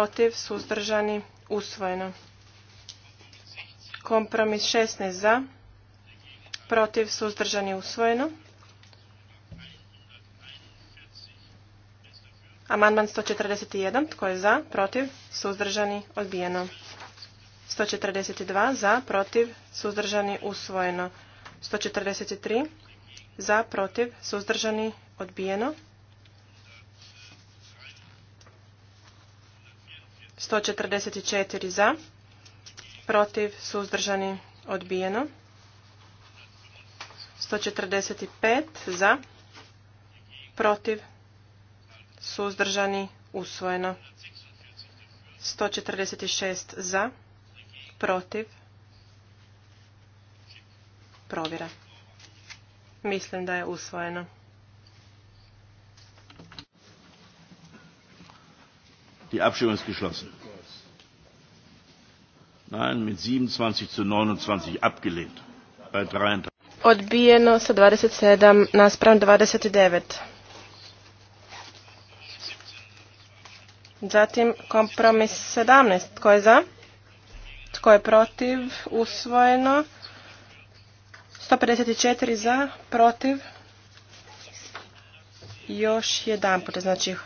protiv, suzdržani, usvojeno. Kompromis 16 za, protiv, suzdržani, usvojeno. Amandman 141, tko je za, protiv, suzdržani, odbijeno. 142, za, protiv, suzdržani, usvojeno. 143, za, protiv, suzdržani, odbijeno. 144 za, protiv, suzdržani, odbijeno. 145 za, protiv, suzdržani, usvojeno. 146 za, protiv, provjera. Mislim da je usvojeno. Die Abstimmung ist geschlossen. Nein, mit 27 zu 29 abgelehnt. Bei 33. Odbijeno sa 27 naspram 29. Zatim kompromis 17. Tko je za? Tko je protiv? Usvojeno. 154 za, protiv. Još jedan put, znači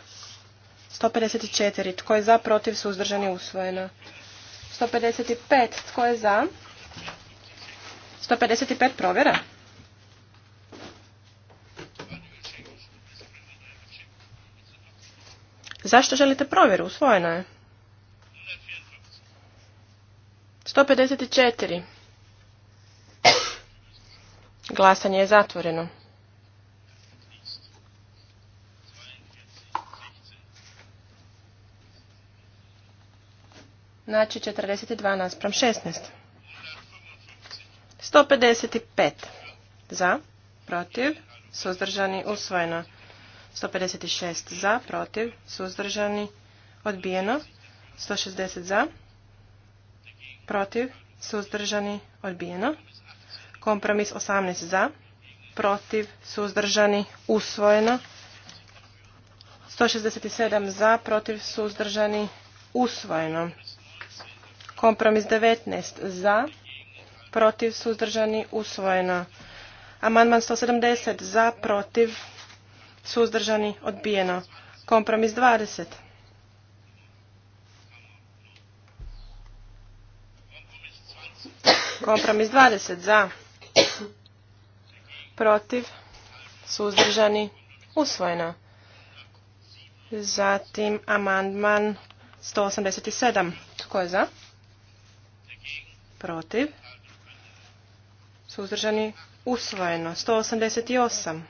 154. Tko je za, protiv, suzdržani, usvojeno. 155. Tko je za? 155 provjera. Zašto želite provjeru? Usvojena je. 154. Glasanje je zatvoreno. Znači 42 naspram 16. 155 za, protiv, suzdržani, usvojeno. 156 za, protiv, suzdržani, odbijeno. 160 za, protiv, suzdržani, odbijeno. Kompromis 18 za, protiv, suzdržani, usvojeno. 167 za, protiv, suzdržani, usvojeno. Kompromis 19 za, protiv, suzdržani, usvojeno. Amandman 170 za, protiv, suzdržani, odbijeno. Kompromis 20. Kompromis 20 za, protiv, suzdržani, usvojeno. Zatim amandman 187. Tko je za? protiv, suzdržani, usvojeno. 188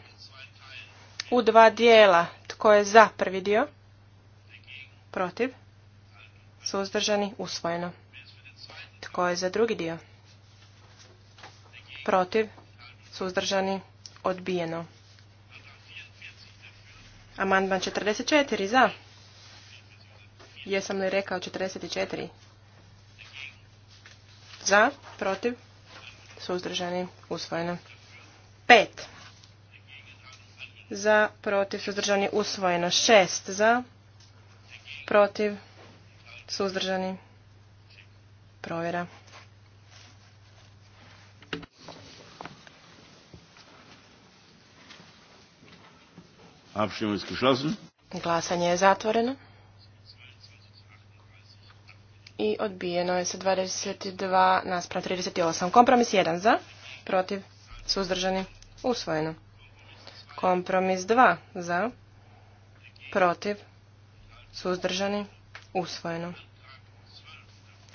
u dva dijela. Tko je za prvi dio? Protiv, suzdržani, usvojeno. Tko je za drugi dio? Protiv, suzdržani, odbijeno. Amandman 44 za. Jesam li rekao 44? Za, protiv, suzdržani, usvojeno. Pet, Za, protiv, suzdržani, usvojeno. Šest, Za, protiv, suzdržani, provjera. Glasanje je zatvoreno i odbijeno je sa 22 naspram 38. Kompromis 1 za, protiv, suzdržani, usvojeno. Kompromis 2 za, protiv, suzdržani, usvojeno.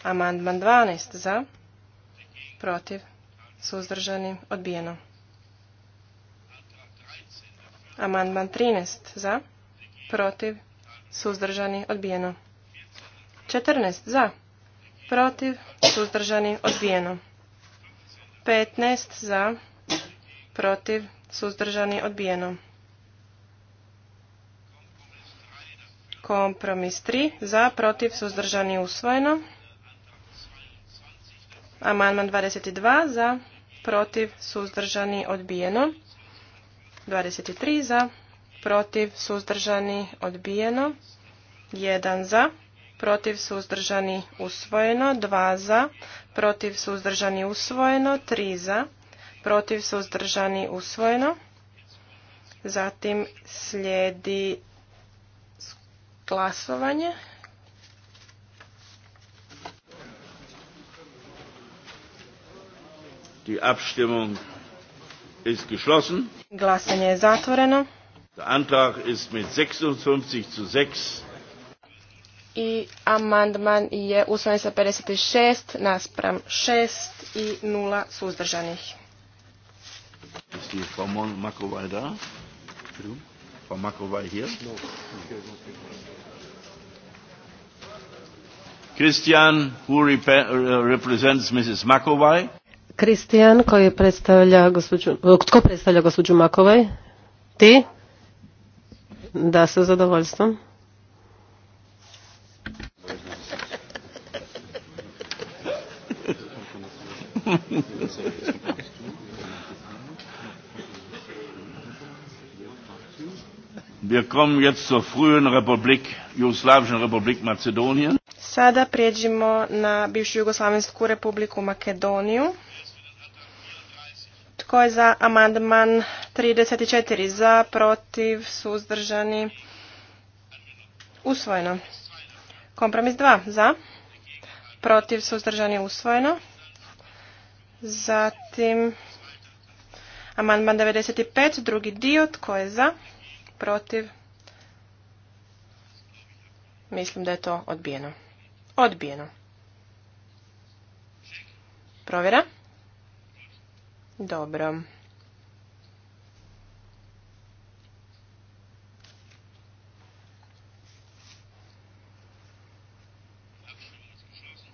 Amandman 12 za, protiv, suzdržani, odbijeno. Amandman 13 za, protiv, suzdržani, odbijeno. 14 za, protiv, suzdržani, odbijeno. 15 za, protiv, suzdržani, odbijeno. Kompromis 3 za, protiv, suzdržani, usvojeno. Amandman 22 za, protiv, suzdržani, odbijeno. 23 za, protiv, suzdržani, odbijeno. 1 za, protiv suzdržani usvojeno, 2 za, protiv suzdržani usvojeno, 3 za, protiv suzdržani usvojeno. Zatim slijedi glasovanje. Die Abstimmung ist geschlossen. Glasanje je zatvoreno. Der Antrag ist mit 56 zu 6 i amandman je usvojen sa 56 naspram 6 i 0 suzdržanih. Christian, who uh, represents Mrs. Makovaj. Kristijan, koji predstavlja gospođu, uh, tko predstavlja gospođu Makovaj? Ti? Da, sa zadovoljstvom. Wir kommen jetzt zur frühen Republik, Jugoslawischen Republik Mazedonien. Sada prijeđimo na bivšu Jugoslavensku republiku Makedoniju. Tko je za amandman 34? Za, protiv, suzdržani, usvojeno. Kompromis 2. Za, protiv, suzdržani, usvojeno. Zatim, amandman 95, drugi dio, tko je za, protiv, mislim da je to odbijeno. Odbijeno. Provjera. Dobro.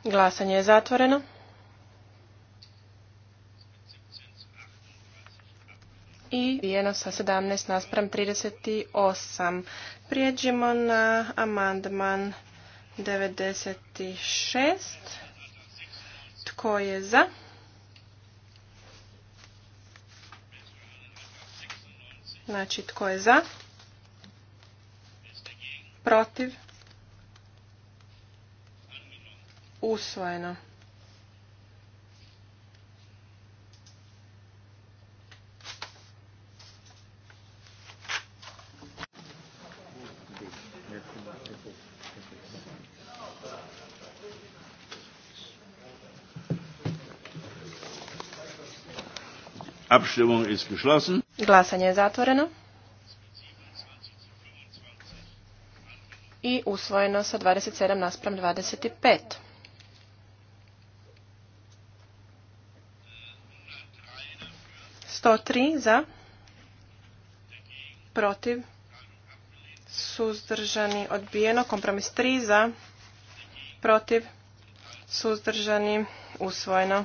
Glasanje je zatvoreno. i bijeno sa 17 naspram 38. Prijeđimo na amandman 96. Tko je za? Znači, tko je za? Protiv? Usvojeno. Abstimmung ist geschlossen. Glasanje je zatvoreno. I usvojeno sa 27 naspram 25. 103 za, protiv, suzdržani, odbijeno, kompromis 3 za, protiv, suzdržani, usvojeno.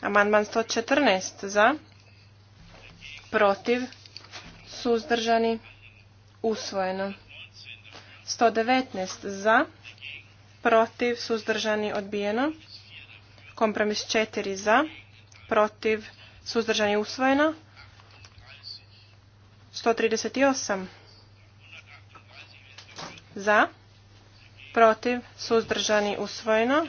Amandman 114 za, protiv, suzdržani, usvojeno. 119 za, protiv, suzdržani, odbijeno. Kompromis 4 za, protiv, suzdržani, usvojeno. 138 za, protiv, suzdržani, usvojeno.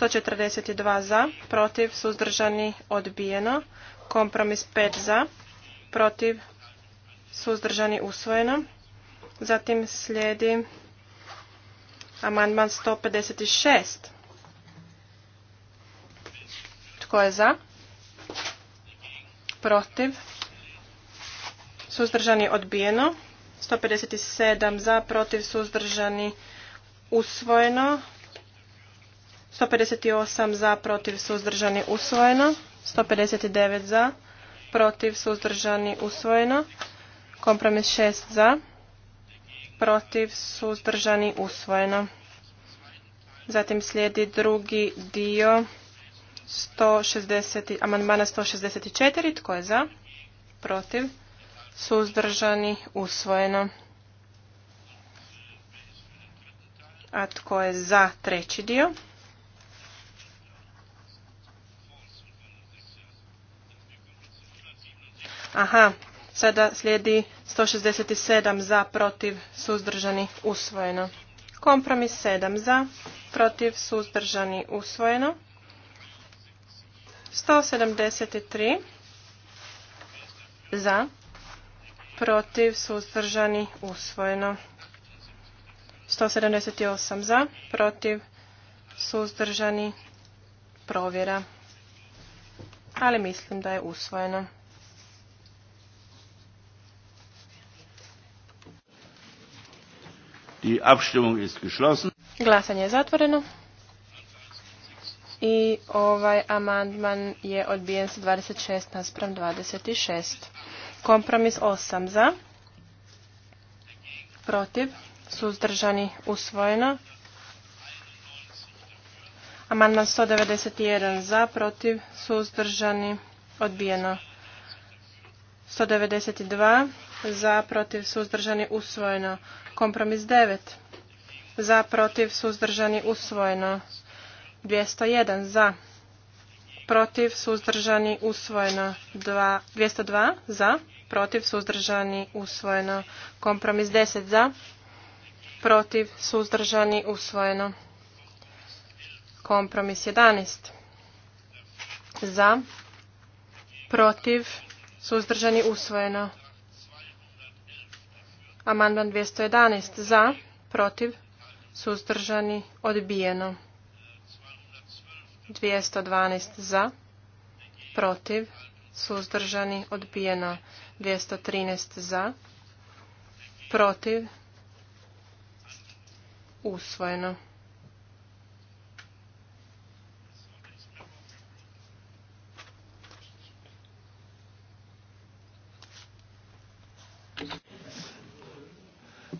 142 za, protiv, suzdržani, odbijeno. Kompromis 5 za, protiv, suzdržani, usvojeno. Zatim slijedi amandman 156. Tko je za? Protiv. Suzdržani odbijeno. 157 za, protiv, suzdržani usvojeno. 158 za, protiv, suzdržani, usvojeno. 159 za, protiv, suzdržani, usvojeno. Kompromis 6 za, protiv, suzdržani, usvojeno. Zatim slijedi drugi dio 160, amandmana 164. Tko je za? Protiv. Suzdržani. Usvojeno. A tko je za treći dio? Aha, sada slijedi 167 za, protiv, suzdržani, usvojeno. Kompromis 7 za, protiv, suzdržani, usvojeno. 173 za, protiv, suzdržani, usvojeno. 178 za, protiv, suzdržani, provjera. Ali mislim da je usvojeno. Die Abstimmung ist geschlossen. Glasanje je zatvoreno. I ovaj amandman je odbijen sa 26 naspram 26. Kompromis 8 za. Protiv. Suzdržani usvojeno. Amandman 191 za. Protiv. Suzdržani odbijeno. 192 za protiv suzdržani usvojeno. Kompromis 9 za protiv suzdržani usvojeno. 201 za protiv suzdržani usvojeno. 2, 202 za protiv suzdržani usvojeno. Kompromis 10 za protiv suzdržani usvojeno. Kompromis 11 za protiv suzdržani usvojeno. Amandman 211 za, protiv, suzdržani, odbijeno. 212 za, protiv, suzdržani, odbijeno. 213 za, protiv, usvojeno.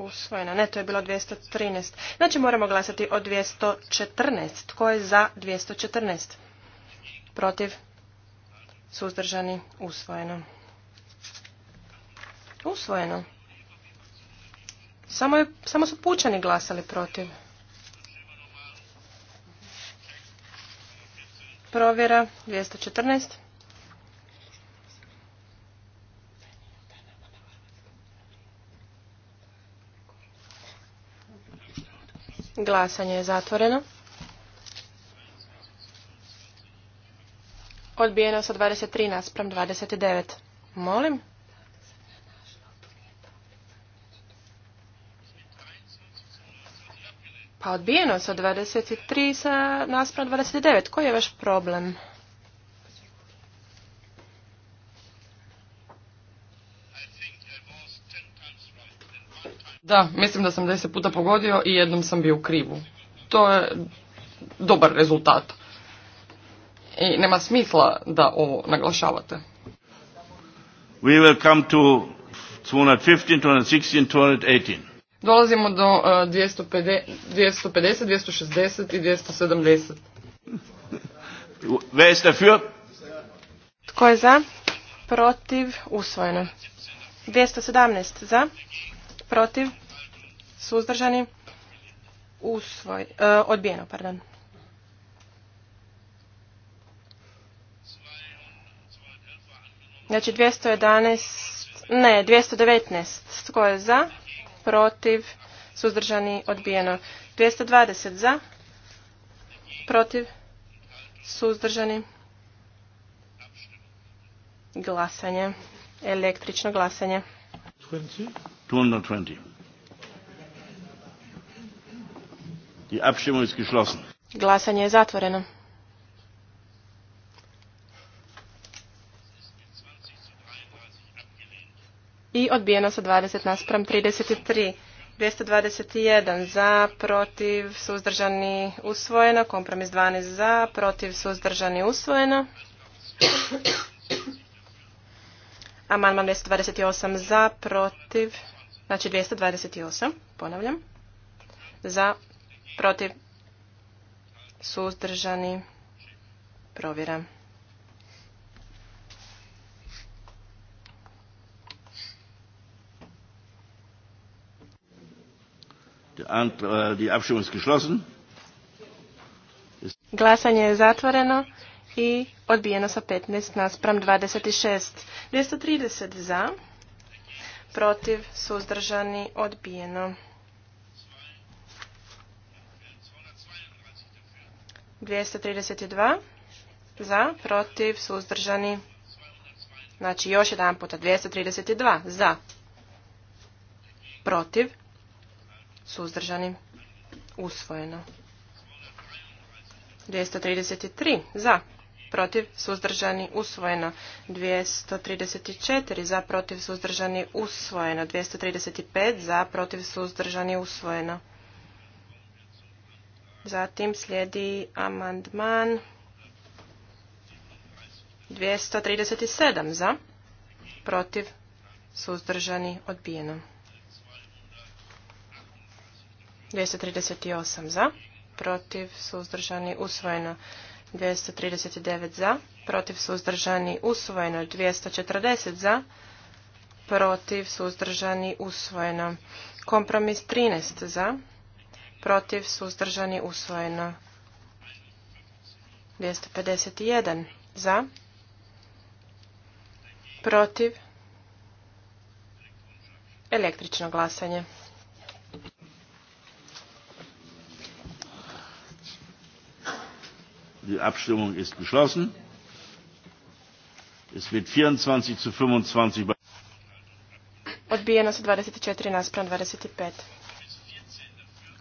Usvojena. Ne, to je bilo 213. Znači moramo glasati o 214. Tko je za 214? Protiv? Suzdržani? Usvojeno. Usvojeno. Samo, samo su pučani glasali protiv. Provjera 214. Glasanje je zatvoreno. Odbijeno sa 23 naspram 29. Molim. Pa odbijeno sa 23 naspram 29. Koji je vaš problem? Da, mislim da sam deset puta pogodio i jednom sam bio u krivu. To je dobar rezultat. I nema smisla da ovo naglašavate. We will come to 215, 216, 218. Dolazimo do uh, 250, 260 i 270. Wer ist dafür? Tko je za? Protiv? Usvojeno. 217 za? Protiv? suzdržani, usvoj, uh, odbijeno, pardon. znači 211, ne, 219, tko je za, protiv, suzdržani, odbijeno. 220 za, protiv, suzdržani, glasanje, električno glasanje. 220. Die Abstimmung ist geschlossen. Glasanje je zatvoreno. I odbijeno sa 20 naspram 33. 221 za, protiv, suzdržani, usvojeno. Kompromis 12 za, protiv, suzdržani, usvojeno. Amandman 228 za, protiv, znači 228, ponavljam, za, protiv, suzdržani, provjera. Äh, Glasanje je zatvoreno i odbijeno sa 15 naspram 26. 230 za, protiv, suzdržani, odbijeno. 232 za, protiv, suzdržani. Znači još jedan puta 232 za, protiv, suzdržani, usvojeno. 233 za, protiv, suzdržani, usvojeno. 234 za, protiv, suzdržani, usvojeno. 235 za, protiv, suzdržani, usvojeno. Zatim slijedi amandman 237 za, protiv, suzdržani, odbijeno. 238 za, protiv, suzdržani, usvojeno. 239 za, protiv, suzdržani, usvojeno. 240 za, protiv, suzdržani, usvojeno. Kompromis 13 za, protiv, suzdržani, usvojeno. 251 za, protiv, električno glasanje. Die Abstimmung ist geschlossen. Es wird 24 zu 25 Odbijeno sa 24 naspram 25.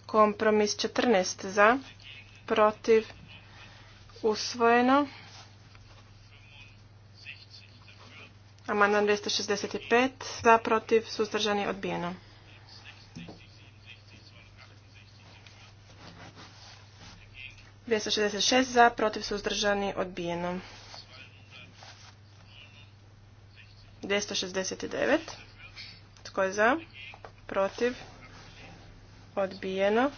Kompromis 14 za, protiv, usvojeno. Amandman 265 za, protiv, suzdržani, odbijeno. Dvjesto šezdeset za, protiv suzdržani, odbijeno. 269. Tko je za? Protiv? odbijeno.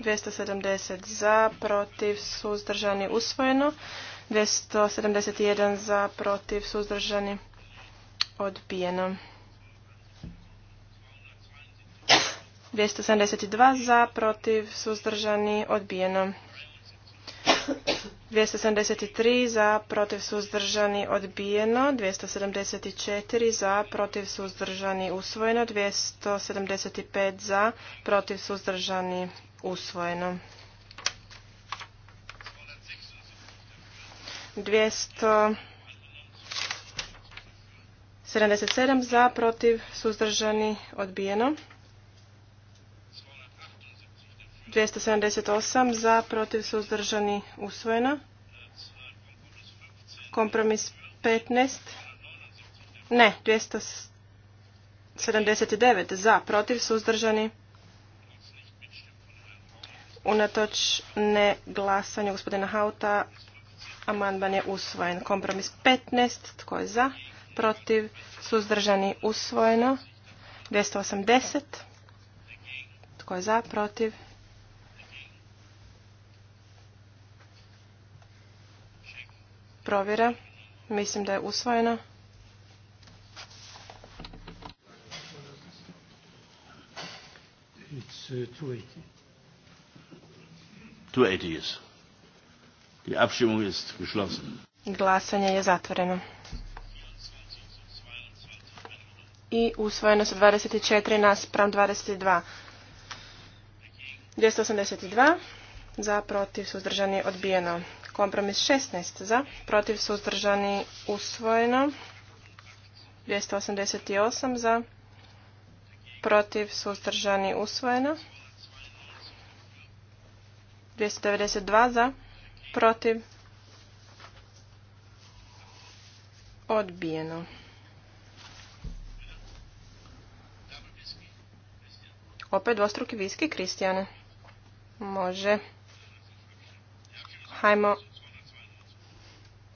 270 za, protiv, suzdržani, usvojeno. 271 za, protiv, suzdržani, odbijeno. 272 za, protiv, suzdržani, odbijeno. 273 za, protiv suzdržani odbijeno, 274 za, protiv suzdržani usvojeno, 275 za, protiv suzdržani usvojeno. 277 za, protiv suzdržani odbijeno. 278 za, protiv suzdržani usvojena. Kompromis 15. Ne, 279 za, protiv suzdržani. Unatoč ne glasanju gospodina Hauta, amandman je usvojen. Kompromis 15, tko je za, protiv suzdržani usvojeno. 280, tko je za, protiv Provjera. Mislim da je usvojeno. It's 280. Uh, 280 is. Die Abstimmung ist geschlossen. Glasanje je zatvoreno. I usvojeno sa 24 nas pram 22. 282 za protiv suzdržani odbijeno. Kompromis 16 za, protiv suzdržani usvojeno. 288 za, protiv suzdržani usvojeno. 292 za, protiv odbijeno. Opet dvostruki viski, Kristijane. Može. Hajmo,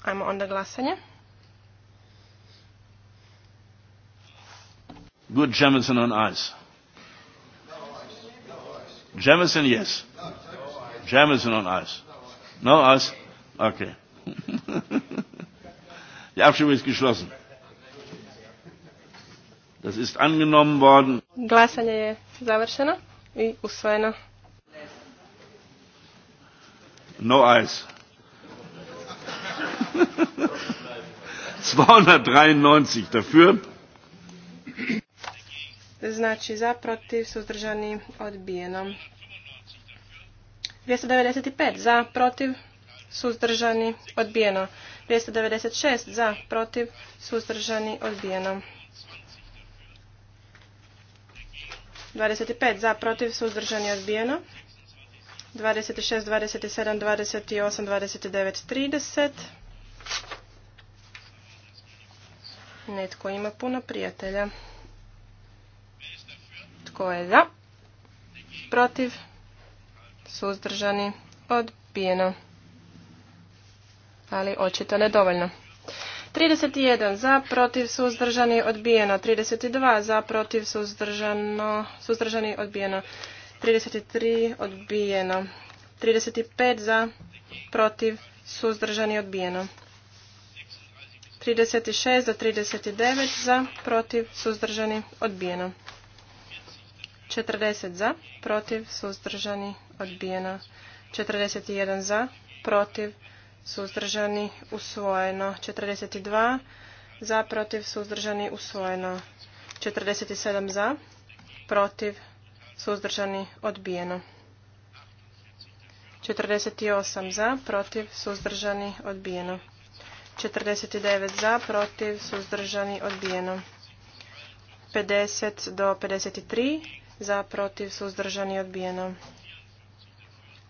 hajmo onda glasanje. Good Jemison on ice. Jemison, yes. Jemison on ice. No ice? Okay. Die Abstimmung ist geschlossen. Das ist angenommen worden. Glasanje je završeno i usvojeno. No Eis. 293 dafür. Znači za protiv suzdržani odbijeno. 295 za protiv suzdržani odbijeno. 296 za protiv suzdržani odbijeno. 25 za protiv suzdržani odbijeno. 26, 27, 28, 29, 30. Netko ima puno prijatelja. Tko je za? Protiv? Suzdržani? Odbijeno. Ali očito nedovoljno. 31 za, protiv, suzdržani, odbijeno. 32 za, protiv, suzdržano, suzdržani, odbijeno. 33 odbijeno. 35 za, protiv, suzdržani odbijeno. 36 do 39 za, protiv, suzdržani odbijeno. 40 za, protiv, suzdržani odbijeno. 41 za, protiv, suzdržani usvojeno. 42 za, protiv, suzdržani usvojeno. 47 za, protiv, suzdržani, odbijeno. 48 za, protiv, suzdržani, odbijeno. 49 za, protiv, suzdržani, odbijeno. 50 do 53 za, protiv, suzdržani, odbijeno.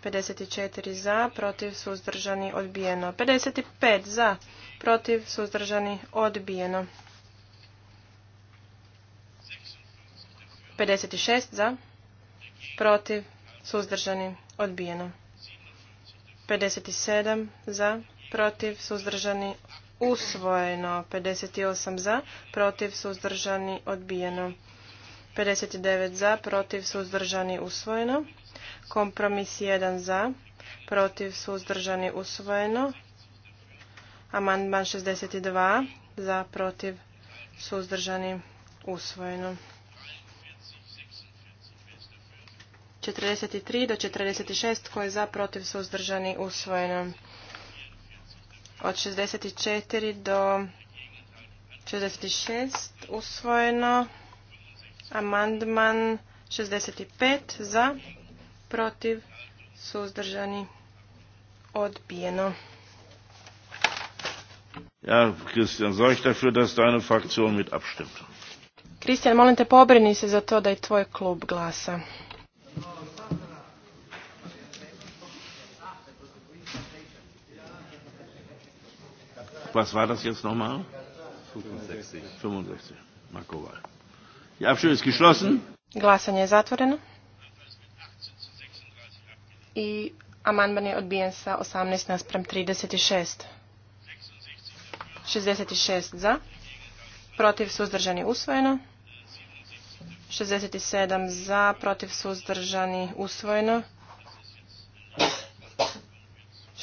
54 za, protiv, suzdržani, odbijeno. 55 za, protiv, suzdržani, odbijeno. 56 za, protiv, suzdržani, odbijeno. 57 za, protiv, suzdržani, usvojeno. 58 za, protiv, suzdržani, odbijeno. 59 za, protiv, suzdržani, usvojeno. Kompromis 1 za, protiv, suzdržani, usvojeno. Amandman 62 za, protiv, suzdržani, usvojeno. 43 do 46 koje je za protiv suzdržani usvojeno. Od 64 do 66 usvojeno. Amandman 65 za protiv suzdržani odbijeno. Ja, Christian, sorg dafür, dass deine Fraktion mit abstimmt. Kristijan, molim te, pobrini se za to da i tvoj klub glasa. Was war das jetzt nochmal? 65. 65. Die Abstimmung ist geschlossen. Glasanje je zatvoreno. I amandman je odbijen sa 18 nasprem 36. 66 za. Protiv suzdržani usvojeno. 67 za. Protiv suzdržani usvojeno.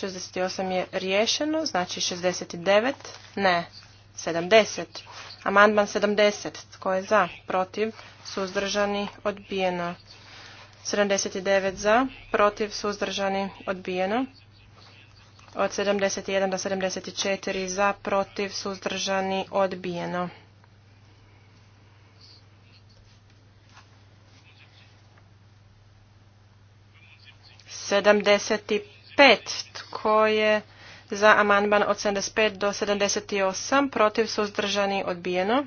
68 je riješeno, znači 69, ne, 70. Amandman 70, tko je za, protiv, suzdržani, odbijeno. 79 za, protiv, suzdržani, odbijeno. Od 71 do 74 za, protiv, suzdržani, odbijeno. Sedamdeset pet tko je za amandman od 75 do 78? Protiv suzdržani odbijeno.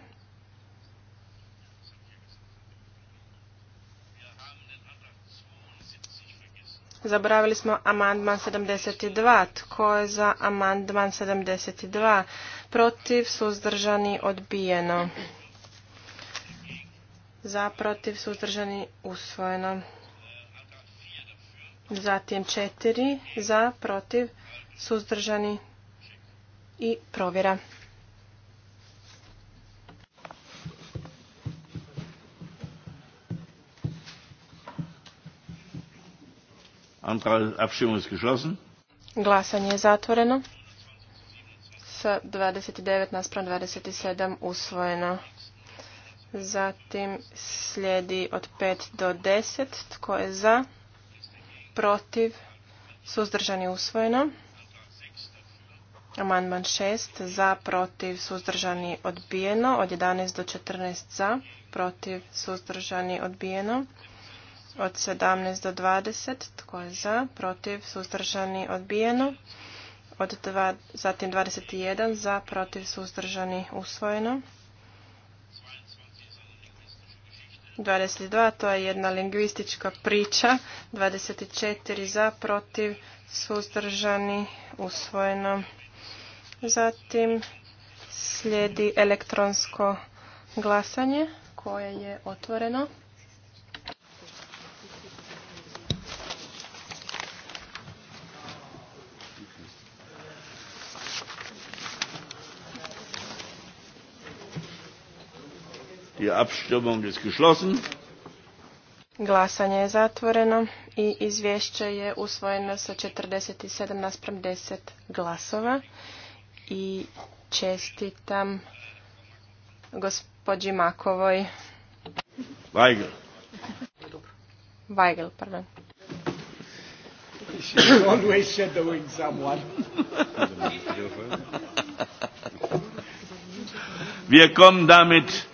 Zaboravili smo amandman 72. Tko je za amandman 72? Protiv suzdržani odbijeno. Za protiv suzdržani usvojeno. Zatim četiri za, protiv, suzdržani i provjera. Glasanje je zatvoreno. Sa 29 naspram 27 usvojeno. Zatim slijedi od 5 do 10. Tko je za? protiv, suzdržani usvojeno. Amandman 6 za, protiv, suzdržani odbijeno. Od 11 do 14 za, protiv, suzdržani odbijeno. Od 17 do 20 tko je za, protiv, suzdržani odbijeno. Od zatim 21 za, protiv, suzdržani usvojeno. 22, to je jedna lingvistička priča, 24 za, protiv, suzdržani, usvojeno. Zatim slijedi elektronsko glasanje koje je otvoreno. Die Abstimmung ist geschlossen. Glasanje je zatvoreno i izvješće je usvojeno sa 47 naspram 10 glasova i čestitam gospođi Makovoj. Weigel. Weigel, pardon. Wir kommen damit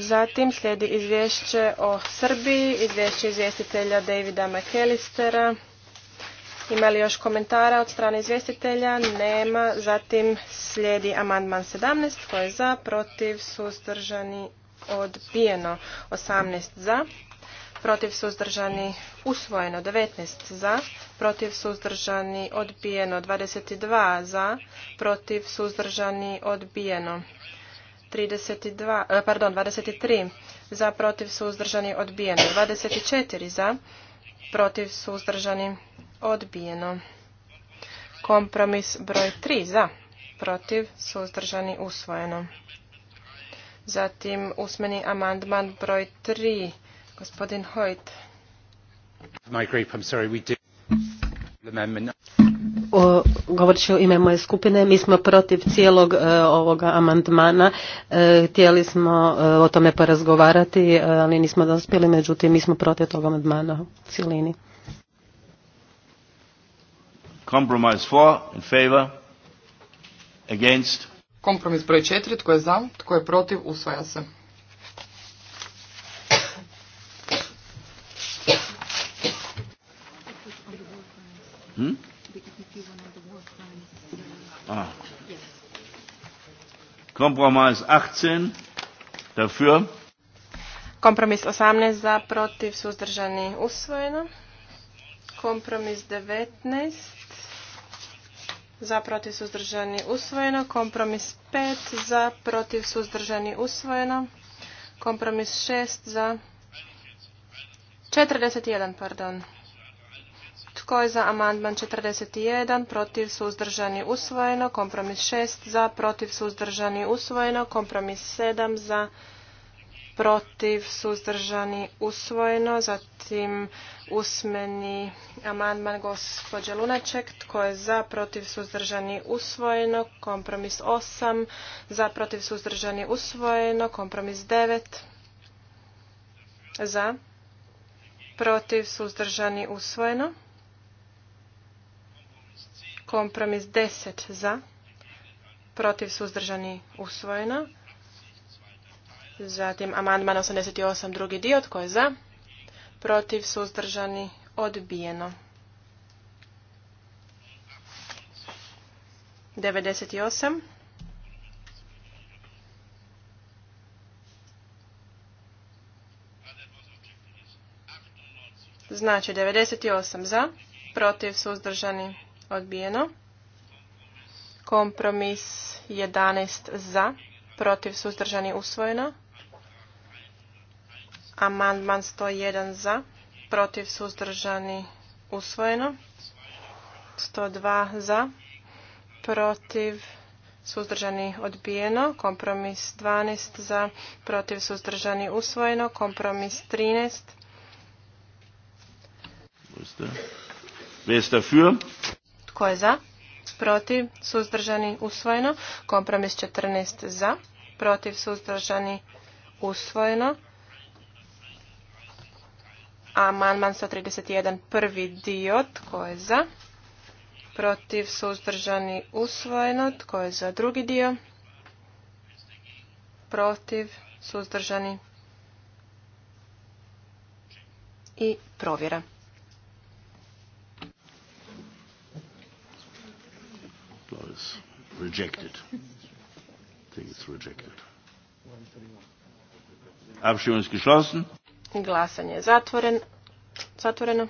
Zatim slijedi izvješće o Srbiji, izvješće izvjestitelja Davida McAllistera. Ima li još komentara od strane izvjestitelja? Nema. Zatim slijedi amandman 17. koji je za? Protiv? Suzdržani? Odbijeno. 18 za. Protiv? Suzdržani? Usvojeno. 19 za. Protiv? Suzdržani? Odbijeno. 22 za. Protiv? Suzdržani? Odbijeno. 32, eh, pardon, 23 za protiv suzdržani odbijeno. 24 za protiv suzdržani odbijeno. Kompromis broj 3 za protiv suzdržani usvojeno. Zatim usmeni amandman broj 3. Gospodin Hojt govorit ću ime moje skupine. Mi smo protiv cijelog e, ovoga amandmana. E, htjeli smo e, o tome porazgovarati, ali nismo dospjeli, međutim mi smo protiv tog amandmana u cijelini. Kompromis for, in favor, against. Kompromis broj četiri, tko je za, tko je protiv, usvaja se. Hmm? Ah. Kompromis 18 dafür. Kompromis 18 za protiv suzdržani usvojeno. Kompromis 19 za protiv suzdržani usvojeno. Kompromis 5 za protiv suzdržani usvojeno. Kompromis 6 za 41 pardon. Tko je za amandman 41? Protiv suzdržani usvojeno. Kompromis 6 za. Protiv suzdržani usvojeno. Kompromis 7 za. Protiv suzdržani usvojeno. Zatim usmeni amandman gospođe Lunaček. Tko je za? Protiv suzdržani usvojeno. Kompromis 8 za. Protiv suzdržani usvojeno. Kompromis 9 za. Protiv suzdržani usvojeno. Kompromis 10 za, protiv suzdržani usvojeno. Zatim amandman 88 drugi dio, tko je za, protiv suzdržani odbijeno. 98. Znači 98 za, protiv suzdržani Odbijeno. Kompromis 11 za, protiv suzdržani usvojeno. Amandman 101 za, protiv suzdržani usvojeno. 102 za, protiv suzdržani odbijeno. Kompromis 12 za, protiv suzdržani usvojeno. Kompromis 13. Wer ist dafür? Tko je za? Protiv? Suzdržani? Usvojeno. Kompromis 14 za. Protiv? Suzdržani? Usvojeno. Amandman 131. Prvi dio. Tko je za? Protiv? Suzdržani? Usvojeno. Tko je za drugi dio? Protiv? Suzdržani? I provjera. is rejected. I think it's rejected. Abstimmung ist geschlossen. Glasanje je zatvoren, zatvoreno.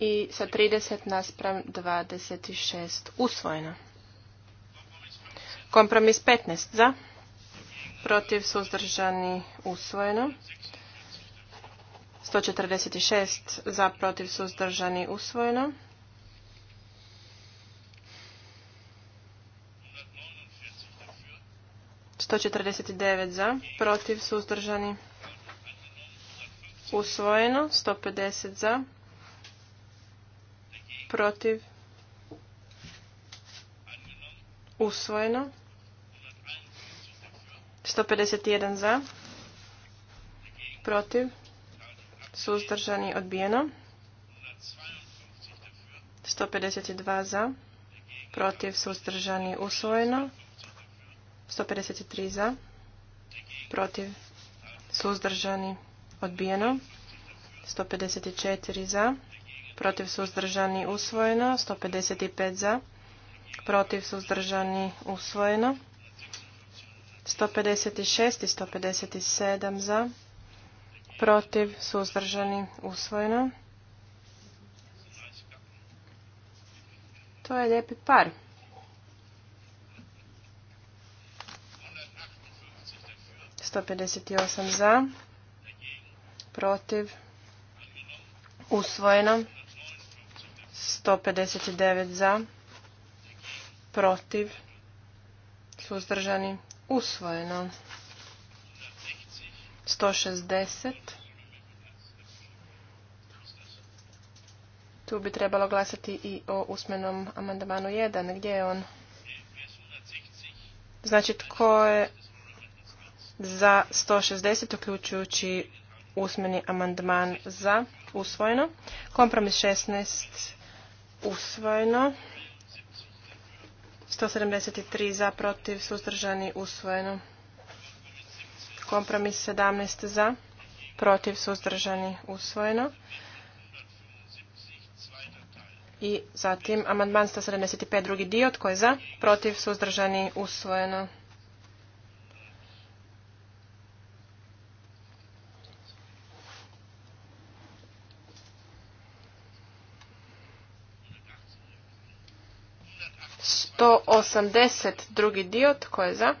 I sa 30 naspram 26 usvojeno. Kompromis 15 za. Protiv suzdržani usvojeno. 146 za protiv suzdržani usvojeno. 149 za, protiv, suzdržani, usvojeno, 150 za, protiv, usvojeno, 151 za, protiv, suzdržani, odbijeno, 152 za, protiv, suzdržani, usvojeno, 153 za, protiv, suzdržani, odbijeno. 154 za, protiv, suzdržani, usvojeno. 155 za, protiv, suzdržani, usvojeno. 156 i 157 za, protiv, suzdržani, usvojeno. To je lijepi par. 158 za, protiv, usvojeno, 159 za, protiv, suzdržani, usvojeno, 160 Tu bi trebalo glasati i o usmenom amandmanu 1. Gdje je on? Znači, tko je za 160 uključujući usmeni amandman za usvojeno. Kompromis 16 usvojeno. 173 za protiv suzdržani usvojeno. Kompromis 17 za protiv suzdržani usvojeno. I zatim amandman 175 drugi dio tko je za protiv suzdržani usvojeno. 180 drugi dio, tko je za?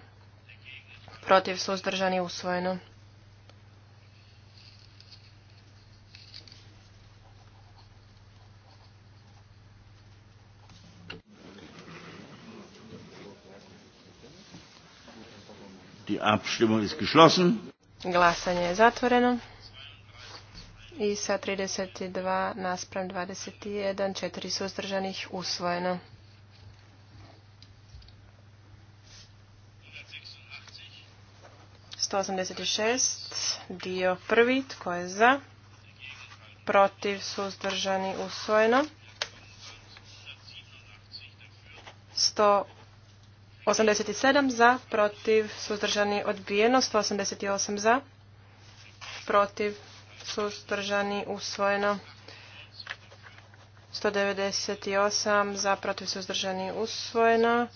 Protiv suzdržani usvojeno. Die Abstimmung ist geschlossen. Glasanje je zatvoreno. I sa 32 naspram 21, 4 suzdržanih usvojeno. 186, dio prvi, tko je za, protiv, suzdržani, usvojeno. 187 za, protiv, suzdržani, odbijeno. 188 za, protiv, suzdržani, usvojeno. 198 za, protiv, suzdržani, usvojeno.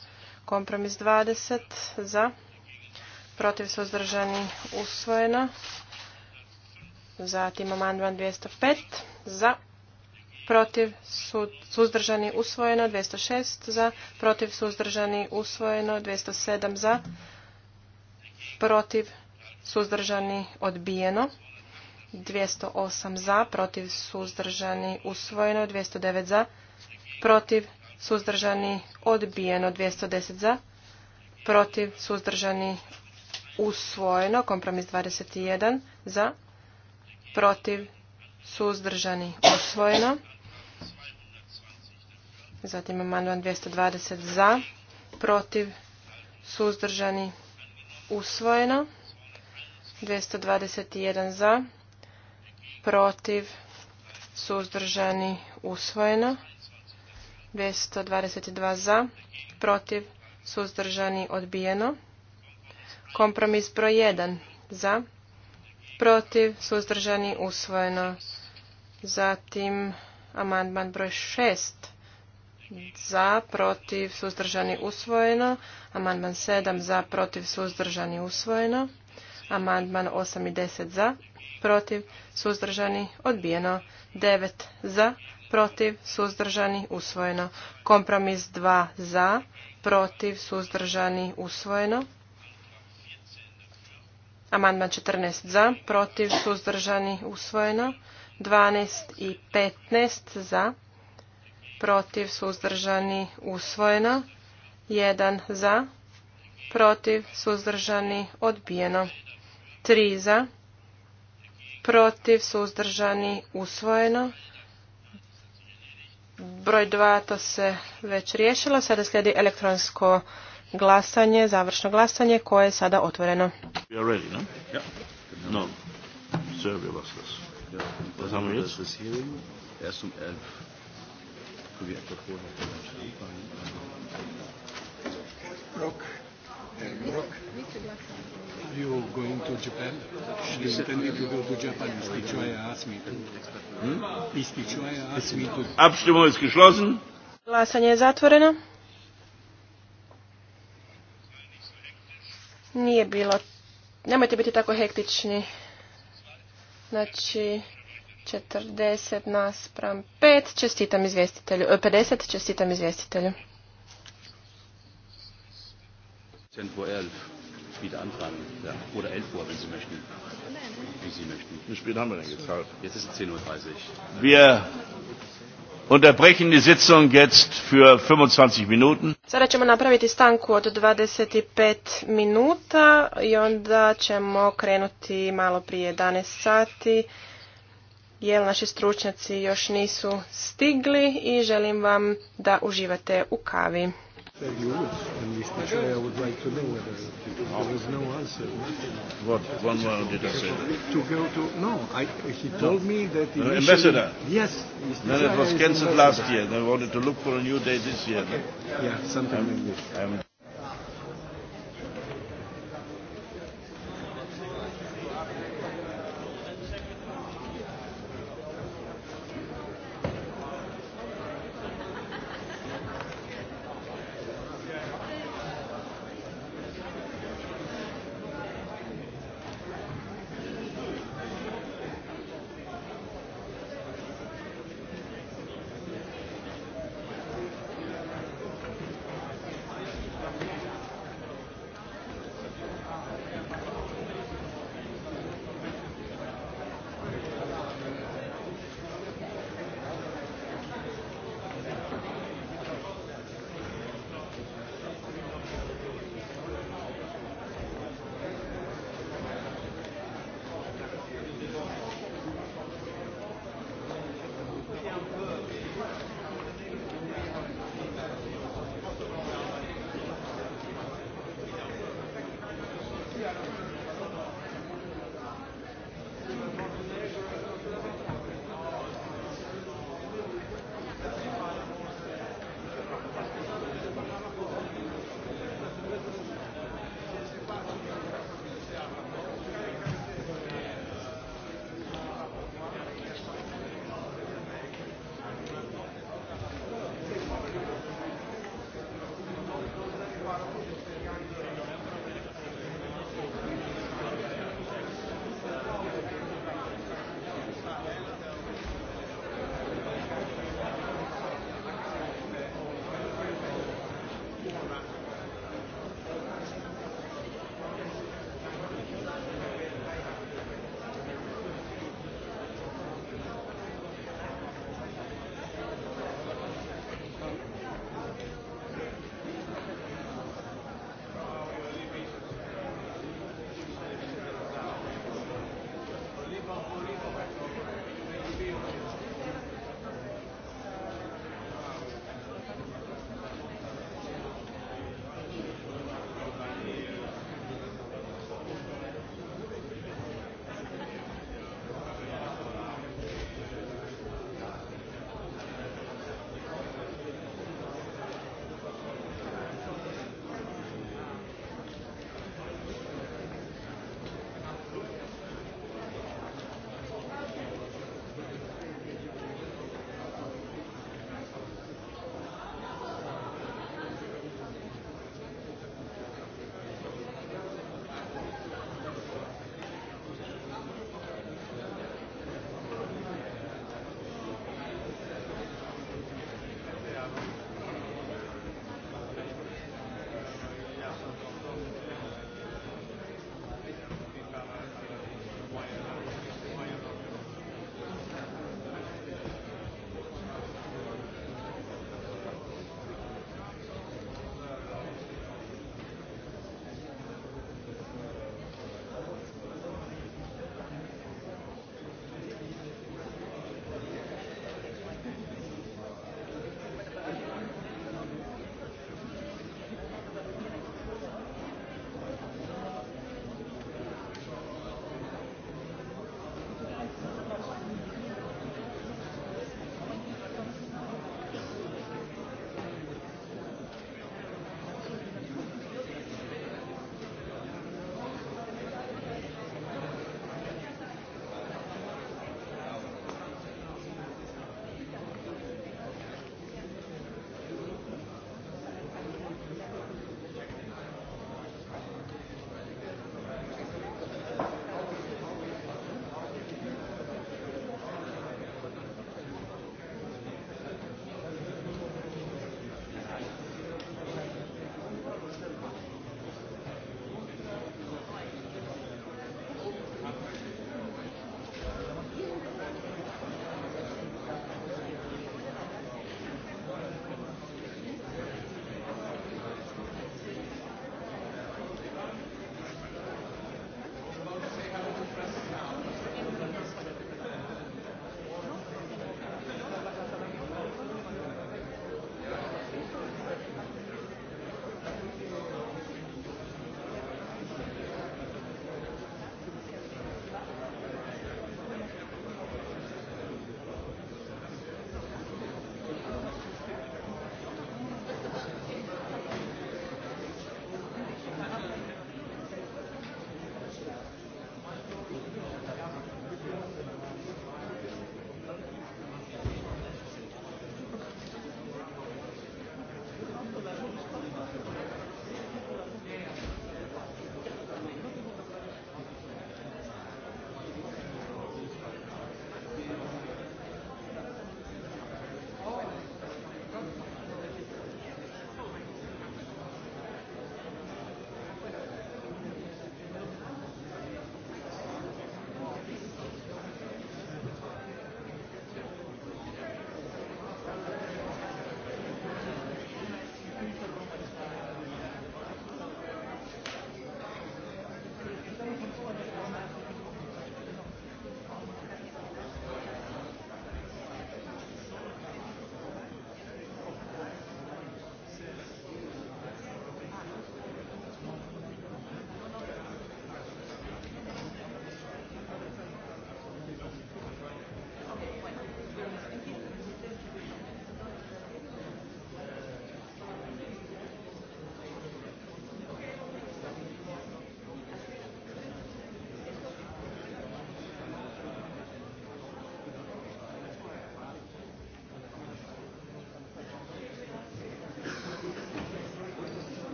Kompromis 20 za, protiv protiv suzdržani usvojeno. Zatim amandman 205 za protiv suzdržani usvojeno 206 za protiv suzdržani usvojeno 207 za protiv suzdržani odbijeno 208 za protiv suzdržani usvojeno 209 za protiv suzdržani odbijeno 210 za protiv suzdržani usvojeno. Kompromis 21 za, protiv, suzdržani, usvojeno. Zatim amandman 220 za, protiv, suzdržani, usvojeno. 221 za, protiv, suzdržani, usvojeno. 222 za, protiv, suzdržani, odbijeno. Kompromis broj 1 za, protiv, suzdržani, usvojeno. Zatim amandman broj 6 za, protiv, suzdržani, usvojeno. Amandman 7 za, protiv, suzdržani, usvojeno. Amandman 8 i 10 za, protiv, suzdržani, odbijeno. 9 za, protiv, suzdržani, usvojeno. Kompromis 2 za, protiv, suzdržani, usvojeno. Amandman 14 za, protiv, suzdržani, usvojeno. 12 i 15 za, protiv, suzdržani, usvojeno. 1 za, protiv, suzdržani, odbijeno. 3 za, protiv, suzdržani, usvojeno. Broj 2 to se već riješilo. Sada slijedi elektronsko glasanje, završno glasanje koje je sada otvoreno. Glasanje je zatvoreno. Nije bilo, nemojte biti tako hektični. Znači, 40 naspram 5, čestitam izvjestitelju, 50, e, čestitam izvjestitelju. wieder anfangen Ja. Oder 11 Uhr, wenn Sie möchten. Wie Sie möchten. Wie spät haben wir denn gezahlt? Jetzt ist es 10.30 Uhr. Wir Unterbrechen die Sitzung jetzt für 25 minuten. Sada ćemo napraviti stanku od 25 minuta i onda ćemo krenuti malo prije 11 sati jer naši stručnjaci još nisu stigli i želim vam da uživate u kavi. What? One word did I say? To go to no, I, he told no. me that the no, ambassador. Yes. Mr. Then it was cancelled last year. They wanted to look for a new day this year. Okay. No? Yeah, something I'm, like this. I'm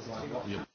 Zvanično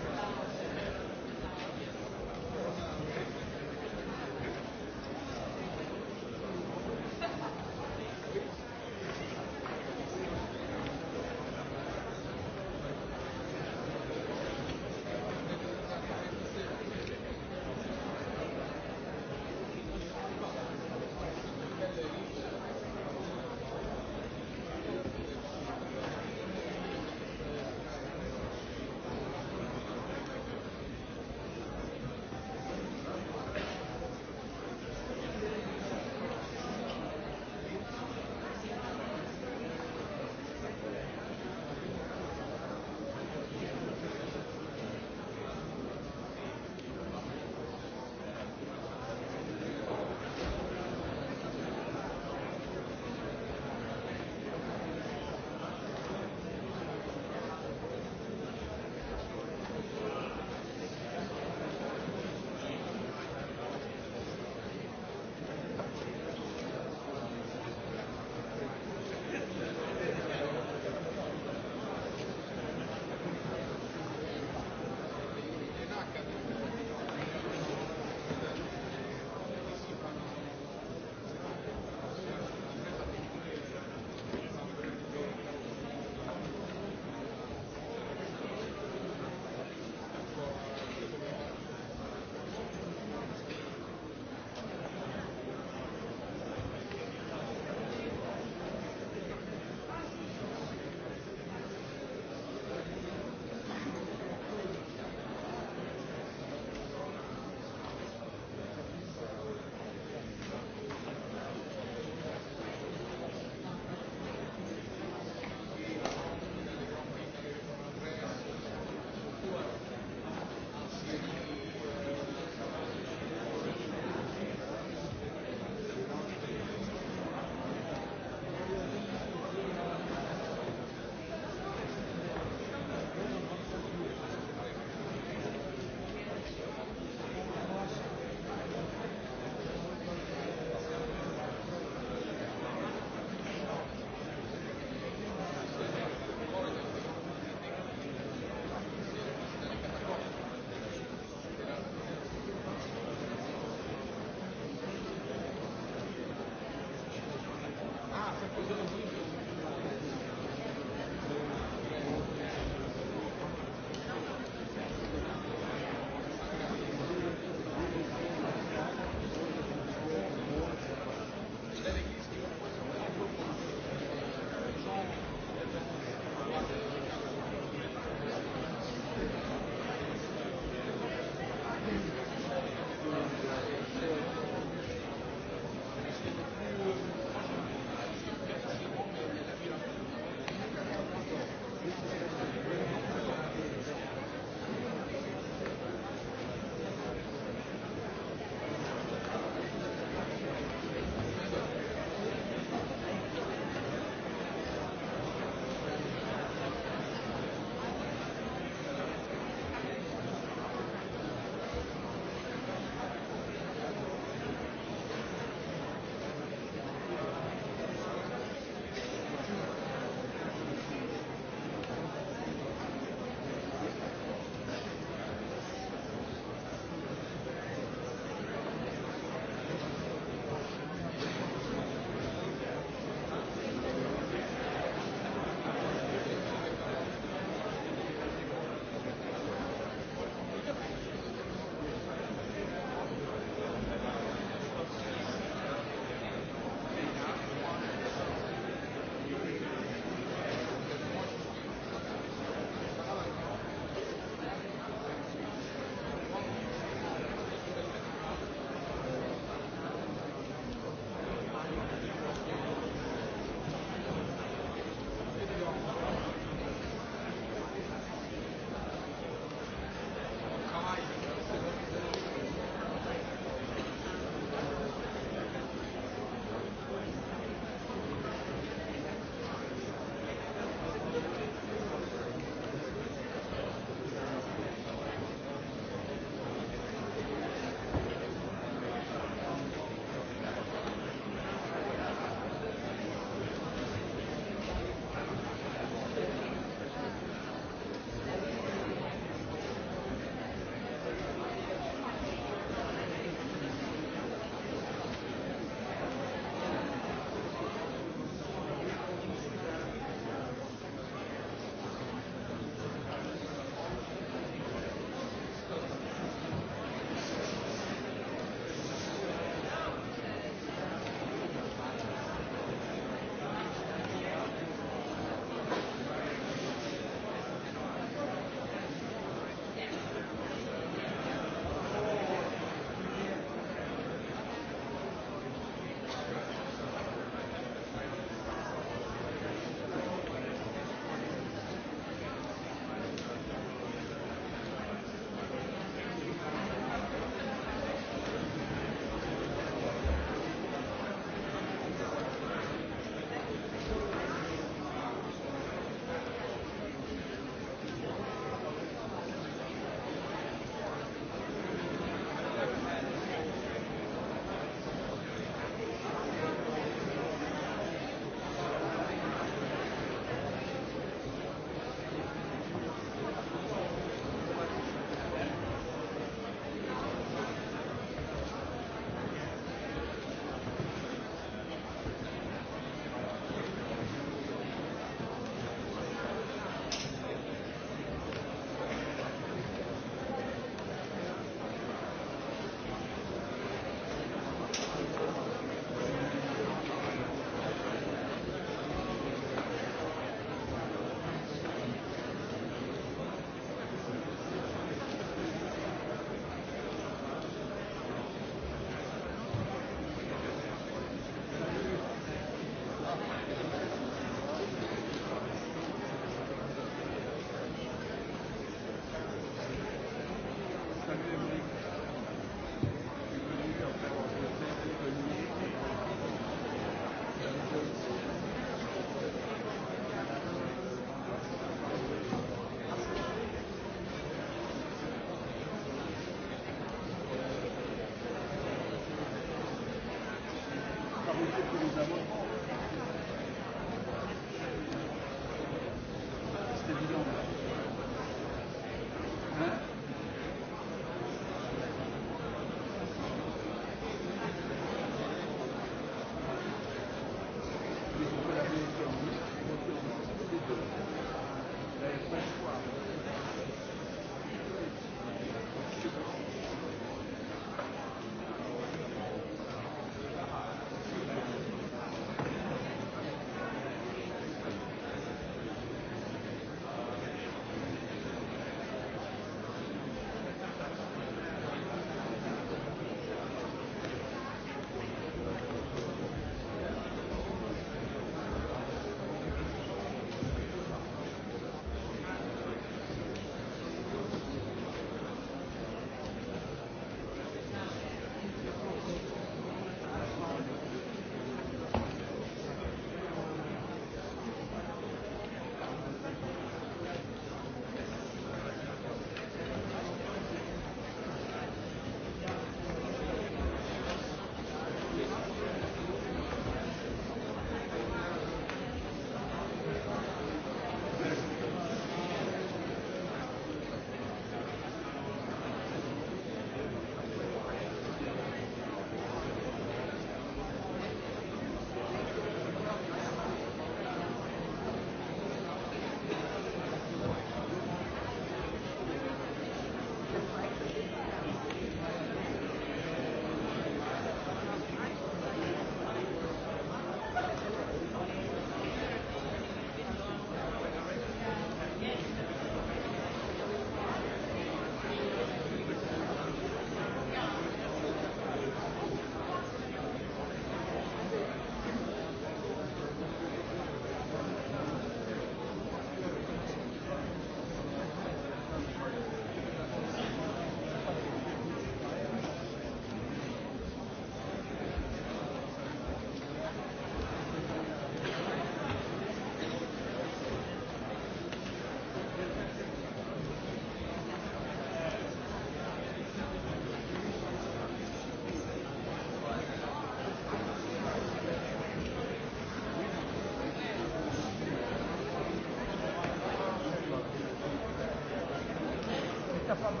Hvala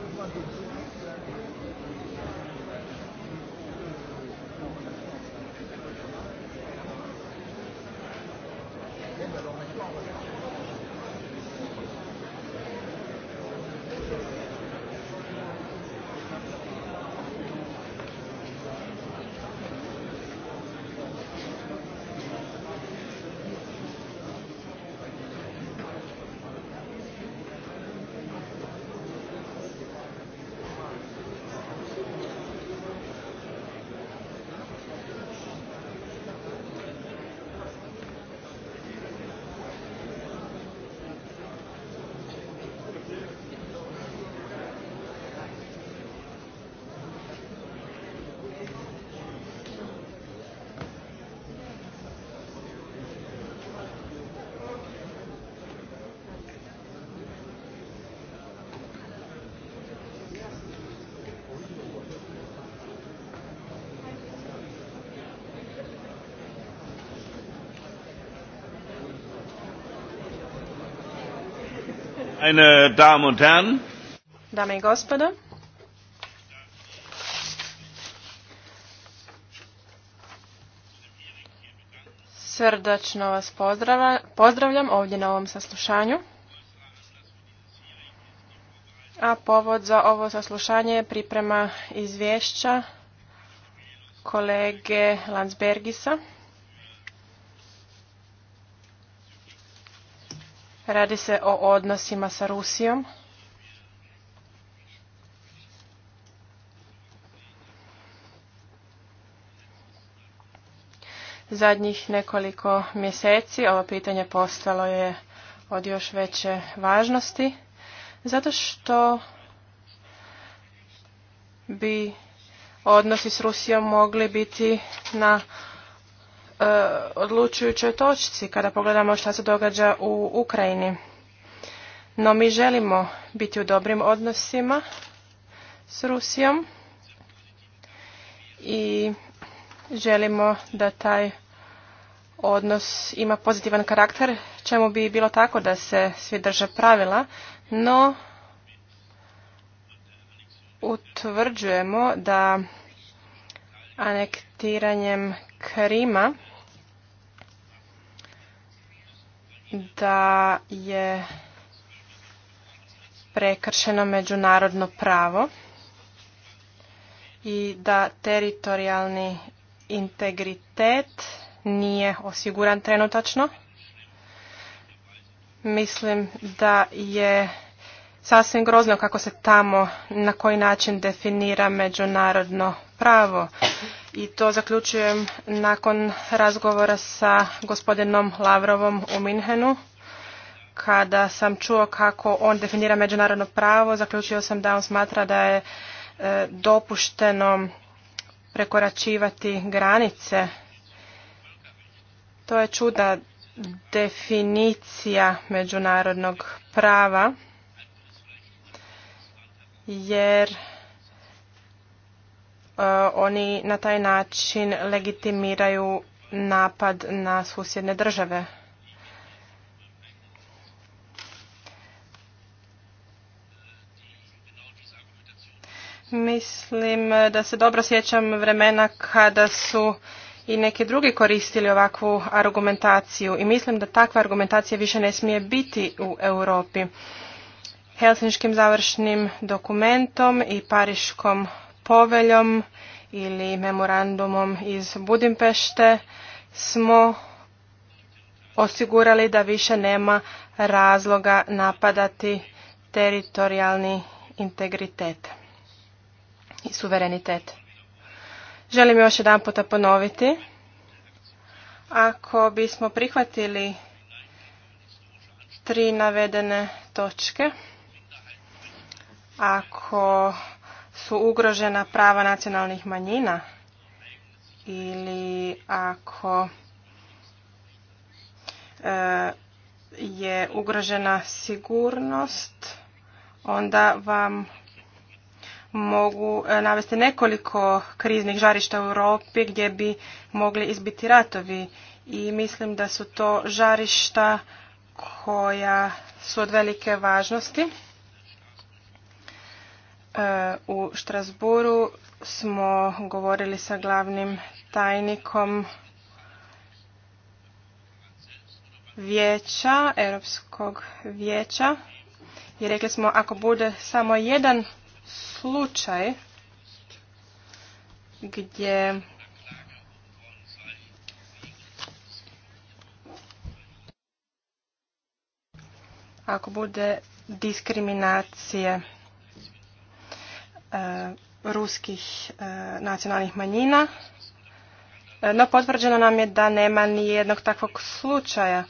Meine Damen und Dame i gospodo. Srdačno vas pozdravljam ovdje na ovom saslušanju. A povod za ovo saslušanje je priprema izvješća kolege Landsbergisa. Radi se o odnosima sa Rusijom. Zadnjih nekoliko mjeseci ovo pitanje postalo je od još veće važnosti, zato što bi odnosi s Rusijom mogli biti na E, odlučujućoj točci kada pogledamo šta se događa u Ukrajini. No mi želimo biti u dobrim odnosima s Rusijom i želimo da taj odnos ima pozitivan karakter, čemu bi bilo tako da se svi drže pravila, no utvrđujemo da anektiranjem Krima da je prekršeno međunarodno pravo i da teritorijalni integritet nije osiguran trenutačno. Mislim da je sasvim grozno kako se tamo na koji način definira međunarodno pravo. I to zaključujem nakon razgovora sa gospodinom Lavrovom u Minhenu. Kada sam čuo kako on definira međunarodno pravo, zaključio sam da on smatra da je e, dopušteno prekoračivati granice. To je čuda definicija međunarodnog prava jer e, oni na taj način legitimiraju napad na susjedne države. Mislim da se dobro sjećam vremena kada su i neki drugi koristili ovakvu argumentaciju i mislim da takva argumentacija više ne smije biti u Europi. Helsinškim završnim dokumentom i Pariškom poveljom ili memorandumom iz Budimpešte smo osigurali da više nema razloga napadati teritorijalni integritet i suverenitet. Želim još jedan puta ponoviti. Ako bismo prihvatili tri navedene točke, ako su ugrožena prava nacionalnih manjina ili ako e, je ugrožena sigurnost, onda vam mogu e, navesti nekoliko kriznih žarišta u Europi gdje bi mogli izbiti ratovi i mislim da su to žarišta koja su od velike važnosti. E, u Štrasburu smo govorili sa glavnim tajnikom vijeća, Europskog vijeća i rekli smo ako bude samo jedan slučaj gdje ako bude diskriminacije E, ruskih e, nacionalnih manjina, e, no potvrđeno nam je da nema ni jednog takvog slučaja.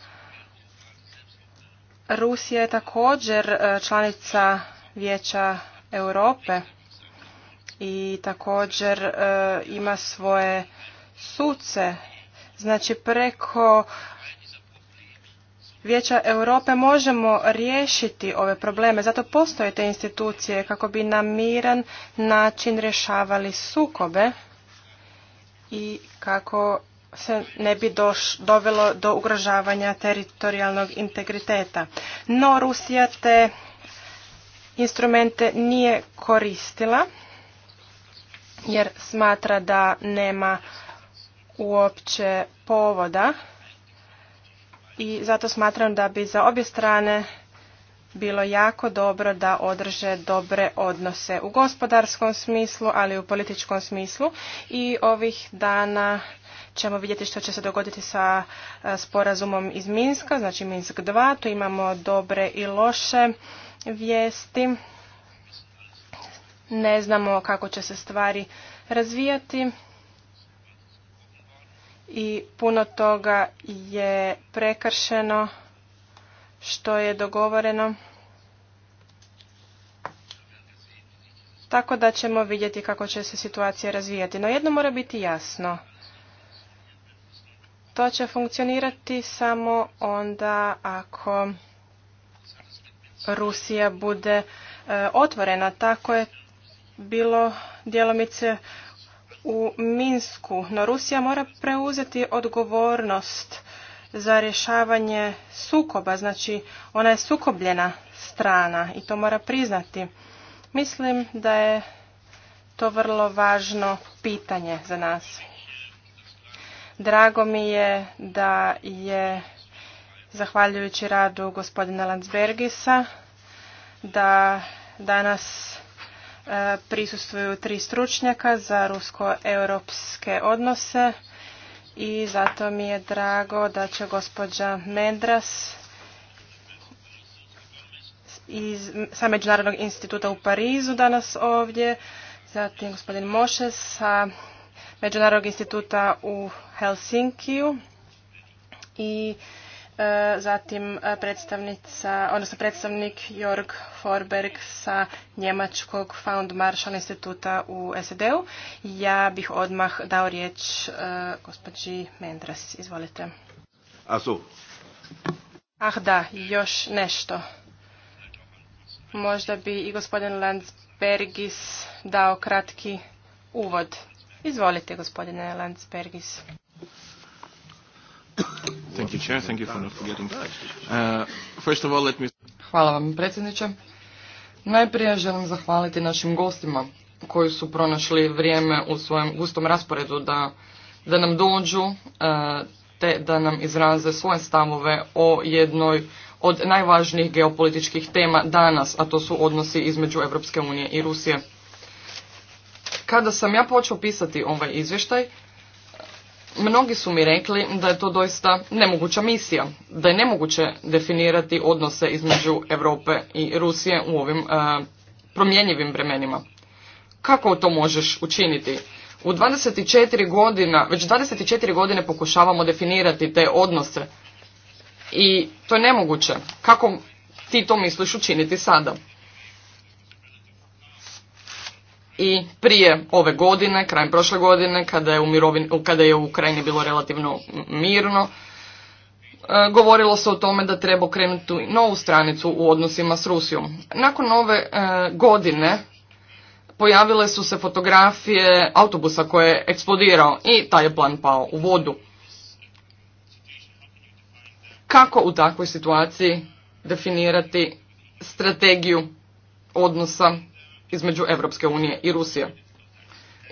Rusija je također članica Vijeća Europe i također ima svoje suce. Znači preko Vijeća Europe možemo riješiti ove probleme. Zato postoje te institucije kako bi na miran način rješavali sukobe i kako se ne bi doš, dovelo do ugrožavanja teritorijalnog integriteta. No, Rusija te instrumente nije koristila jer smatra da nema uopće povoda i zato smatram da bi za obje strane bilo jako dobro da održe dobre odnose u gospodarskom smislu, ali i u političkom smislu i ovih dana ćemo vidjeti što će se dogoditi sa e, sporazumom iz Minska, znači Minsk 2, tu imamo dobre i loše vijesti. Ne znamo kako će se stvari razvijati i puno toga je prekršeno što je dogovoreno. Tako da ćemo vidjeti kako će se situacija razvijati. No jedno mora biti jasno. To će funkcionirati samo onda ako Rusija bude e, otvorena. Tako je bilo djelomice u Minsku, no Rusija mora preuzeti odgovornost za rješavanje sukoba, znači ona je sukobljena strana i to mora priznati. Mislim da je to vrlo važno pitanje za nas. Drago mi je da je, zahvaljujući radu gospodina Landsbergisa, da danas E, prisustuju tri stručnjaka za rusko-europske odnose i zato mi je drago da će gospođa Mendras iz, sa Međunarodnog instituta u Parizu danas ovdje, zatim gospodin Moše sa Međunarodnog instituta u Helsinkiju i E, zatim e, predstavnica, odnosno predstavnik Jorg Forberg sa njemačkog Found Marshall instituta u SED-u. Ja bih odmah dao riječ e, gospođi Mendras. Izvolite. su. Ah da, još nešto. Možda bi i gospodin Landsbergis dao kratki uvod. Izvolite, gospodine Landsbergis. Hvala vam, predsjedniče. Najprije želim zahvaliti našim gostima koji su pronašli vrijeme u svojem gustom rasporedu da, da nam dođu uh, te da nam izraze svoje stavove o jednoj od najvažnijih geopolitičkih tema danas, a to su odnosi između Europske unije i Rusije. Kada sam ja počeo pisati ovaj izvještaj, Mnogi su mi rekli da je to doista nemoguća misija, da je nemoguće definirati odnose između Europe i Rusije u ovim e, promjenjivim vremenima. Kako to možeš učiniti? U 24 godina, već 24 godine pokušavamo definirati te odnose i to je nemoguće. Kako ti to misliš učiniti sada? i prije ove godine, krajem prošle godine, kada je u, kada je u Ukrajini bilo relativno mirno, e, govorilo se o tome da treba krenuti novu stranicu u odnosima s Rusijom. Nakon ove e, godine pojavile su se fotografije autobusa koji je eksplodirao i taj je plan pao u vodu. Kako u takvoj situaciji definirati strategiju odnosa između Europske unije i Rusije.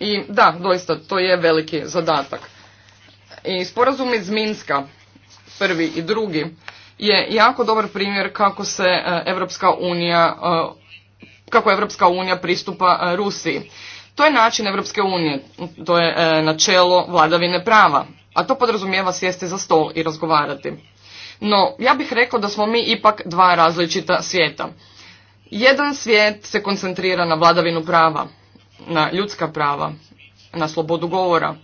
I da, doista, to je veliki zadatak. I sporazum iz Minska, prvi i drugi, je jako dobar primjer kako se e, Evropska unija, e, kako Europska unija pristupa e, Rusiji. To je način Evropske unije, to je načelo vladavine prava, a to podrazumijeva sjesti za stol i razgovarati. No, ja bih rekao da smo mi ipak dva različita svijeta. Jedan svijet se koncentrira na vladavinu prava, na ljudska prava, na slobodu govora,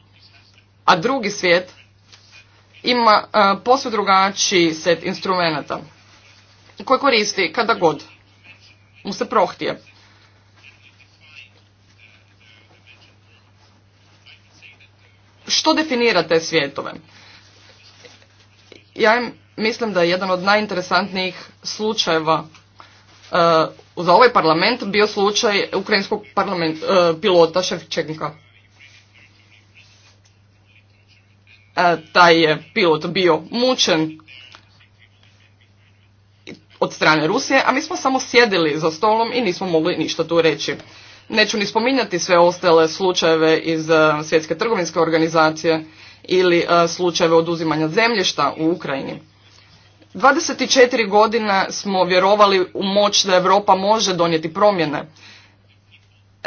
a drugi svijet ima e, posve drugačiji set instrumenata koje koristi kada god mu se prohtije. Što definira te svijetove? Ja mislim da je jedan od najinteresantnijih slučajeva E, za ovaj parlament bio slučaj ukrajinskog parlament, e, pilota Ševčenka. E, taj je pilot bio mučen od strane Rusije, a mi smo samo sjedili za stolom i nismo mogli ništa tu reći. Neću ni spominjati sve ostale slučajeve iz Svjetske trgovinske organizacije ili slučajeve oduzimanja zemljišta u Ukrajini. 24 godina smo vjerovali u moć da Europa može donijeti promjene,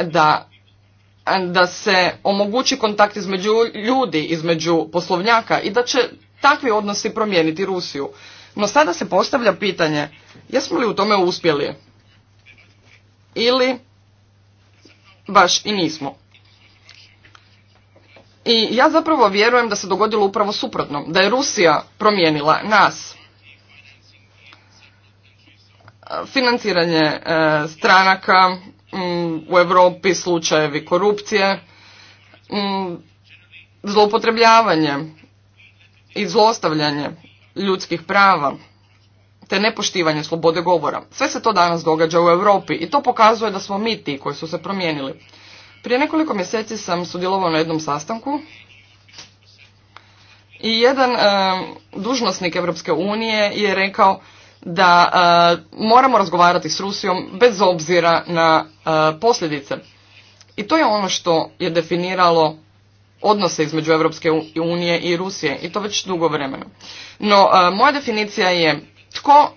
da, da se omogući kontakt između ljudi, između poslovnjaka i da će takvi odnosi promijeniti Rusiju. No sada se postavlja pitanje, jesmo li u tome uspjeli? Ili baš i nismo. I ja zapravo vjerujem da se dogodilo upravo suprotno, da je Rusija promijenila nas financiranje e, stranaka mm, u Europi, slučajevi korupcije, mm, zloupotrebljavanje i zlostavljanje ljudskih prava te nepoštivanje slobode govora. Sve se to danas događa u Europi i to pokazuje da smo mi ti koji su se promijenili. Prije nekoliko mjeseci sam sudjelovao na jednom sastanku i jedan e, dužnosnik Europske unije je rekao da e, moramo razgovarati s Rusijom bez obzira na e, posljedice. I to je ono što je definiralo odnose između Europske unije i Rusije i to već dugo vremena. No, e, moja definicija je tko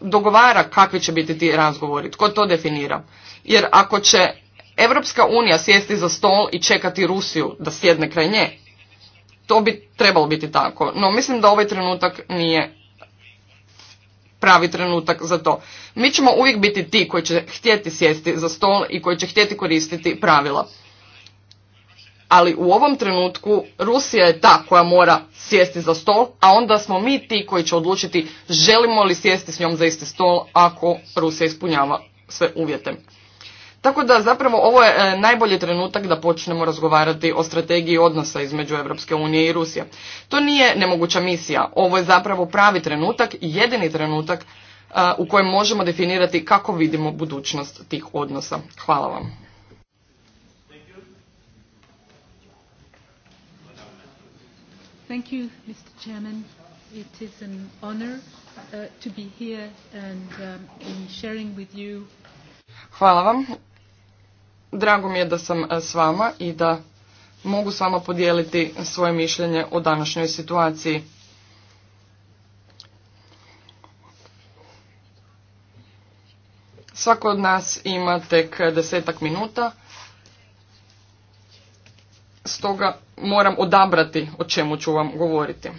dogovara kakvi će biti ti razgovori, tko to definira. Jer ako će Europska unija sjesti za stol i čekati Rusiju da sjedne kraj nje, to bi trebalo biti tako. No, mislim da ovaj trenutak nije pravi trenutak za to. Mi ćemo uvijek biti ti koji će htjeti sjesti za stol i koji će htjeti koristiti pravila. Ali u ovom trenutku Rusija je ta koja mora sjesti za stol, a onda smo mi ti koji će odlučiti želimo li sjesti s njom za isti stol ako Rusija ispunjava sve uvjete. Tako da zapravo ovo je e, najbolji trenutak da počnemo razgovarati o strategiji odnosa između Europske unije i Rusije. To nije nemoguća misija, ovo je zapravo pravi trenutak i jedini trenutak e, u kojem možemo definirati kako vidimo budućnost tih odnosa. Hvala vam. Hvala vam. Drago mi je da sam e, s vama i da mogu s vama podijeliti svoje mišljenje o današnjoj situaciji. Svako od nas ima tek desetak minuta, stoga moram odabrati o čemu ću vam govoriti.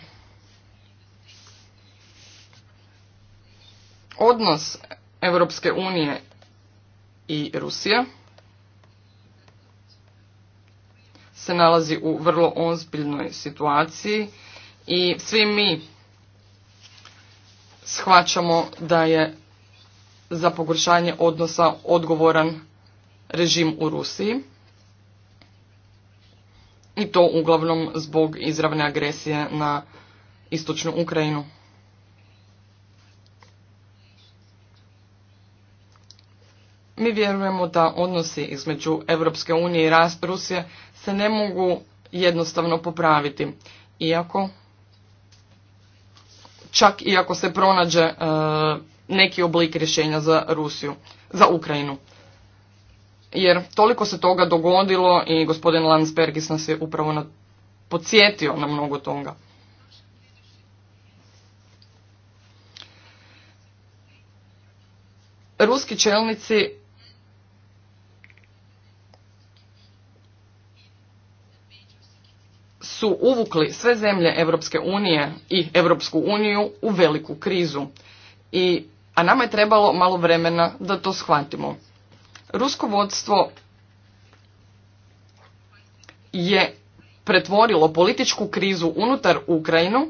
Odnos Europske unije i Rusije se nalazi u vrlo ozbiljnoj situaciji i svi mi shvaćamo da je za pogoršanje odnosa odgovoran režim u Rusiji i to uglavnom zbog izravne agresije na istočnu Ukrajinu. Mi vjerujemo da odnosi između Europske unije i rast Rusije se ne mogu jednostavno popraviti. Iako, čak i ako se pronađe e, neki oblik rješenja za Rusiju, za Ukrajinu. Jer toliko se toga dogodilo i gospodin Landsbergis nas je upravo na, podsjetio na mnogo toga. Ruski čelnici su uvukli sve zemlje Europske unije i Europsku uniju u veliku krizu. I, a nama je trebalo malo vremena da to shvatimo. Rusko vodstvo je pretvorilo političku krizu unutar Ukrajinu,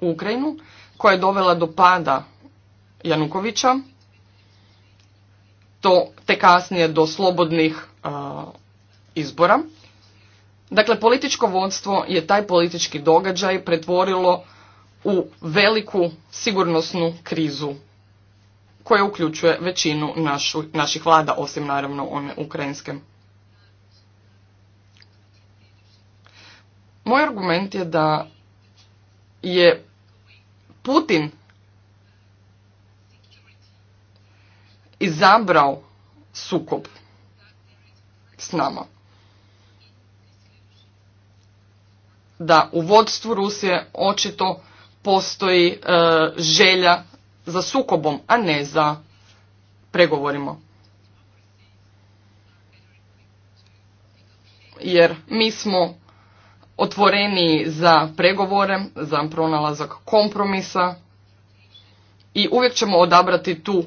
Ukrajinu koja je dovela do pada Janukovića, to te kasnije do slobodnih izbora. Dakle, političko vodstvo je taj politički događaj pretvorilo u veliku sigurnosnu krizu koja uključuje većinu našu, naših vlada, osim naravno one ukrajinske. Moj argument je da je Putin izabrao sukob s nama. da u vodstvu Rusije očito postoji e, želja za sukobom, a ne za pregovorima. Jer mi smo otvoreni za pregovore, za pronalazak kompromisa i uvijek ćemo odabrati tu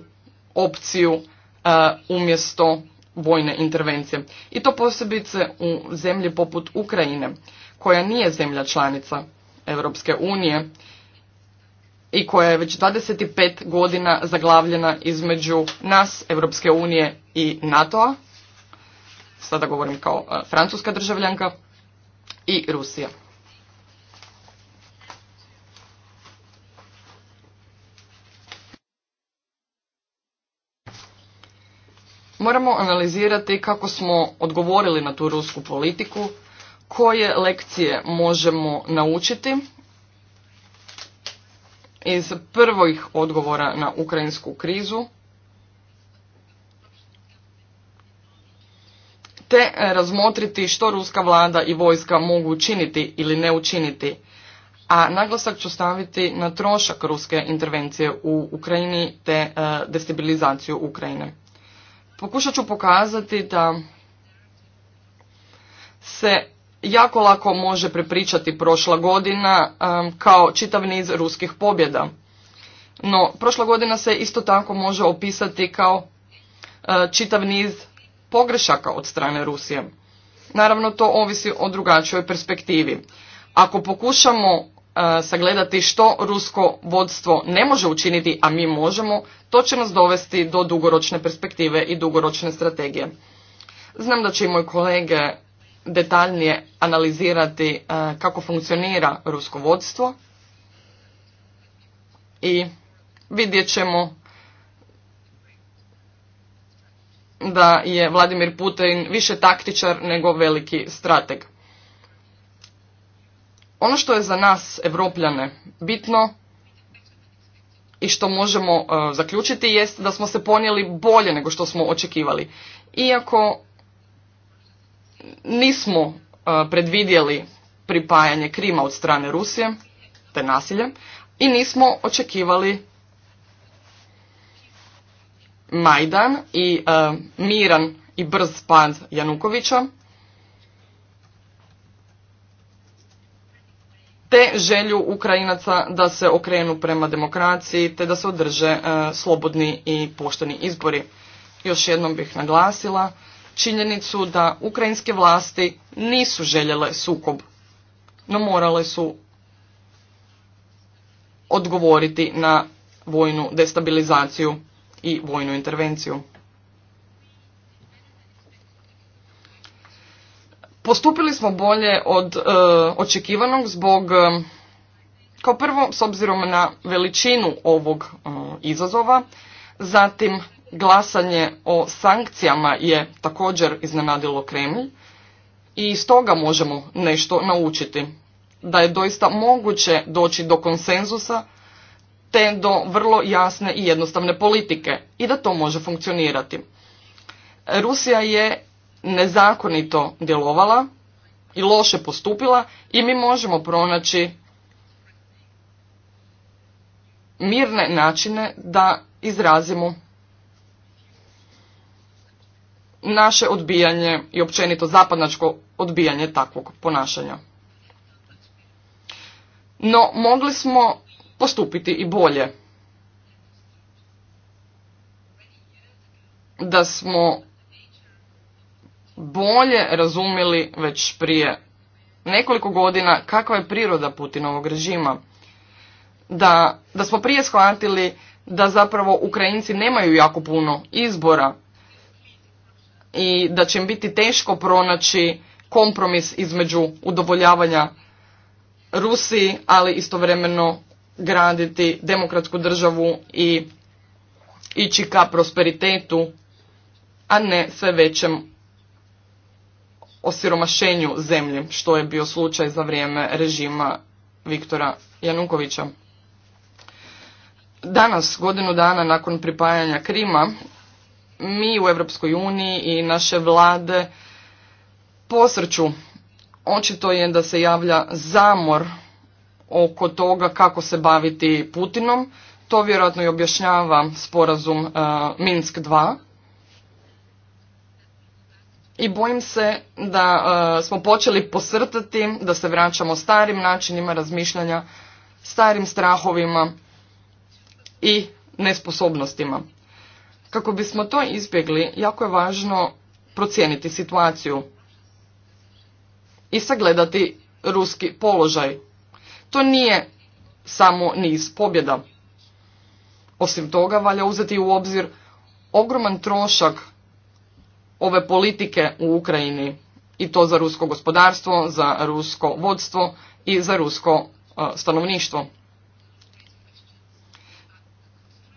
opciju e, umjesto vojne intervencije. I to posebice u zemlji poput Ukrajine koja nije zemlja članica Europske unije i koja je već 25 godina zaglavljena između nas, Europske unije i NATO-a, sada govorim kao e, francuska državljanka, i Rusija. Moramo analizirati kako smo odgovorili na tu rusku politiku koje lekcije možemo naučiti iz prvih odgovora na ukrajinsku krizu te razmotriti što ruska vlada i vojska mogu učiniti ili ne učiniti, a naglasak ću staviti na trošak ruske intervencije u Ukrajini te e, destabilizaciju Ukrajine. Pokušat ću pokazati da se jako lako može prepričati prošla godina kao čitav niz ruskih pobjeda. No, prošla godina se isto tako može opisati kao e, čitav niz pogrešaka od strane Rusije. Naravno, to ovisi o drugačijoj perspektivi. Ako pokušamo e, sagledati što rusko vodstvo ne može učiniti, a mi možemo, to će nas dovesti do dugoročne perspektive i dugoročne strategije. Znam da će i moji kolege detaljnije analizirati e, kako funkcionira rusko vodstvo i vidjet ćemo da je Vladimir Putin više taktičar nego veliki strateg. Ono što je za nas, Evropljane, bitno i što možemo e, zaključiti jest da smo se ponijeli bolje nego što smo očekivali. Iako nismo e, predvidjeli pripajanje Krima od strane Rusije, te nasilje, i nismo očekivali Majdan i e, miran i brz pad Janukovića, te želju Ukrajinaca da se okrenu prema demokraciji te da se održe e, slobodni i pošteni izbori. Još jednom bih naglasila činjenicu da ukrajinske vlasti nisu željele sukob, no morale su odgovoriti na vojnu destabilizaciju i vojnu intervenciju. Postupili smo bolje od e, očekivanog zbog, e, kao prvo s obzirom na veličinu ovog e, izazova, zatim glasanje o sankcijama je također iznenadilo Kremlj i iz toga možemo nešto naučiti. Da je doista moguće doći do konsenzusa te do vrlo jasne i jednostavne politike i da to može funkcionirati. Rusija je nezakonito djelovala i loše postupila i mi možemo pronaći mirne načine da izrazimo naše odbijanje i općenito zapadnačko odbijanje takvog ponašanja. No, mogli smo postupiti i bolje. Da smo bolje razumjeli već prije nekoliko godina kakva je priroda Putinovog režima. Da, da smo prije shvatili da zapravo Ukrajinci nemaju jako puno izbora i da će im biti teško pronaći kompromis između udovoljavanja Rusiji, ali istovremeno graditi demokratsku državu i ići ka prosperitetu, a ne sve većem osiromašenju zemlje, što je bio slučaj za vrijeme režima Viktora Janukovića. Danas, godinu dana nakon pripajanja Krima, mi u Europskoj uniji i naše vlade posrću. Očito je da se javlja zamor oko toga kako se baviti Putinom. To vjerojatno i objašnjava sporazum e, Minsk 2. I bojim se da e, smo počeli posrtati, da se vraćamo starim načinima razmišljanja, starim strahovima i nesposobnostima. Kako bismo to izbjegli, jako je važno procijeniti situaciju i sagledati ruski položaj. To nije samo niz pobjeda. Osim toga, valja uzeti u obzir ogroman trošak ove politike u Ukrajini i to za rusko gospodarstvo, za rusko vodstvo i za rusko stanovništvo.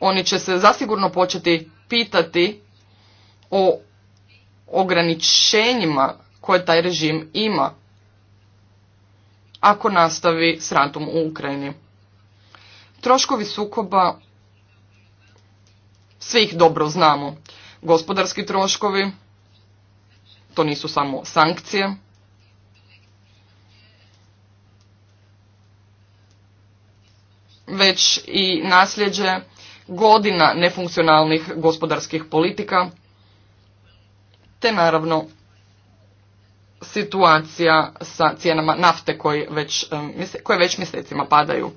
Oni će se zasigurno početi pitati o ograničenjima koje taj režim ima ako nastavi s ratom u Ukrajini. Troškovi sukoba svih dobro znamo. Gospodarski troškovi, to nisu samo sankcije. Već i nasljeđe godina nefunkcionalnih gospodarskih politika, te naravno situacija sa cijenama nafte e, koje već, već mjesecima padaju.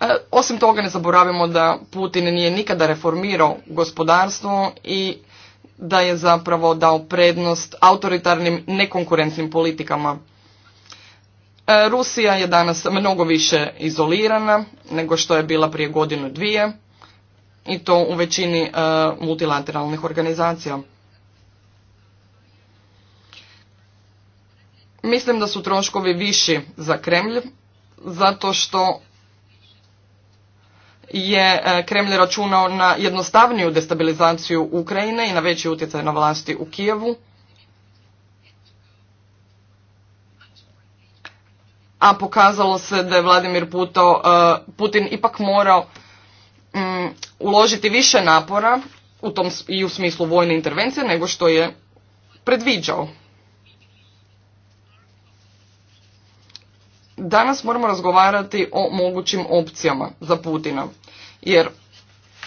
E, osim toga ne zaboravimo da Putin nije nikada reformirao gospodarstvo i da je zapravo dao prednost autoritarnim nekonkurentnim politikama. E, Rusija je danas mnogo više izolirana nego što je bila prije godinu dvije i to u većini e, multilateralnih organizacija. Mislim da su troškovi viši za Kremlj zato što je e, Kremlj računao na jednostavniju destabilizaciju Ukrajine i na veći utjecaj na vlasti u Kijevu a pokazalo se da je Vladimir Puto, uh, Putin ipak morao mm, uložiti više napora u tom i u smislu vojne intervencije nego što je predviđao. Danas moramo razgovarati o mogućim opcijama za Putina, jer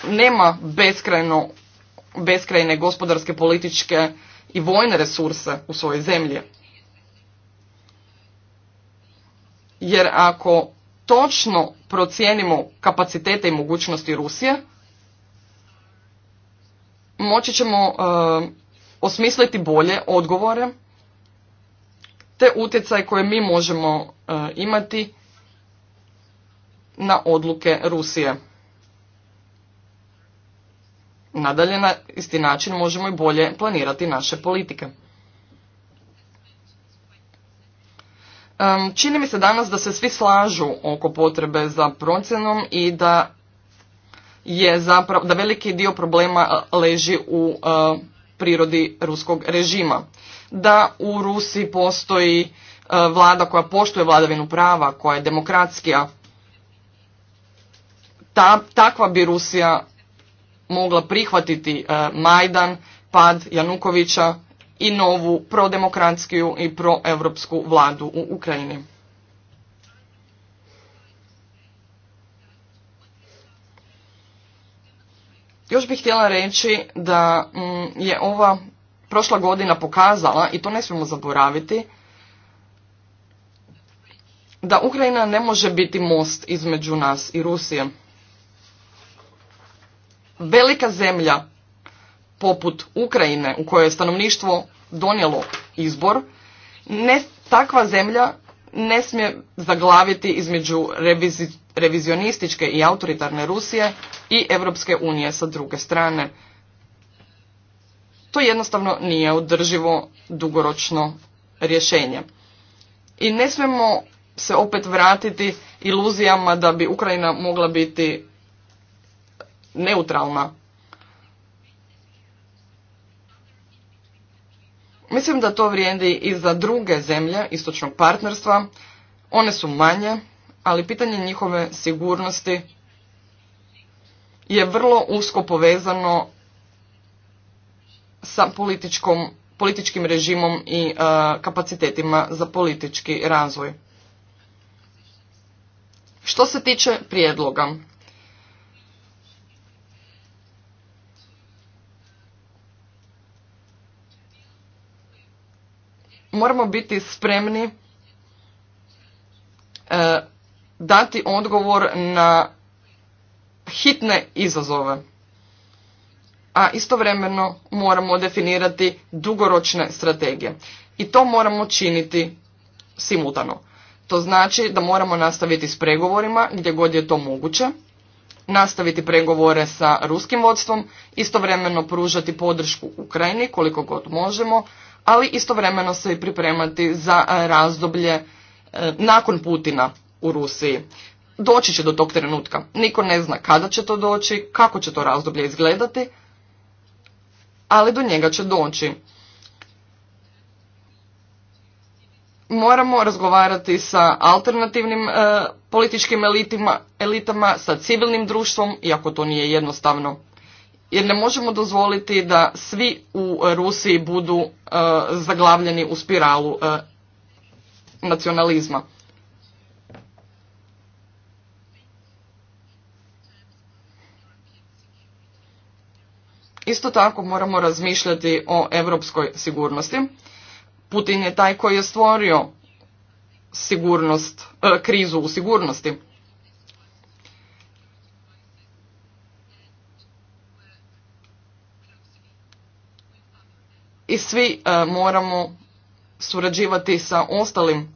nema beskrajno, beskrajne gospodarske, političke i vojne resurse u svojoj zemlji. jer ako točno procijenimo kapacitete i mogućnosti Rusije, moći ćemo e, osmisliti bolje odgovore te utjecaj koje mi možemo e, imati na odluke Rusije. Nadalje, na isti način možemo i bolje planirati naše politike. Čini mi se danas da se svi slažu oko potrebe za procjenom i da je zapravo, da veliki dio problema e, leži u e, prirodi ruskog režima. Da u Rusiji postoji e, vlada koja poštuje vladavinu prava, koja je demokratskija. takva bi Rusija mogla prihvatiti Majdan, pad Janukovića, i novu prodemokratskiju i proevropsku vladu u Ukrajini. Još bih htjela reći da mm, je ova prošla godina pokazala, i to ne smijemo zaboraviti, da Ukrajina ne može biti most između nas i Rusije. Velika zemlja poput Ukrajine u kojoj je stanovništvo donijelo izbor, ne, takva zemlja ne smije zaglaviti između revizionističke i autoritarne Rusije i Europske unije sa druge strane. To jednostavno nije održivo dugoročno rješenje. I ne smijemo se opet vratiti iluzijama da bi Ukrajina mogla biti neutralna Mislim da to vrijedi i za druge zemlje istočnog partnerstva. One su manje, ali pitanje njihove sigurnosti je vrlo usko povezano sa političkom, političkim režimom i uh, kapacitetima za politički razvoj. Što se tiče prijedloga, moramo biti spremni e, dati odgovor na hitne izazove a istovremeno moramo definirati dugoročne strategije i to moramo činiti simultano to znači da moramo nastaviti s pregovorima gdje god je to moguće nastaviti pregovore sa ruskim vodstvom istovremeno pružati podršku Ukrajini koliko god možemo ali istovremeno se i pripremati za e, razdoblje e, nakon Putina u Rusiji. Doći će do tog trenutka. Niko ne zna kada će to doći, kako će to razdoblje izgledati, ali do njega će doći. Moramo razgovarati sa alternativnim e, političkim elitima, elitama, sa civilnim društvom, iako to nije jednostavno jer ne možemo dozvoliti da svi u Rusiji budu e, zaglavljeni u spiralu e, nacionalizma. Isto tako moramo razmišljati o europskoj sigurnosti. Putin je taj koji je stvorio sigurnost, e, krizu u sigurnosti. i svi e, moramo surađivati sa ostalim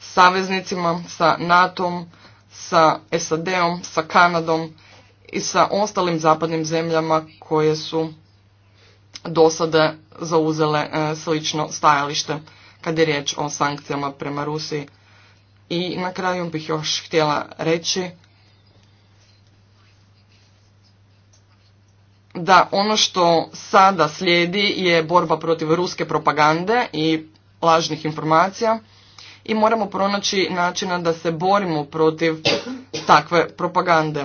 saveznicima, sa NATO-om, sa SAD-om, sa Kanadom i sa ostalim zapadnim zemljama koje su do sada zauzele e, slično stajalište kad je riječ o sankcijama prema Rusiji. I na kraju bih još htjela reći da ono što sada slijedi je borba protiv ruske propagande i lažnih informacija i moramo pronaći načina da se borimo protiv takve propagande.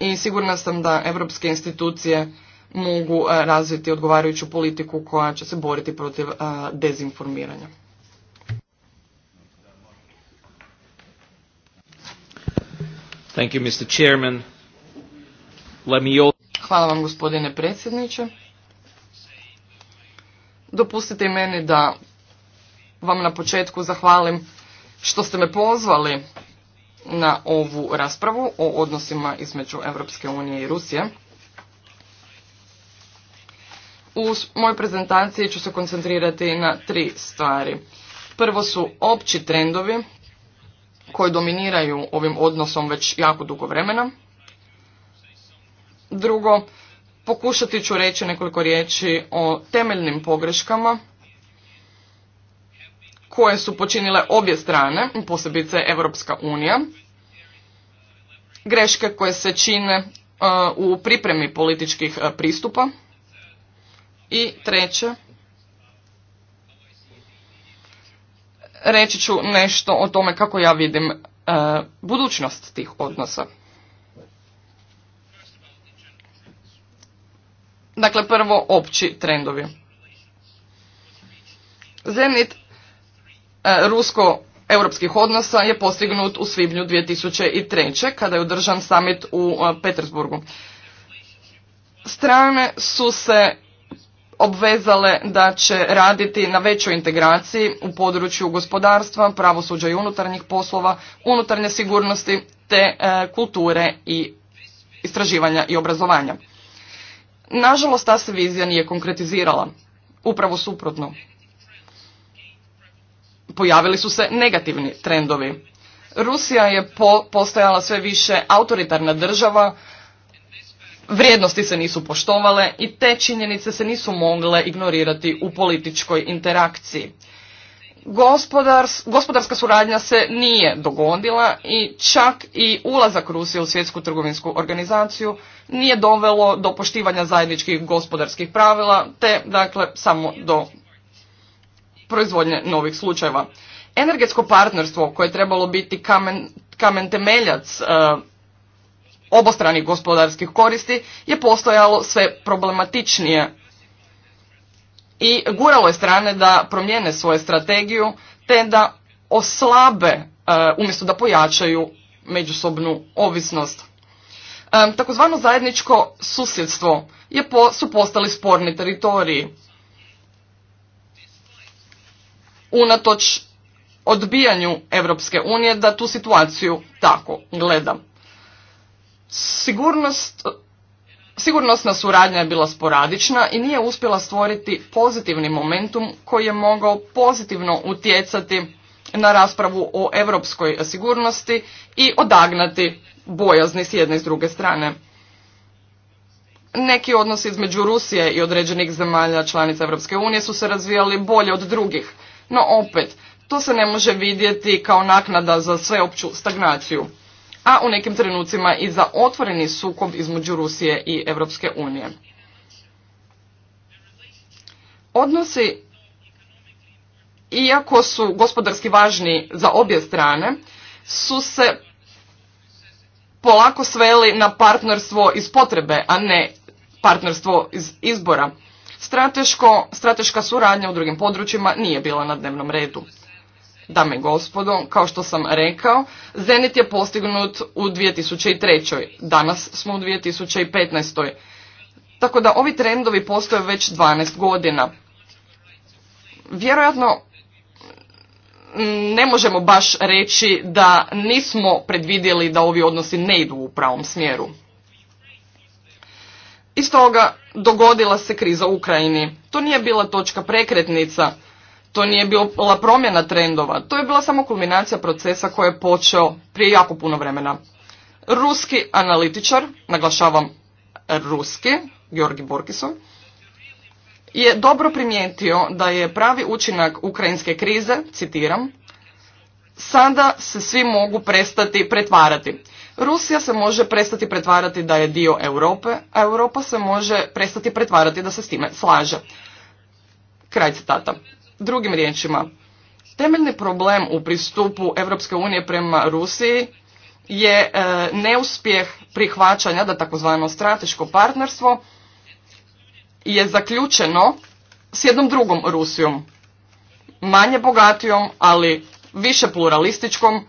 I sigurna sam da evropske institucije mogu eh, razviti odgovarajuću politiku koja će se boriti protiv eh, dezinformiranja. Thank Hvala vam gospodine predsjedniče. Dopustite i meni da vam na početku zahvalim što ste me pozvali na ovu raspravu o odnosima između Europske unije i Rusije. U mojoj prezentaciji ću se koncentrirati na tri stvari. Prvo su opći trendovi koje dominiraju ovim odnosom već jako dugo vremena. Drugo, pokušati ću reći nekoliko riječi o temeljnim pogreškama koje su počinile obje strane, posebice Europska unija, greške koje se čine uh, u pripremi političkih uh, pristupa i treće, reći ću nešto o tome kako ja vidim e, budućnost tih odnosa. Dakle, prvo opći trendovi. Zenit e, rusko-europskih odnosa je postignut u svibnju 2003. kada je održan summit u e, Petersburgu. Strane su se obvezale da će raditi na većoj integraciji u području gospodarstva, pravosuđa i unutarnjih poslova, unutarnje sigurnosti te e, kulture i istraživanja i obrazovanja. Nažalost, ta se vizija nije konkretizirala. Upravo suprotno. Pojavili su se negativni trendovi. Rusija je postajala sve više autoritarna država vrijednosti se nisu poštovale i te činjenice se nisu mogle ignorirati u političkoj interakciji. gospodarska suradnja se nije dogodila i čak i ulazak Rusije u svjetsku trgovinsku organizaciju nije dovelo do poštivanja zajedničkih gospodarskih pravila te dakle samo do proizvodnje novih slučajeva. Energetsko partnerstvo koje je trebalo biti kamen, kamen temeljac e, obostranih gospodarskih koristi je postojalo sve problematičnije i guralo je strane da promijene svoju strategiju te da oslabe e, umjesto da pojačaju međusobnu ovisnost. E, takozvano zajedničko susjedstvo su postali sporni teritoriji. Unatoč odbijanju Europske unije da tu situaciju tako gleda. Sigurnost, sigurnosna suradnja je bila sporadična i nije uspjela stvoriti pozitivni momentum koji je mogao pozitivno utjecati na raspravu o europskoj sigurnosti i odagnati bojazni s jedne i s druge strane. Neki odnosi između Rusije i određenih zemalja članica Europske unije su se razvijali bolje od drugih, no opet, to se ne može vidjeti kao naknada za sveopću stagnaciju a u nekim trenucima i za otvoreni sukob između Rusije i Europske unije. Odnosi, iako su gospodarski važni za obje strane, su se polako sveli na partnerstvo iz potrebe, a ne partnerstvo iz izbora. strateška suradnja u drugim područjima nije bila na dnevnom redu. Dame i gospodo, kao što sam rekao, Zenit je postignut u 2003. Danas smo u 2015. Tako da ovi trendovi postoje već 12 godina. Vjerojatno mm, ne možemo baš reći da nismo predvidjeli da ovi odnosi ne idu u pravom smjeru. Iz toga dogodila se kriza u Ukrajini. To nije bila točka prekretnica – to nije bila promjena trendova, to je bila samo kulminacija procesa koji je počeo prije jako puno vremena. Ruski analitičar, naglašavam ruski, Georgi Borkison, je dobro primijetio da je pravi učinak ukrajinske krize, citiram, sada se svi mogu prestati pretvarati. Rusija se može prestati pretvarati da je dio Europe, a Europa se može prestati pretvarati da se s time slaže. Kraj citata. Drugim riječima, temeljni problem u pristupu Europske unije prema Rusiji je e, neuspjeh prihvaćanja da takozvano strateško partnerstvo je zaključeno s jednom drugom Rusijom, manje bogatijom, ali više pluralističkom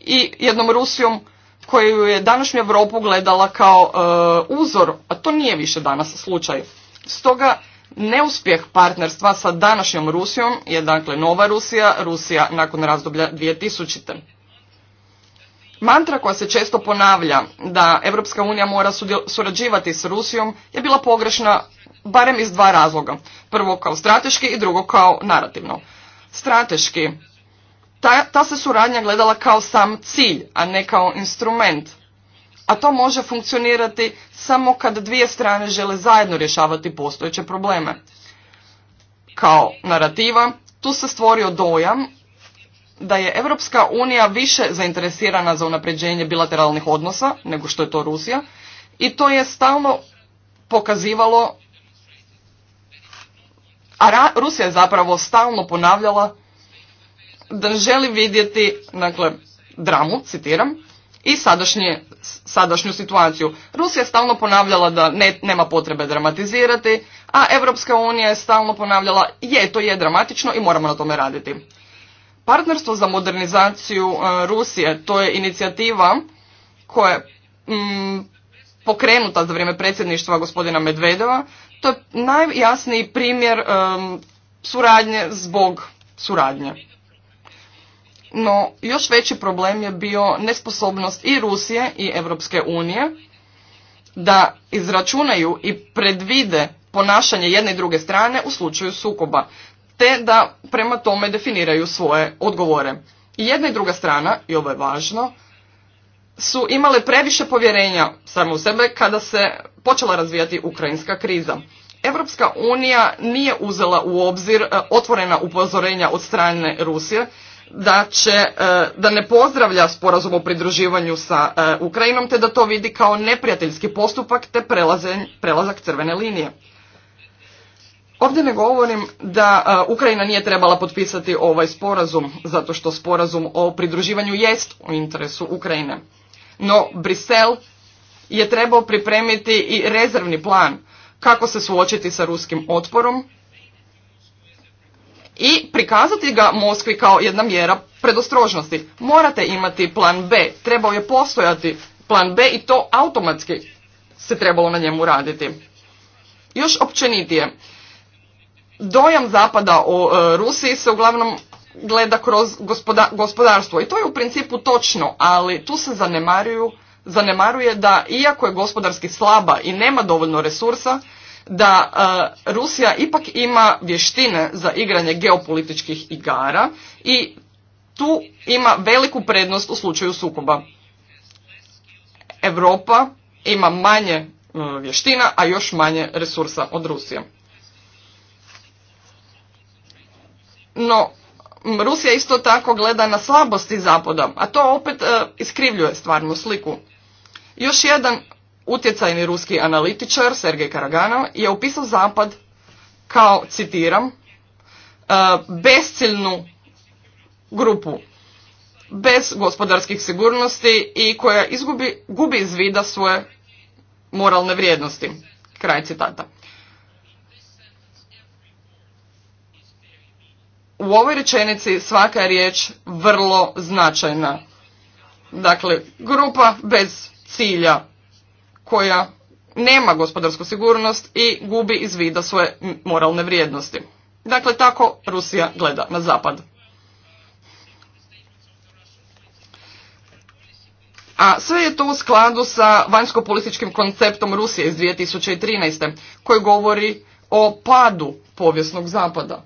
i jednom Rusijom koju je današnju Europu gledala kao e, uzor, a to nije više danas slučaj. Stoga Neuspjeh partnerstva sa današnjom Rusijom je dakle nova Rusija, Rusija nakon razdoblja 2000. Mantra koja se često ponavlja da Europska unija mora surađivati s Rusijom je bila pogrešna barem iz dva razloga. Prvo kao strateški i drugo kao narativno. Strateški ta, ta se suradnja gledala kao sam cilj, a ne kao instrument a to može funkcionirati samo kad dvije strane žele zajedno rješavati postojeće probleme. Kao narativa, tu se stvorio dojam da je Europska unija više zainteresirana za unapređenje bilateralnih odnosa nego što je to Rusija i to je stalno pokazivalo a Rusija je zapravo stalno ponavljala da želi vidjeti dakle, dramu, citiram, i sadašnje sadašnju situaciju. Rusija je stalno ponavljala da ne, nema potrebe dramatizirati, a Europska unija je stalno ponavljala je, to je dramatično i moramo na tome raditi. Partnerstvo za modernizaciju e, Rusije, to je inicijativa koja je mm, pokrenuta za vrijeme predsjedništva gospodina Medvedeva, to je najjasniji primjer e, suradnje zbog suradnje no još veći problem je bio nesposobnost i Rusije i Europske unije da izračunaju i predvide ponašanje jedne i druge strane u slučaju sukoba, te da prema tome definiraju svoje odgovore. I jedna i druga strana, i ovo je važno, su imale previše povjerenja samo u sebe kada se počela razvijati ukrajinska kriza. Europska unija nije uzela u obzir e, otvorena upozorenja od strane Rusije da će, e, da ne pozdravlja sporazum o pridruživanju sa e, Ukrajinom te da to vidi kao neprijateljski postupak te prelazak crvene linije. Ovdje ne govorim da e, Ukrajina nije trebala potpisati ovaj sporazum, zato što sporazum o pridruživanju jest u interesu Ukrajine. No, Brisel je trebao pripremiti i rezervni plan kako se suočiti sa ruskim otporom, i prikazati ga Moskvi kao jedna mjera predostrožnosti. Morate imati plan B, trebao je postojati plan B i to automatski se trebalo na njemu raditi. Još općenitije, dojam zapada o e, Rusiji se uglavnom gleda kroz gospodarstvo i to je u principu točno, ali tu se zanemaruju, zanemaruje da iako je gospodarski slaba i nema dovoljno resursa, da e, Rusija ipak ima vještine za igranje geopolitičkih igara i tu ima veliku prednost u slučaju sukoba. Europa ima manje e, vještina, a još manje resursa od Rusije. No, Rusija isto tako gleda na slabosti Zapada, a to opet e, iskrivljuje stvarnu sliku. Još jedan Utjecajni ruski analitičar Sergej Karaganov je upisao Zapad kao, citiram, e, besciljnu grupu bez gospodarskih sigurnosti i koja izgubi, gubi iz vida svoje moralne vrijednosti. Kraj citata. U ovoj rečenici svaka je riječ vrlo značajna. Dakle, grupa bez cilja, koja nema gospodarsku sigurnost i gubi iz vida svoje moralne vrijednosti. Dakle, tako Rusija gleda na zapad. A sve je to u skladu sa vanjsko-političkim konceptom Rusije iz 2013. koji govori o padu povijesnog zapada.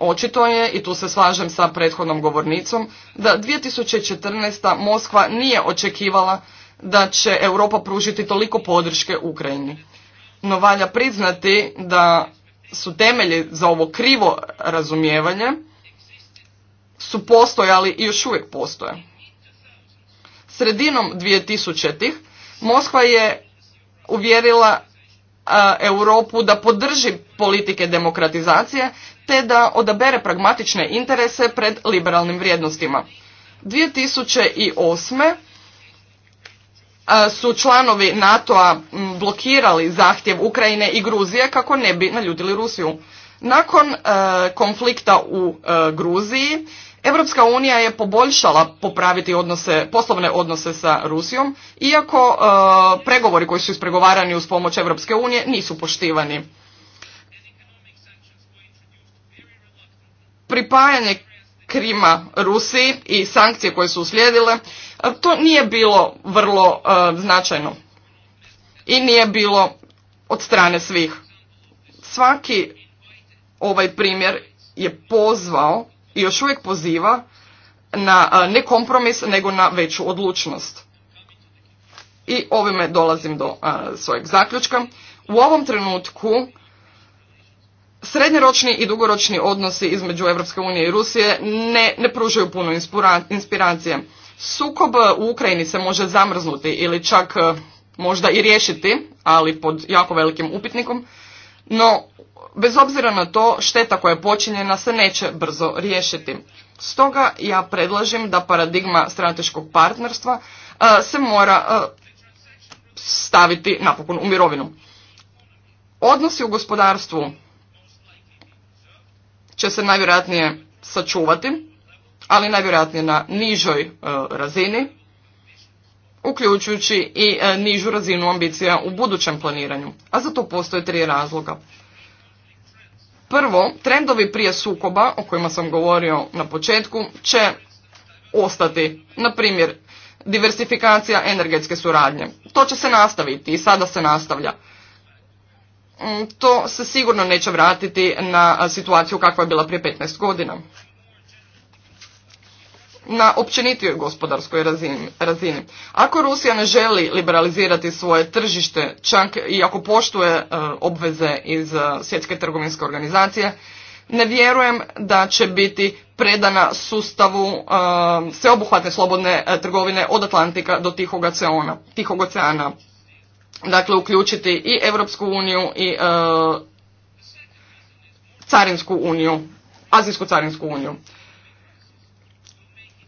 Očito je, i tu se slažem sa prethodnom govornicom, da 2014. Moskva nije očekivala da će Europa pružiti toliko podrške Ukrajini. No valja priznati da su temelji za ovo krivo razumijevanje su postojali i još uvijek postoje. Sredinom 2000-ih Moskva je uvjerila Europu da podrži politike demokratizacije te da odabere pragmatične interese pred liberalnim vrijednostima. 2008. E, su članovi NATO-a blokirali zahtjev Ukrajine i Gruzije kako ne bi naljudili Rusiju. Nakon e, konflikta u e, Gruziji Europska unija je poboljšala popraviti odnose, poslovne odnose sa Rusijom, iako pregovori koji su ispregovarani uz pomoć Europske unije nisu poštivani. pripajanje Krima Rusiji i sankcije koje su uslijedile, to nije bilo vrlo e, značajno i nije bilo od strane svih. Svaki ovaj primjer je pozvao i još uvijek poziva na e, ne kompromis nego na veću odlučnost. I ovime dolazim do e, svojeg zaključka. U ovom trenutku Srednjoročni i dugoročni odnosi između EU unije i Rusije ne, ne pružaju puno inspiracije. Sukob u Ukrajini se može zamrznuti ili čak e, možda i riješiti, ali pod jako velikim upitnikom, no bez obzira na to šteta koja je počinjena se neće brzo riješiti. Stoga ja predlažem da paradigma strateškog partnerstva e, se mora e, staviti napokon u mirovinu. Odnosi u gospodarstvu će se najvjerojatnije sačuvati, ali najvjerojatnije na nižoj e, razini, uključujući i e, nižu razinu ambicija u budućem planiranju. A za to postoje tri razloga. Prvo, trendovi prije sukoba, o kojima sam govorio na početku, će ostati. Na primjer, diversifikacija energetske suradnje. To će se nastaviti i sada se nastavlja. Mm, to se sigurno neće vratiti na situaciju kakva je bila prije 15 godina. Na općenitijoj gospodarskoj razini, razini. Ako Rusija ne želi liberalizirati svoje tržište, čak i ako poštuje e, obveze iz e, Svjetske trgovinske organizacije, ne vjerujem da će biti predana sustavu e, sveobuhvatne slobodne trgovine od Atlantika do Tihog oceana dakle uključiti i Europsku uniju i e, carinsku uniju, azijsku carinsku uniju.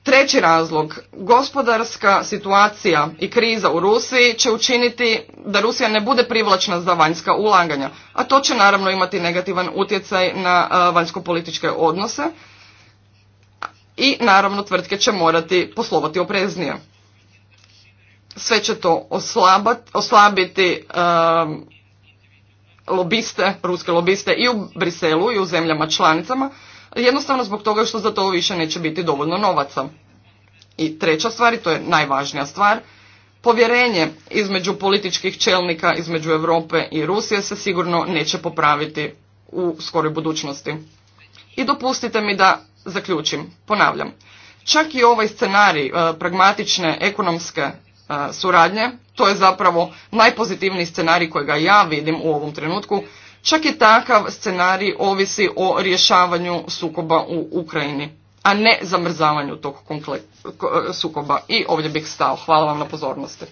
Treći razlog, gospodarska situacija i kriza u Rusiji će učiniti da Rusija ne bude privlačna za vanjska ulaganja, a to će naravno imati negativan utjecaj na e, vanjsko-političke odnose i naravno tvrtke će morati poslovati opreznije sve će to oslabiti um, lobiste, ruske lobiste i u Briselu i u zemljama članicama, jednostavno zbog toga što za to više neće biti dovoljno novaca. I treća stvar, i to je najvažnija stvar, povjerenje između političkih čelnika, između Europe i Rusije se sigurno neće popraviti u skoroj budućnosti. I dopustite mi da zaključim, ponavljam. Čak i ovaj scenarij uh, pragmatične ekonomske E, suradnje. To je zapravo najpozitivniji scenarij kojega ja vidim u ovom trenutku. Čak i takav scenarij ovisi o rješavanju sukoba u Ukrajini, a ne zamrzavanju tog e, sukoba. I ovdje bih stao. Hvala vam na pozornosti.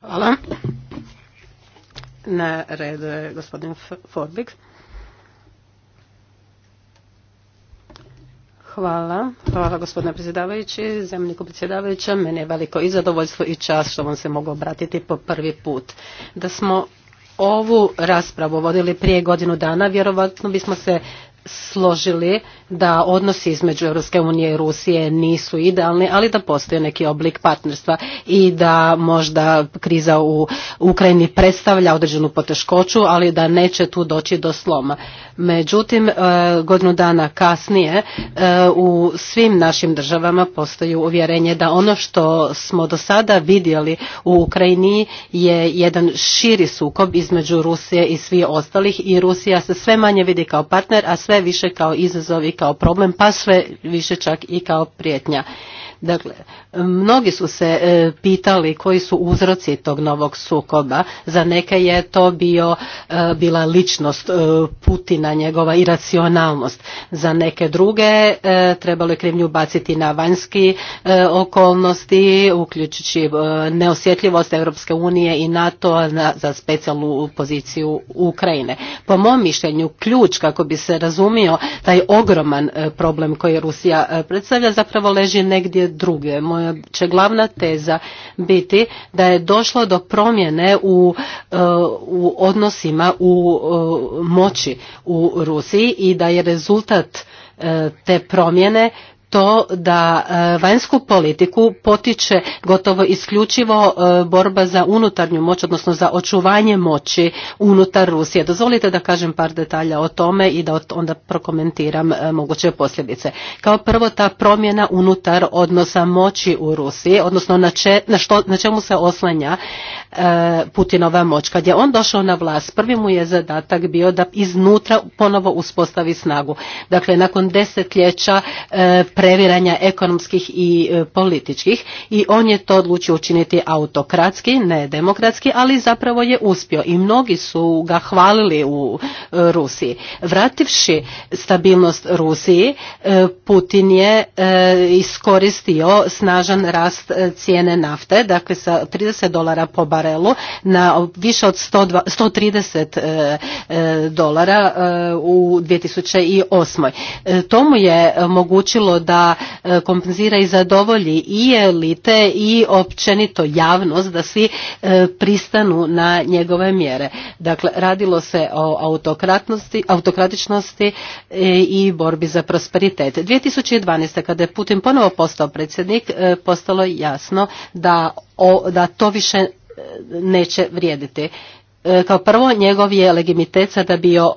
Hvala. Na redu je gospodin Forbik. Hvala. gospodine predsjedavajući, zemljiku predsjedavajuća. Mene je veliko i zadovoljstvo i čast što vam se mogu obratiti po prvi put. Da smo ovu raspravu vodili prije godinu dana, vjerovatno bismo se složili da odnosi između Europske unije i Rusije nisu idealni, ali da postoji neki oblik partnerstva i da možda kriza u Ukrajini predstavlja određenu poteškoću, ali da neće tu doći do sloma. Međutim, e, godinu dana kasnije e, u svim našim državama postoji uvjerenje da ono što smo do sada vidjeli u Ukrajini je jedan širi sukob između Rusije i svih ostalih i Rusija se sve manje vidi kao partner, a sve sve više kao izazov i kao problem, pa sve više čak i kao prijetnja. Dakle, mnogi su se e, pitali koji su uzroci tog novog sukoba. Za neke je to bio, e, bila ličnost e, Putina, njegova iracionalnost. Za neke druge trebalo je krivnju baciti na vanjski okolnosti, uključujući neosjetljivost Europske unije i NATO za specijalnu poziciju Ukrajine. Po mom mišljenju, ključ kako bi se razumio taj ogroman problem koji Rusija predstavlja zapravo leži negdje druge. Moja će glavna teza biti da je došlo do promjene u, e, u odnosima u e, moći u Rusiji i da je rezultat e, te promjene to da e, vanjsku politiku potiče gotovo isključivo e, borba za unutarnju moć, odnosno za očuvanje moći unutar Rusije. Dozvolite da kažem par detalja o tome i da onda prokomentiram e, moguće posljedice. Kao prvo ta promjena unutar odnosa moći u Rusiji, odnosno na, na, što, na čemu se oslanja Putinova moć. Kad je on došao na vlast, prvi mu je zadatak bio da iznutra ponovo uspostavi snagu. Dakle, nakon desetljeća previranja ekonomskih i e, političkih i on je to odlučio učiniti autokratski, ne demokratski, ali zapravo je uspio i mnogi su ga hvalili u e, Rusiji. Vrativši stabilnost Rusiji, e, Putin je iskoristio snažan rast cijene nafte, dakle sa 30 dolara po barelu na više od 130 dolara u 2008. To mu je omogućilo da e, kompenzira i zadovolji i elite i općenito javnost da svi e, pristanu na njegove mjere. Dakle, radilo se o autokratnosti, autokratičnosti e, i borbi za prosperitet. 2012. kada je Putin ponovo postao predsjednik, postalo je jasno da, da to više neće vrijediti. Kao prvo, njegov je legitimitet sada bio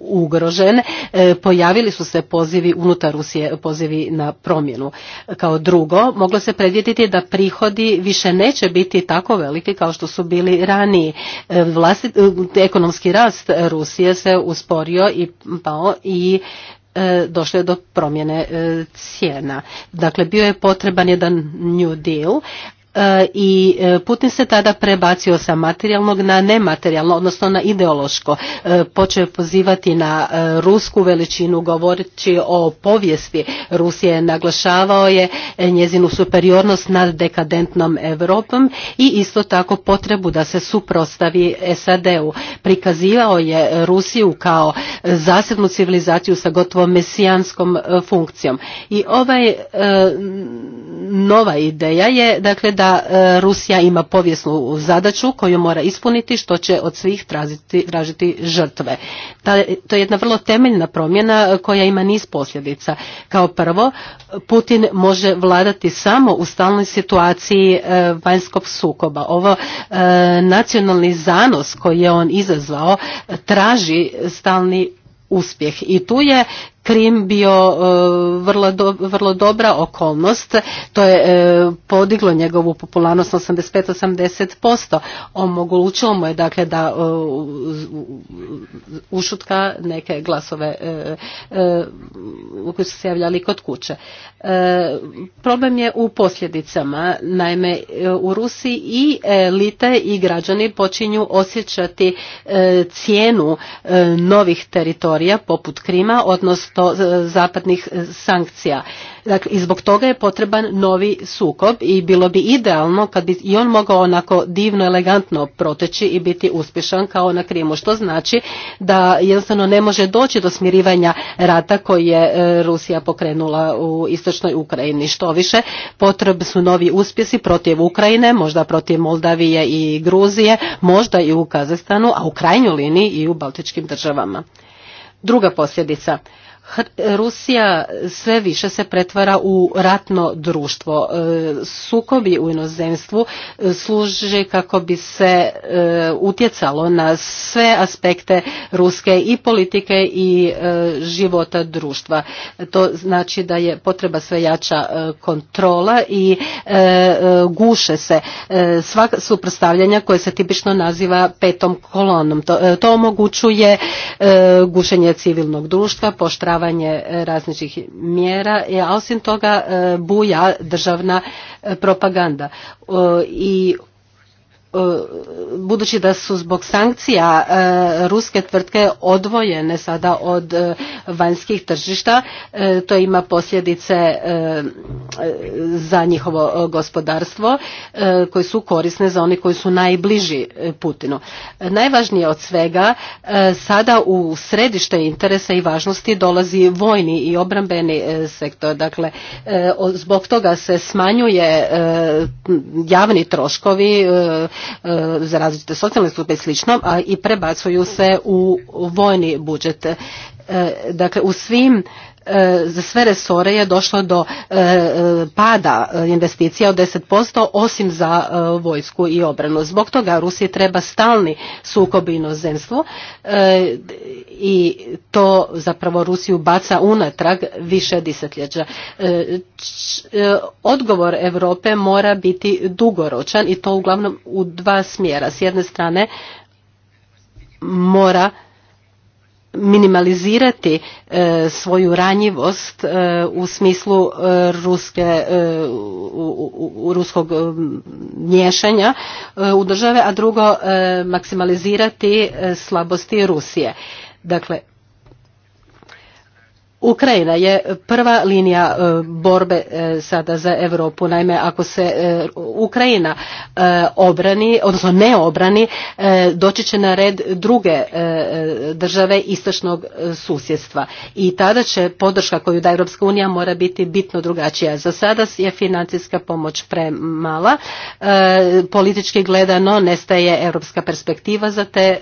ugrožen, e, pojavili su se pozivi unutar Rusije, pozivi na promjenu. Kao drugo, moglo se predvidjeti da prihodi više neće biti tako veliki kao što su bili raniji. E, e, ekonomski rast Rusije se usporio i pao i došlo je do promjene cijena. Dakle, bio je potreban jedan new deal, E, i e, Putin se tada prebacio sa materijalnog na nematerijalno, odnosno na ideološko. E, počeo pozivati na rusku veličinu, govoreći o povijesti Rusije, naglašavao je njezinu superiornost nad dekadentnom Europom i isto tako potrebu da se suprostavi SAD-u. Prikazivao je Rusiju kao zasebnu civilizaciju sa gotovo mesijanskom funkcijom. I ovaj nova ideja je dakle da E, Rusija ima povijesnu zadaću koju mora ispuniti što će od svih tražiti, žrtve. to je jedna vrlo temeljna promjena e, koja ima niz posljedica. Kao prvo, Putin može vladati samo u stalnoj situaciji e, vanjskog sukoba. Ovo nacionalni zanos koji je on izazvao traži stalni uspjeh i tu je Krim bio e, vrlo, vrlo dobra okolnost, to je e, podiglo njegovu popularnost 85-80%, omogućilo mu je dakle da e, ušutka neke glasove koji su se javljali kod kuće. Problem je u posljedicama, naime u Rusiji i elite i građani počinju osjećati cijenu novih teritorija poput Krima, odnosno E, zapadnih e, sankcija. Dakle, i zbog toga je potreban novi sukob i bilo bi idealno kad bi i on mogao onako divno, elegantno proteći i biti uspješan kao na Krimu, što znači da jednostavno ne može doći do smirivanja rata koji je e, Rusija pokrenula u istočnoj Ukrajini. Što više, potrebni su novi uspjesi protiv Ukrajine, možda protiv Moldavije i Gruzije, možda i u Kazestanu, a u krajnjoj liniji i u Baltičkim državama. Druga posljedica Rusija sve više se pretvara u ratno društvo. E, sukobi u inozemstvu e, služe kako bi se e, utjecalo na sve aspekte ruske i politike i života društva. To znači da je potreba sve jača kontrola i guše se sva suprotstavljanja koje se tipično naziva petom kolonom. To omogućuje gušenje civilnog društva, poštra izvršavanje e, različitih mjera, e, a osim toga e, buja državna propaganda i E, budući da su zbog sankcija e, ruske tvrtke odvojene sada od e, vanjskih tržišta, to ima posljedice za njihovo gospodarstvo koje su korisne za oni koji su najbliži Putinu. Najvažnije od svega sada u središte interesa i važnosti dolazi vojni i obrambeni sektor. Dakle, zbog toga se smanjuje javni troškovi E, za različite socijalne slupe i slično, a i prebacuju se u vojni budžet. E, dakle, u svim E, za sve resore je došlo do e, e, pada investicija od 10%, osim za vojsku i obranu. Zbog toga Rusiji treba stalni sukob inozemstvo i to zapravo Rusiju baca unatrag više desetljeća. Odgovor Europe mora biti dugoročan i to uglavnom u dva smjera. S jedne strane mora minimalizirati e, svoju ranjivost e, u smislu e, ruske, ruskog miješanja u države, a drugo maksimalizirati slabosti Rusije. Dakle, Ukrajina je prva linija e, borbe e, sada za Europu. Naime, ako se e, Ukrajina obrani, odnosno ne obrani, doći će na red druge države istočnog susjedstva. I tada će podrška koju da Europska unija mora biti bitno drugačija. Za sada je financijska pomoć premala. Politički gledano nestaje europska perspektiva za te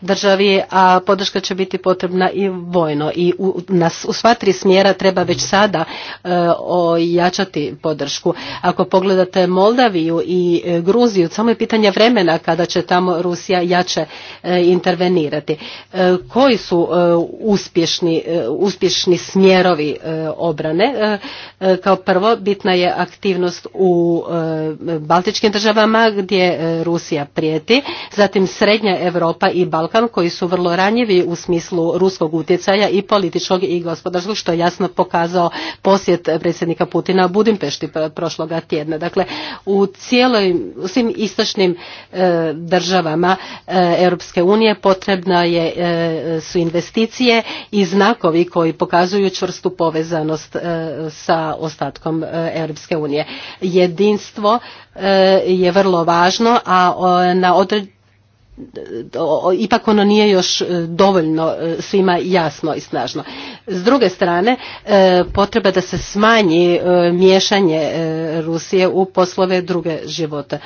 državi, a podrška će biti potrebna i vojno. I nas u sva tri smjera treba već sada e, ojačati podršku. Ako pogledate Moldaviju i e, Gruziju, samo je pitanje vremena kada će tamo Rusija jače e, intervenirati. Koji su uspješni, uspješni smjerovi obrane? Kao prvo bitna je aktivnost u Baltičkim državama gdje Rusija prijeti, zatim Srednja Europa i Balkan koji su vrlo ranjivi u smislu ruskog utjecaja i političkog i gospodarskog gospodarstvu što je jasno pokazao posjet predsjednika Putina u Budimpešti prošloga tjedna. Dakle, u cijeloj, u svim istočnim e, državama e, Europske unije potrebna je, e, su investicije i znakovi koji pokazuju čvrstu povezanost e, sa ostatkom Europske unije. Jedinstvo je vrlo važno, a na određenom ipak ono nije još e, dovoljno e, svima jasno i snažno. S druge strane, e, potreba da se smanji miješanje Rusije u poslove druge života.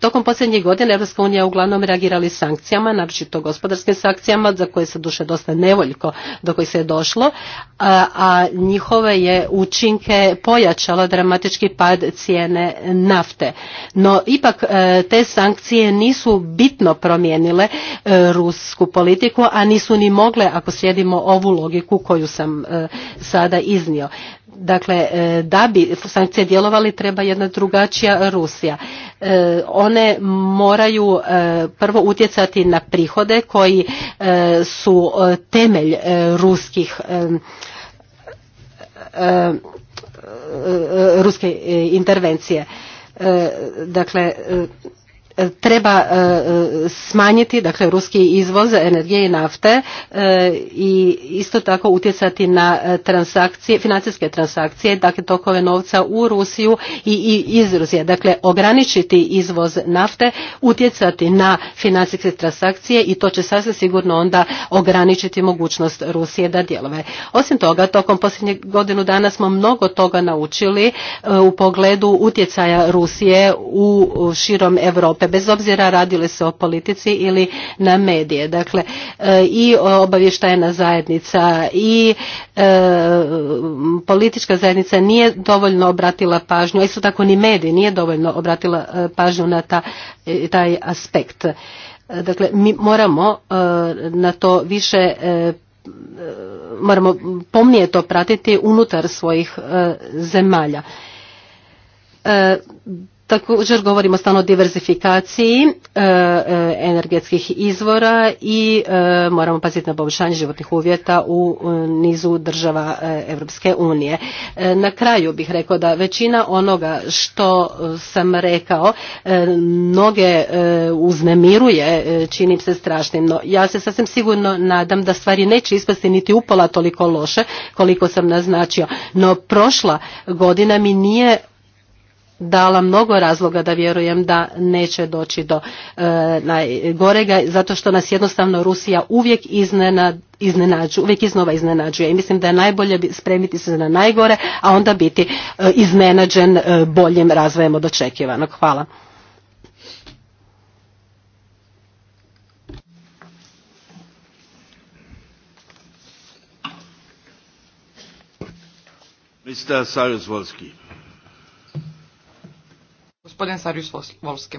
Tokom posljednjih godina Europska unija uglavnom reagirali sankcijama, naročito gospodarskim sankcijama, za koje se duše dosta nevoljko do kojih se je došlo, a, njihove je učinke pojačala dramatički pad cijene nafte. No ipak te sankcije nisu bitno promijenile e, rusku politiku, a nisu ni mogle ako slijedimo ovu logiku koju sam e, sada iznio. Dakle, e, da bi sankcije djelovali treba jedna drugačija Rusija. One moraju prvo utjecati na prihode koji su temelj ruskih ruske intervencije. Dakle, treba e, smanjiti dakle ruski izvoz energije i nafte e, i isto tako utjecati na e, transakcije, financijske transakcije, dakle tokove novca u Rusiju i iz Rusije. Dakle, ograničiti izvoz nafte, utjecati na financijske transakcije i to će sasvim sigurno onda ograničiti mogućnost Rusije da djelove. Osim toga, tokom posljednje godinu dana smo mnogo toga naučili u pogledu utjecaja Rusije u širom Europe Dakle, bez obzira radile se o politici ili na medije. Dakle e, i obavještajna zajednica i e, politička zajednica nije dovoljno obratila pažnju, isto tako ni mediji nije dovoljno obratila e, pažnju na taj aspekt. Dakle, mi moramo na to više moramo pomnije to pratiti unutar svojih zemalja. Također govorimo stalno o diverzifikaciji e, e, energetskih izvora i e, moramo paziti na poboljšanje životnih uvjeta u nizu država Europske unije. Na kraju bih rekao da većina onoga što sam rekao mnoge uznemiruje, čini se strašnim, no ja se sasvim sigurno nadam da stvari neće ispasti niti upola toliko loše koliko sam naznačio, no prošla godina mi nije dala mnogo razloga da vjerujem da neće doći do e, najgorega zato što nas jednostavno Rusija uvijek iznenađuje, uvijek iznova iznenađuje i mislim da je najbolje spremiti se na najgore, a onda biti e, iznenađen e, boljim razvojem od očekivanog. Hvala. Mr. Gospodin Sarjus Volski.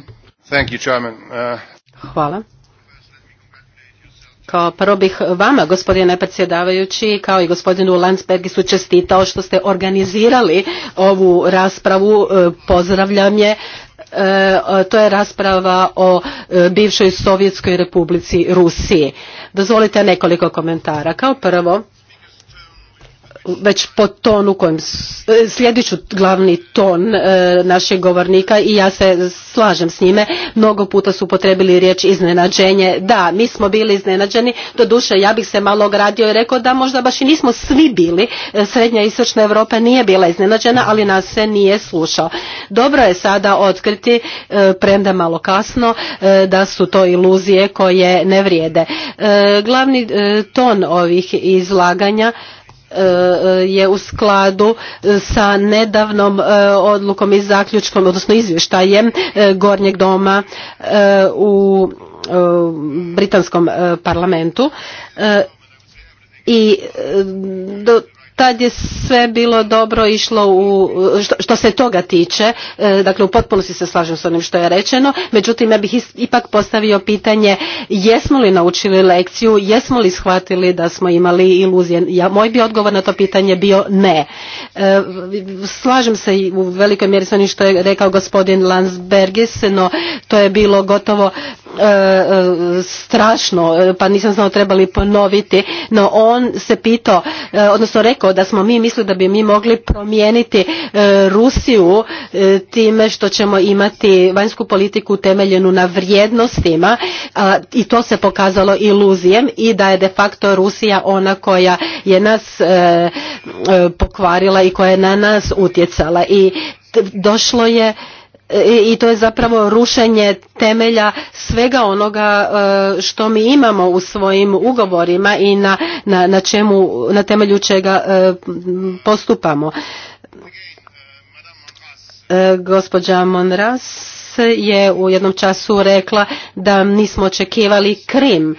Uh, Hvala. Kao prvo bih vama, gospodine predsjedavajući, kao i gospodinu Landsbergisu čestitao što ste organizirali ovu raspravu. E, pozdravljam je. E, e, to je rasprava o bivšoj Sovjetskoj republici Rusiji. Dozvolite nekoliko komentara. Kao prvo, već po tonu kojem sljedeću e, glavni ton e, našeg govornika i ja se slažem s njime. Mnogo puta su potrebili riječ iznenađenje. Da, mi smo bili iznenađeni. Doduše, ja bih se malo ogradio i rekao da možda baš i nismo svi bili. E, Srednja i istočna Europa nije bila iznenađena, ali nas se nije slušao. Dobro je sada otkriti, premda malo kasno, da su to iluzije koje ne vrijede. Glavni ton ovih izlaganja E, je u skladu e, sa nedavnom e, odlukom i zaključkom, odnosno izvještajem Gornjeg doma u britanskom parlamentu i do tad je sve bilo dobro išlo u, što, se toga tiče, e, dakle u potpunosti se slažem s onim što je rečeno, međutim ja bih ipak postavio pitanje jesmo li naučili lekciju, jesmo li shvatili da smo imali iluzije, ja, moj bi odgovor na to pitanje bio ne. E, slažem se u velikoj mjeri s onim što je rekao gospodin Landsbergis, no to je bilo gotovo E, e, strašno, e, pa nisam znao trebali ponoviti, no on se pitao, odnosno rekao da smo mi mislili da bi mi mogli promijeniti Rusiju time što ćemo imati vanjsku politiku temeljenu na vrijednostima i to se pokazalo iluzijem i da je de facto Rusija ona koja je nas pokvarila i koja je na nas utjecala i došlo je E, i to je zapravo rušenje temelja svega onoga e, što mi imamo u svojim ugovorima i na, na, na, čemu, na temelju čega e, postupamo. Gospođa Monras je u jednom času rekla da nismo očekivali Krim,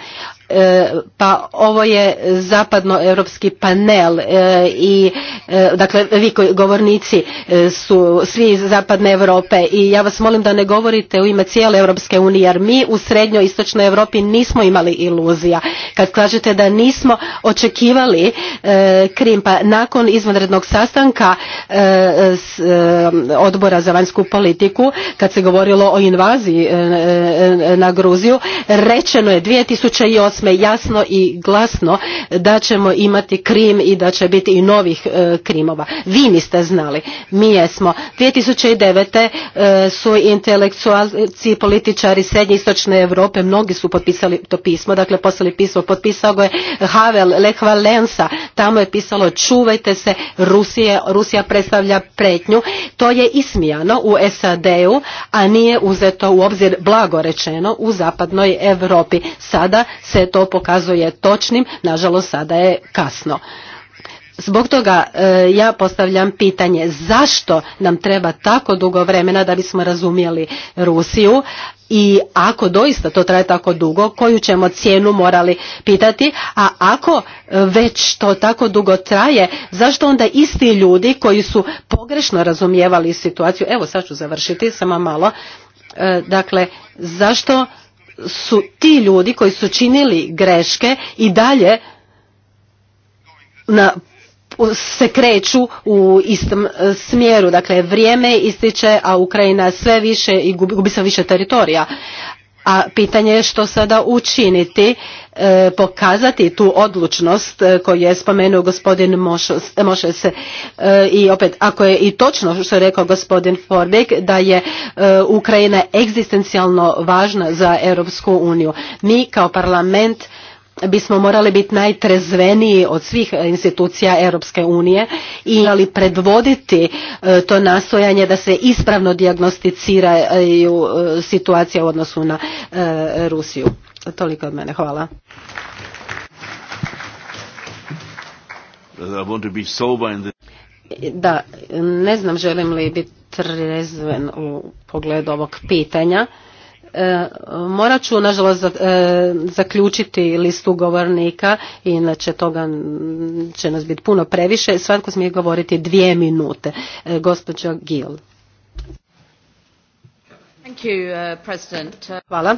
E, pa ovo je zapadnoeuropski panel e, i e, dakle vi govornici su svi iz zapadne Europe i ja vas molim da ne govorite u ime cijele Europske unije jer mi u srednjoj istočnoj Europi nismo imali iluzija. Kad kažete da nismo očekivali Krim pa nakon izvanrednog sastanka odbora za vanjsku politiku kad se govorilo o invaziji na Gruziju rečeno je 2008 smo jasno i glasno da ćemo imati krim i da će biti i novih e, krimova. Vi niste znali, mi jesmo. 2009. E, su intelektualci, političari srednje istočne Europe, mnogi su potpisali to pismo, dakle poslali pismo, potpisao ga je Havel, lehvalensa tamo je pisalo čuvajte se, Rusije, Rusija predstavlja pretnju. To je ismijano u SAD-u, a nije uzeto u obzir blago rečeno u zapadnoj Europi. Sada se to pokazuje točnim, nažalost sada je kasno. Zbog toga e, ja postavljam pitanje zašto nam treba tako dugo vremena da bismo razumjeli Rusiju i ako doista to traje tako dugo, koju ćemo cijenu morali pitati, a ako e, već to tako dugo traje, zašto onda isti ljudi koji su pogrešno razumijevali situaciju, evo sad ću završiti, samo malo, e, dakle, zašto su ti ljudi koji su činili greške i dalje na se kreću u istom e, smjeru. Dakle, vrijeme ističe, a Ukrajina sve više i gubi sve više teritorija a pitanje je što sada učiniti, e, pokazati tu odlučnost e, koju je spomenuo gospodin Mošes e, i opet ako je i točno što je rekao gospodin Forbik da je Ukrajina egzistencijalno važna za Europsku uniju. Mi kao parlament bismo morali biti najtrezveniji od svih institucija Europske unije i ali predvoditi e, to nastojanje da se ispravno dijagnosticiraju e, e, situacija u odnosu na Rusiju. Toliko od mene, hvala. Da, ne znam želim li biti trezven u pogledu ovog pitanja. E, morat ću, nažalost, e, zaključiti listu govornika, inače toga će nas biti puno previše. Svatko smije govoriti dvije minute. E, gospođo Gil. Uh, Hvala.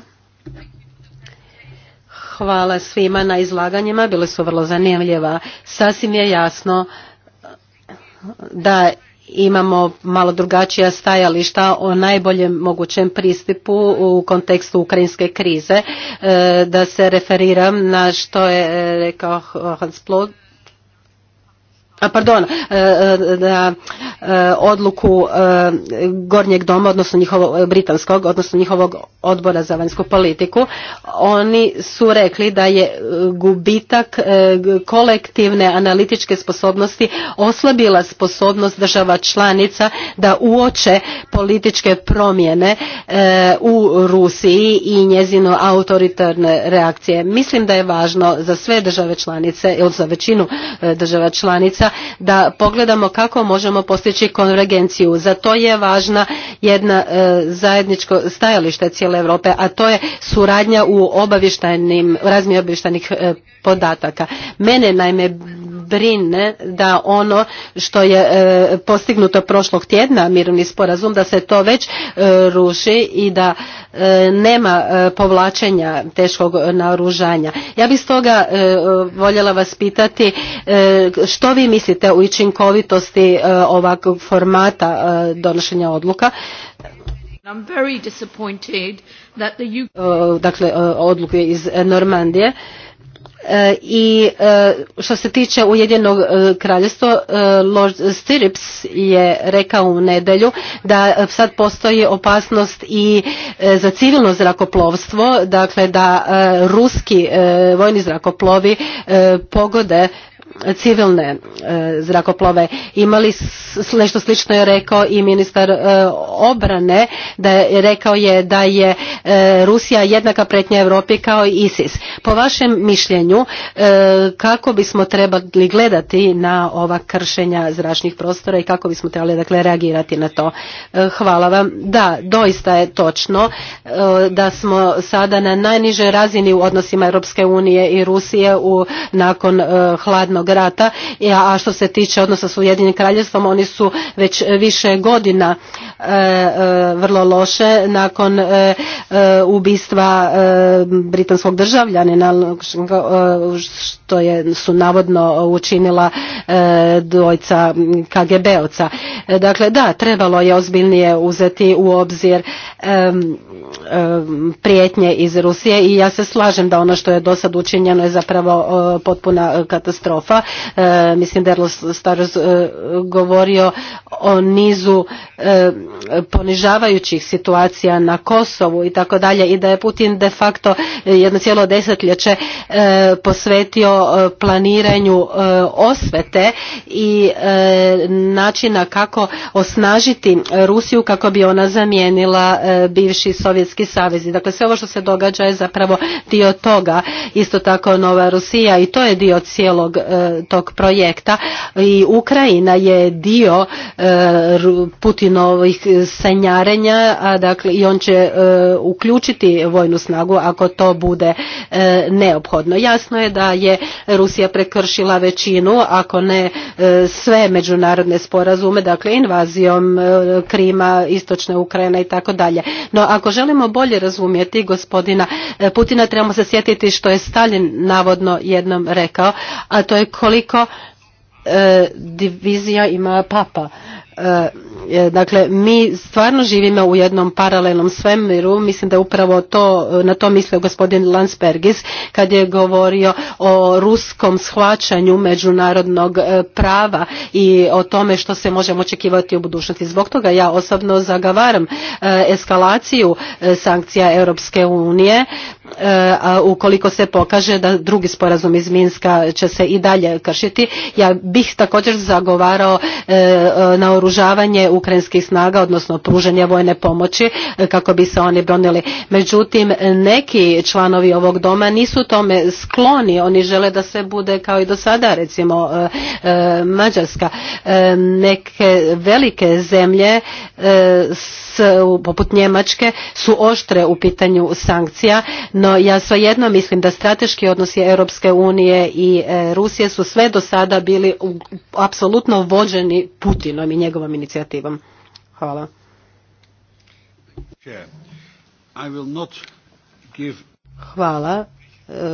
Hvala svima na izlaganjima, bile su vrlo zanimljiva. Sasvim je jasno da imamo malo drugačija stajališta o najboljem mogućem pristupu u kontekstu ukrajinske krize. E, da se referiram na što je rekao Hans Plot pardon, e, e, na e, odluku Gornjeg doma, odnosno njihovog britanskog, odnosno njihovog odbora za vanjsku politiku, oni su rekli da je gubitak kolektivne analitičke sposobnosti oslabila sposobnost država članica da uoče političke promjene u Rusiji i njezino autoritarne reakcije. Mislim da je važno za sve države članice, ili za većinu država članica, da pogledamo kako možemo postići konvergenciju. Za to je važna jedna e, zajedničko stajalište cijele Europe, a to je suradnja u obavještajnim, razmi obavještajnih e, podataka. Mene naime brine da ono što je e, postignuto prošlog tjedna mirovni sporazum da se to već ruši i da nema povlačenja teškog naoružanja. Ja bih stoga voljela vas pitati što vi mislite mislite o učinkovitosti e, ovakvog formata e, donošenja odluka? I'm very that e, Dakle, odluke iz Normandije. I što se tiče Ujedinog kraljevstva, Lord Stirrips je rekao u nedelju da sad postoji opasnost i za civilno zrakoplovstvo, dakle da ruski vojni zrakoplovi pogode civilne e, zrakoplove. Imali nešto slično je rekao i ministar e, obrane, da je rekao je da je e, Rusija jednaka pretnja Europi kao i ISIS. Po vašem mišljenju, kako bismo trebali gledati na ova kršenja zračnih prostora i kako bismo trebali dakle reagirati na to? Hvala vam. Da, doista je točno da smo sada na najnižoj razini u odnosima Europske unije i Rusije u, nakon hladnog rata, a što se tiče odnosa s Ujedinjenim kraljevstvom, oni su već više godina e, e, vrlo loše nakon e, ubistva britanskog državljanina što je, su navodno učinila dvojca kgb oca Dakle, da, trebalo je ozbiljnije uzeti u obzir prijetnje iz Rusije i ja se slažem da ono što je do sad učinjeno je zapravo potpuna katastrofa katastrofa. E, mislim da je Staros e, govorio o nizu e, ponižavajućih situacija na Kosovu i tako dalje i da je Putin de facto jedno cijelo desetljeće posvetio planiranju osvete i načina kako osnažiti Rusiju kako bi ona zamijenila bivši Sovjetski savez. Dakle, sve ovo što se događa je zapravo dio toga. Isto tako Nova Rusija i to je dio cijelog tog projekta i Ukrajina je dio e, Putinovih sanjarenja, dakle i on će e, uključiti vojnu snagu ako to bude e, neophodno. Jasno je da je Rusija prekršila većinu, ako ne sve međunarodne sporazume, dakle invazijom Krima, istočne Ukrajine i tako dalje. No ako želimo bolje razumjeti gospodina Putina, trebamo se sjetiti što je Stalin navodno jednom rekao, a to je koliko e, divizija ima papa. E, e, dakle, mi stvarno živimo u jednom paralelnom svemiru, mislim da je upravo to, na to mislio gospodin Landsbergis kad je govorio o ruskom shvaćanju međunarodnog prava i o tome što se možemo očekivati u budućnosti. Zbog toga ja osobno zagavaram eskalaciju sankcija Europske unije E, a ukoliko se pokaže da drugi sporazum iz Minska će se i dalje kršiti. Ja bih također zagovarao e, e, naoružavanje ukrajinskih snaga, odnosno pružanje vojne pomoći kako bi se oni bronili. Međutim, neki članovi ovog doma nisu tome skloni. Oni žele da se bude kao i do sada, recimo Mađarska. Neke velike zemlje poput Njemačke su oštre u pitanju sankcija no ja svejedno mislim da strateški odnosi Europske unije i e, Rusije su sve do sada bili apsolutno vođeni Putinom i njegovom inicijativom. Hvala. Hvala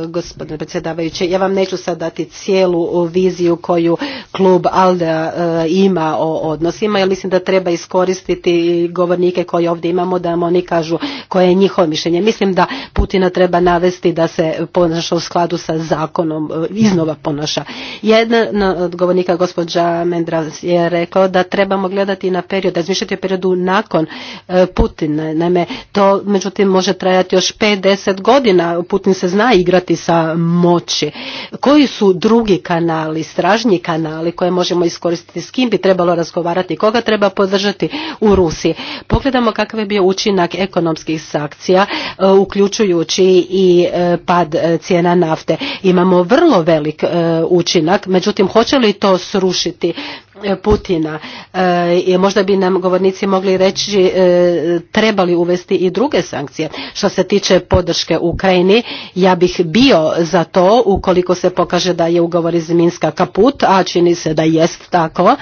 gospodine predsjedavajući. Ja vam neću sad dati cijelu viziju koju klub ALDE e, ima o odnosima, jer mislim da treba iskoristiti govornike koje ovdje imamo da nam oni kažu koje je njihovo mišljenje. Mislim da Putina treba navesti da se ponaša u skladu sa zakonom, e, iznova ponaša. Jedan od govornika, gospođa Mendras, je rekao da trebamo gledati na period, razmišljati o periodu nakon e, Putina. Naime, to međutim može trajati još pet deset godina. Putin se zna i igrati sa moći. Koji su drugi kanali, stražnji kanali koje možemo iskoristiti, s kim bi trebalo razgovarati, koga treba podržati u Rusiji. Pogledamo kakav je bio učinak ekonomskih sankcija, e, uključujući i e, pad e, cijena nafte. Imamo vrlo velik učinak, međutim hoće li to srušiti E, Putina. E, možda bi nam govornici mogli reći e, trebali uvesti i druge sankcije. Što se tiče podrške Ukrajini, ja bih bio za to ukoliko se pokaže da je ugovor iz Minska kaput, a čini se da jest tako,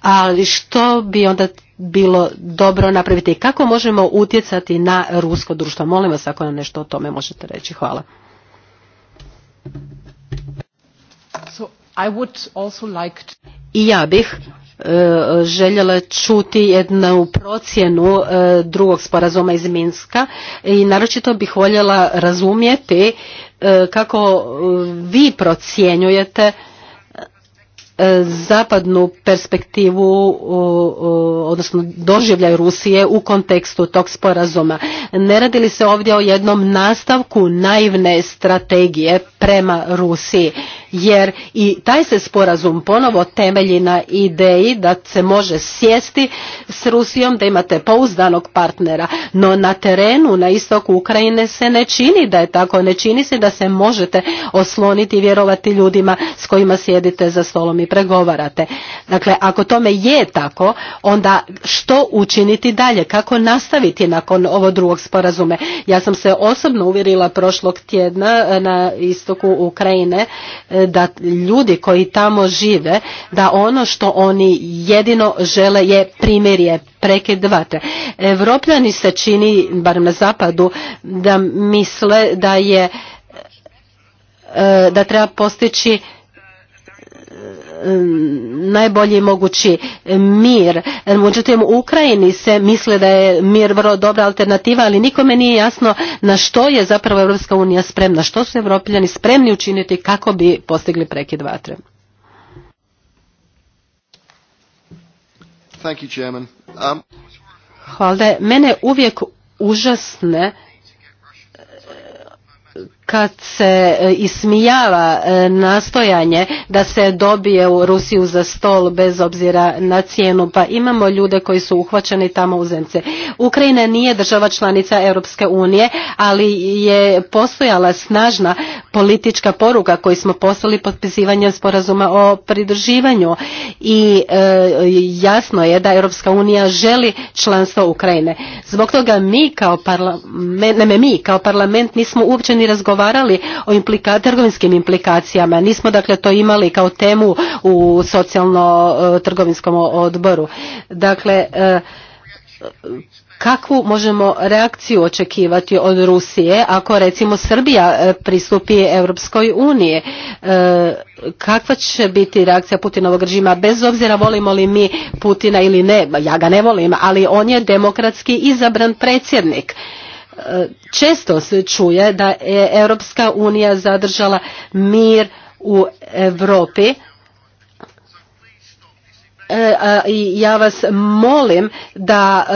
ali što bi onda bilo dobro napraviti? Kako možemo utjecati na rusko društvo? Molim vas ako nam nešto o tome možete reći. Hvala. So, I would also like i ja bih e, željela čuti jednu procjenu e, drugog sporazuma iz Minska i naročito bih voljela razumjeti e, kako vi procjenjujete zapadnu perspektivu odnosno doživljaj Rusije u kontekstu tog sporazuma. Ne radi li se ovdje o jednom nastavku naivne strategije prema Rusiji? jer i taj se sporazum ponovo temelji na ideji da se može sjesti s Rusijom, da imate pouzdanog partnera, no na terenu na istoku Ukrajine se ne čini da je tako, ne čini se da se možete osloniti i vjerovati ljudima s kojima sjedite za stolom i pregovarate. Dakle, ako tome je tako, onda što učiniti dalje, kako nastaviti nakon ovo drugog sporazume? Ja sam se osobno uvjerila prošlog tjedna eh, na istoku Ukrajine eh, E, da ljudi koji tamo žive, da ono što oni jedino žele je primirje, prekid vatre. Evropljani se čini, bar na zapadu, da misle da je e, da treba postići najbolji mogući mir. Međutim, u Ukrajini se misle da je mir vrlo dobra alternativa, ali nikome nije jasno na što je zapravo Europska unija spremna, što su europljani spremni učiniti kako bi postigli prekid vatre. Thank you, um, Hvala. Mene uvijek užasne kad se e, ismijava e, nastojanje da se dobije u Rusiju za stol bez obzira na cijenu, pa imamo ljude koji su uhvaćeni tamo u zemce. Ukrajina nije država članica Europske unije, ali je postojala snažna politička poruka koju smo poslali potpisivanjem sporazuma o pridruživanju i e, jasno je da Europska unija želi članstvo Ukrajine. Zbog toga mi kao parlament, ne mi, kao parlament nismo uopće ni razgovarali razgovarali o trgovinskim implikacijama. Nismo dakle to imali kao temu u socijalno-trgovinskom e, odboru. Dakle, e, kakvu možemo reakciju očekivati od Rusije ako recimo Srbija e, pristupi Europskoj unije? Kakva će biti reakcija Putinovog režima bez obzira volimo li mi Putina ili ne? Ja ga ne volim, ali on je demokratski izabran predsjednik često se čuje da je Europska unija zadržala mir u Europi e, i ja vas molim da e,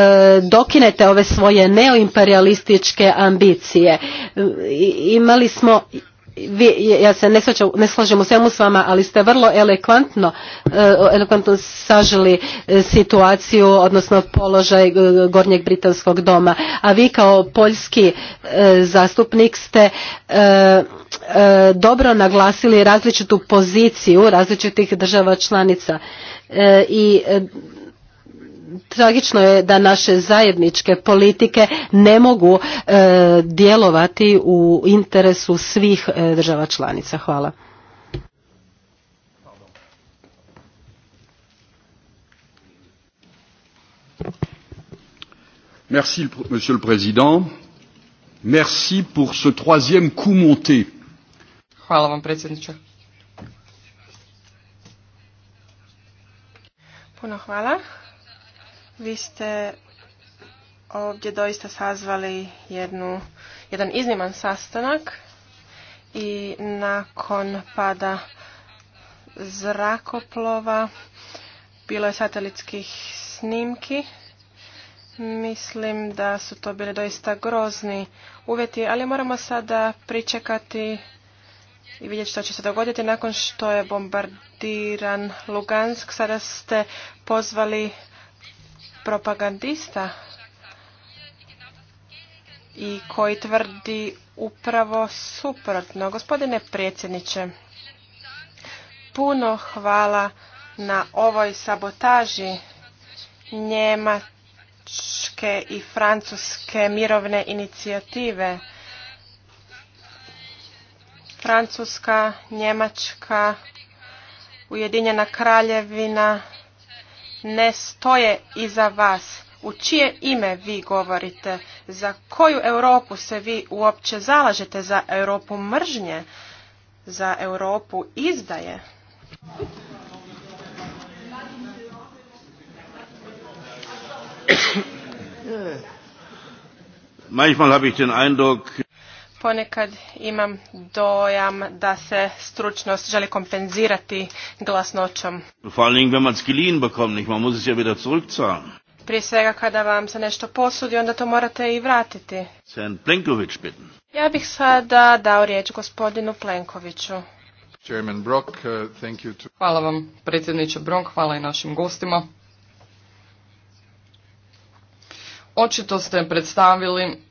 dokinete ove svoje neoimperijalističke ambicije. E, imali smo ja se ne, slažem, u svemu s vama, ali ste vrlo elekvantno, e, saželi e, situaciju, odnosno položaj e, Gornjeg Britanskog doma. A vi kao poljski zastupnik ste dobro naglasili različitu poziciju različitih država članica i tragično je da naše zajedničke politike ne mogu e, djelovati u interesu svih e, država članica. Hvala. Merci, monsieur le président. Merci pour ce troisième coup monté. Hvala vam, predsjedniče. Puno hvala. Vi ste ovdje doista sazvali jednu, jedan izniman sastanak i nakon pada zrakoplova bilo je satelitskih snimki. Mislim da su to bili doista grozni uvjeti, ali moramo sada pričekati i vidjeti što će se dogoditi nakon što je bombardiran Lugansk. Sada ste pozvali propagandista i koji tvrdi upravo suprotno. Gospodine predsjedniče, puno hvala na ovoj sabotaži Njemačke i Francuske mirovne inicijative. Francuska, Njemačka, Ujedinjena kraljevina ne stoje iza vas. U čije ime vi govorite? Za koju Europu se vi uopće zalažete? Za Europu mržnje? Za Europu izdaje? Manchmal habe ich den Eindruck, Ponekad imam dojam da se stručnost želi kompenzirati glasnoćom. Prije svega kada vam se nešto posudi, onda to morate i vratiti. Ja bih sada dao riječ gospodinu Plenkoviću. Uh, hvala vam, predsjedniče bronk hvala i našim gostima. Očito ste predstavili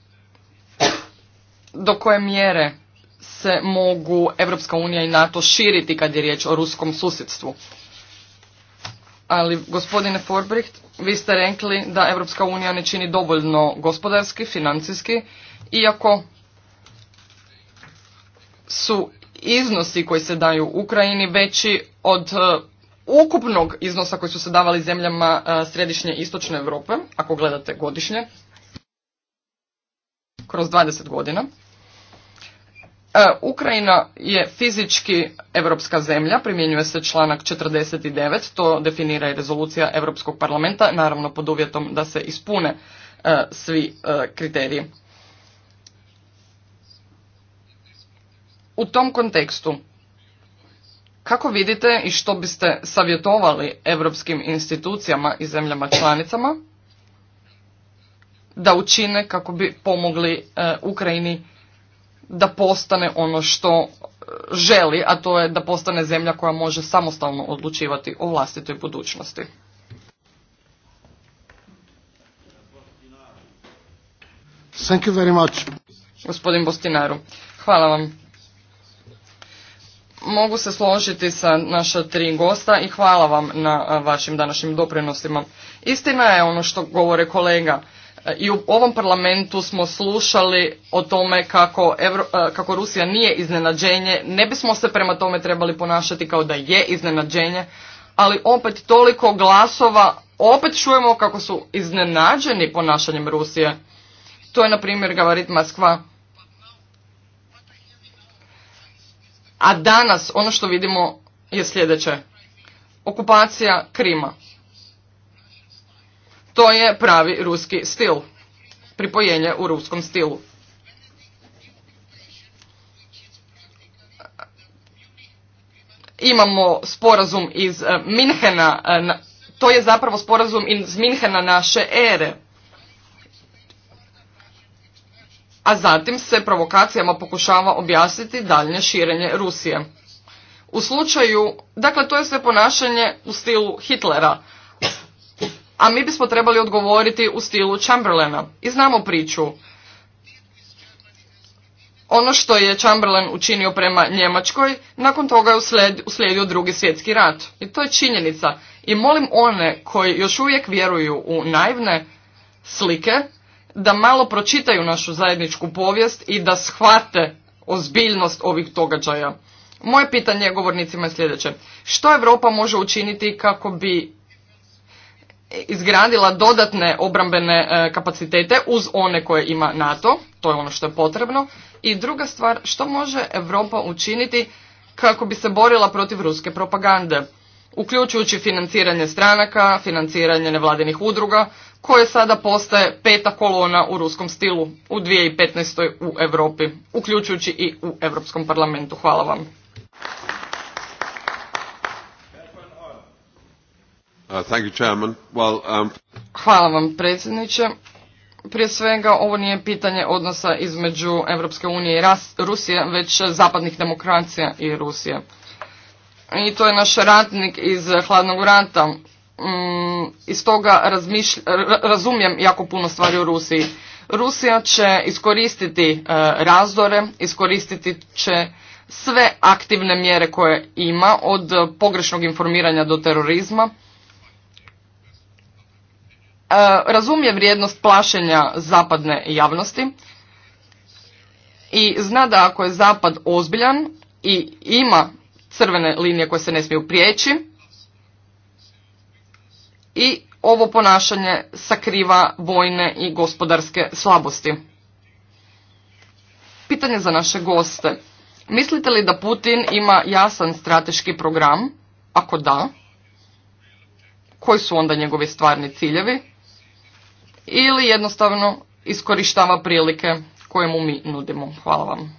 do koje mjere se mogu Europska unija i NATO širiti kad je riječ o ruskom susjedstvu. Ali, gospodine Forbricht, vi ste rekli da Europska unija ne čini dovoljno gospodarski, financijski, iako su iznosi koji se daju Ukrajini veći od e, ukupnog iznosa koji su se davali zemljama e, središnje istočne Europe, ako gledate godišnje, kroz 20 godina. E, Ukrajina je fizički europska zemlja, primjenjuje se članak 49, to definira i rezolucija Europskog parlamenta, naravno pod uvjetom da se ispune e, svi e, kriteriji. U tom kontekstu, kako vidite i što biste savjetovali europskim institucijama i zemljama članicama da učine kako bi pomogli e, Ukrajini da postane ono što e, želi, a to je da postane zemlja koja može samostalno odlučivati o vlastitoj budućnosti. Gospodin Bostinaru, hvala vam. Mogu se složiti sa naša tri gosta i hvala vam na vašim današnjim doprinosima. Istina je ono što govore kolega i u ovom parlamentu smo slušali o tome kako, e, kako Rusija nije iznenađenje, ne bismo se prema tome trebali ponašati kao da je iznenađenje, ali opet toliko glasova, opet čujemo kako su iznenađeni ponašanjem Rusije. To je, na primjer, Gavarit Moskva. A danas ono što vidimo je sljedeće. Okupacija Krima. To je pravi ruski stil. Pripojenje u ruskom stilu. Imamo sporazum iz eh, Minhena. Eh, to je zapravo sporazum iz Minhena naše ere. A zatim se provokacijama pokušava objasniti daljnje širenje Rusije. U slučaju, dakle to je sve ponašanje u stilu Hitlera a mi bismo trebali odgovoriti u stilu Chamberlaina. I znamo priču. Ono što je Chamberlain učinio prema Njemačkoj, nakon toga je uslijedio drugi svjetski rat. I to je činjenica. I molim one koji još uvijek vjeruju u naivne slike, da malo pročitaju našu zajedničku povijest i da shvate ozbiljnost ovih događaja. Moje pitanje govornicima je sljedeće. Što Europa može učiniti kako bi izgradila dodatne obrambene e, kapacitete uz one koje ima NATO, to je ono što je potrebno. I druga stvar, što može Europa učiniti kako bi se borila protiv ruske propagande, uključujući financiranje stranaka, financiranje nevladinih udruga, koje sada postaje peta kolona u ruskom stilu u 2015. u Europi, uključujući i u Europskom parlamentu. Hvala vam. Uh, um, Hvala vam predsjedniče. Prije svega ovo nije pitanje odnosa između Europske unije i Rusije, već zapadnih demokracija i Rusije. I to je naš ratnik iz hladnog rata. Mm, iz toga razumijem jako puno stvari u Rusiji. Rusija će iskoristiti uh, razdore, iskoristiti će sve aktivne mjere koje ima, od pogrešnog informiranja do terorizma. E, razumije vrijednost plašenja zapadne javnosti i zna da ako je zapad ozbiljan i ima crvene linije koje se ne smiju prijeći i ovo ponašanje sakriva vojne i gospodarske slabosti. Pitanje za naše goste. Mislite li da Putin ima jasan strateški program? Ako da, koji su onda njegovi stvarni ciljevi? ili jednostavno iskorištava prilike koje mu mi nudimo. Hvala vam.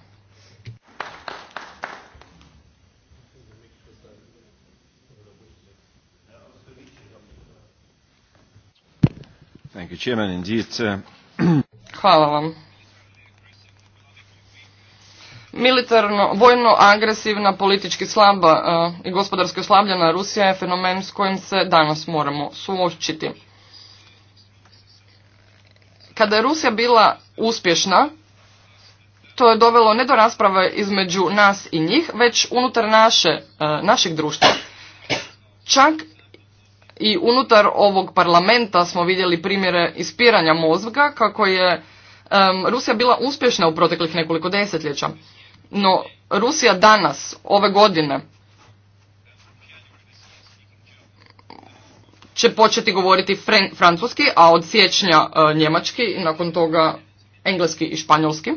Uh, Hvala vam. Militarno, vojno agresivna, politički slaba uh, i gospodarsko oslabljena Rusija je fenomen s kojim se danas moramo suočiti. Kada je Rusija bila uspješna, to je dovelo ne do rasprave između nas i njih, već unutar naše, e, našeg društva. Čak i unutar ovog parlamenta smo vidjeli primjere ispiranja mozga kako je e, Rusija bila uspješna u proteklih nekoliko desetljeća. No Rusija danas, ove godine, će početi govoriti francuski, a od siječnja e, njemački i nakon toga engleski i španjolski.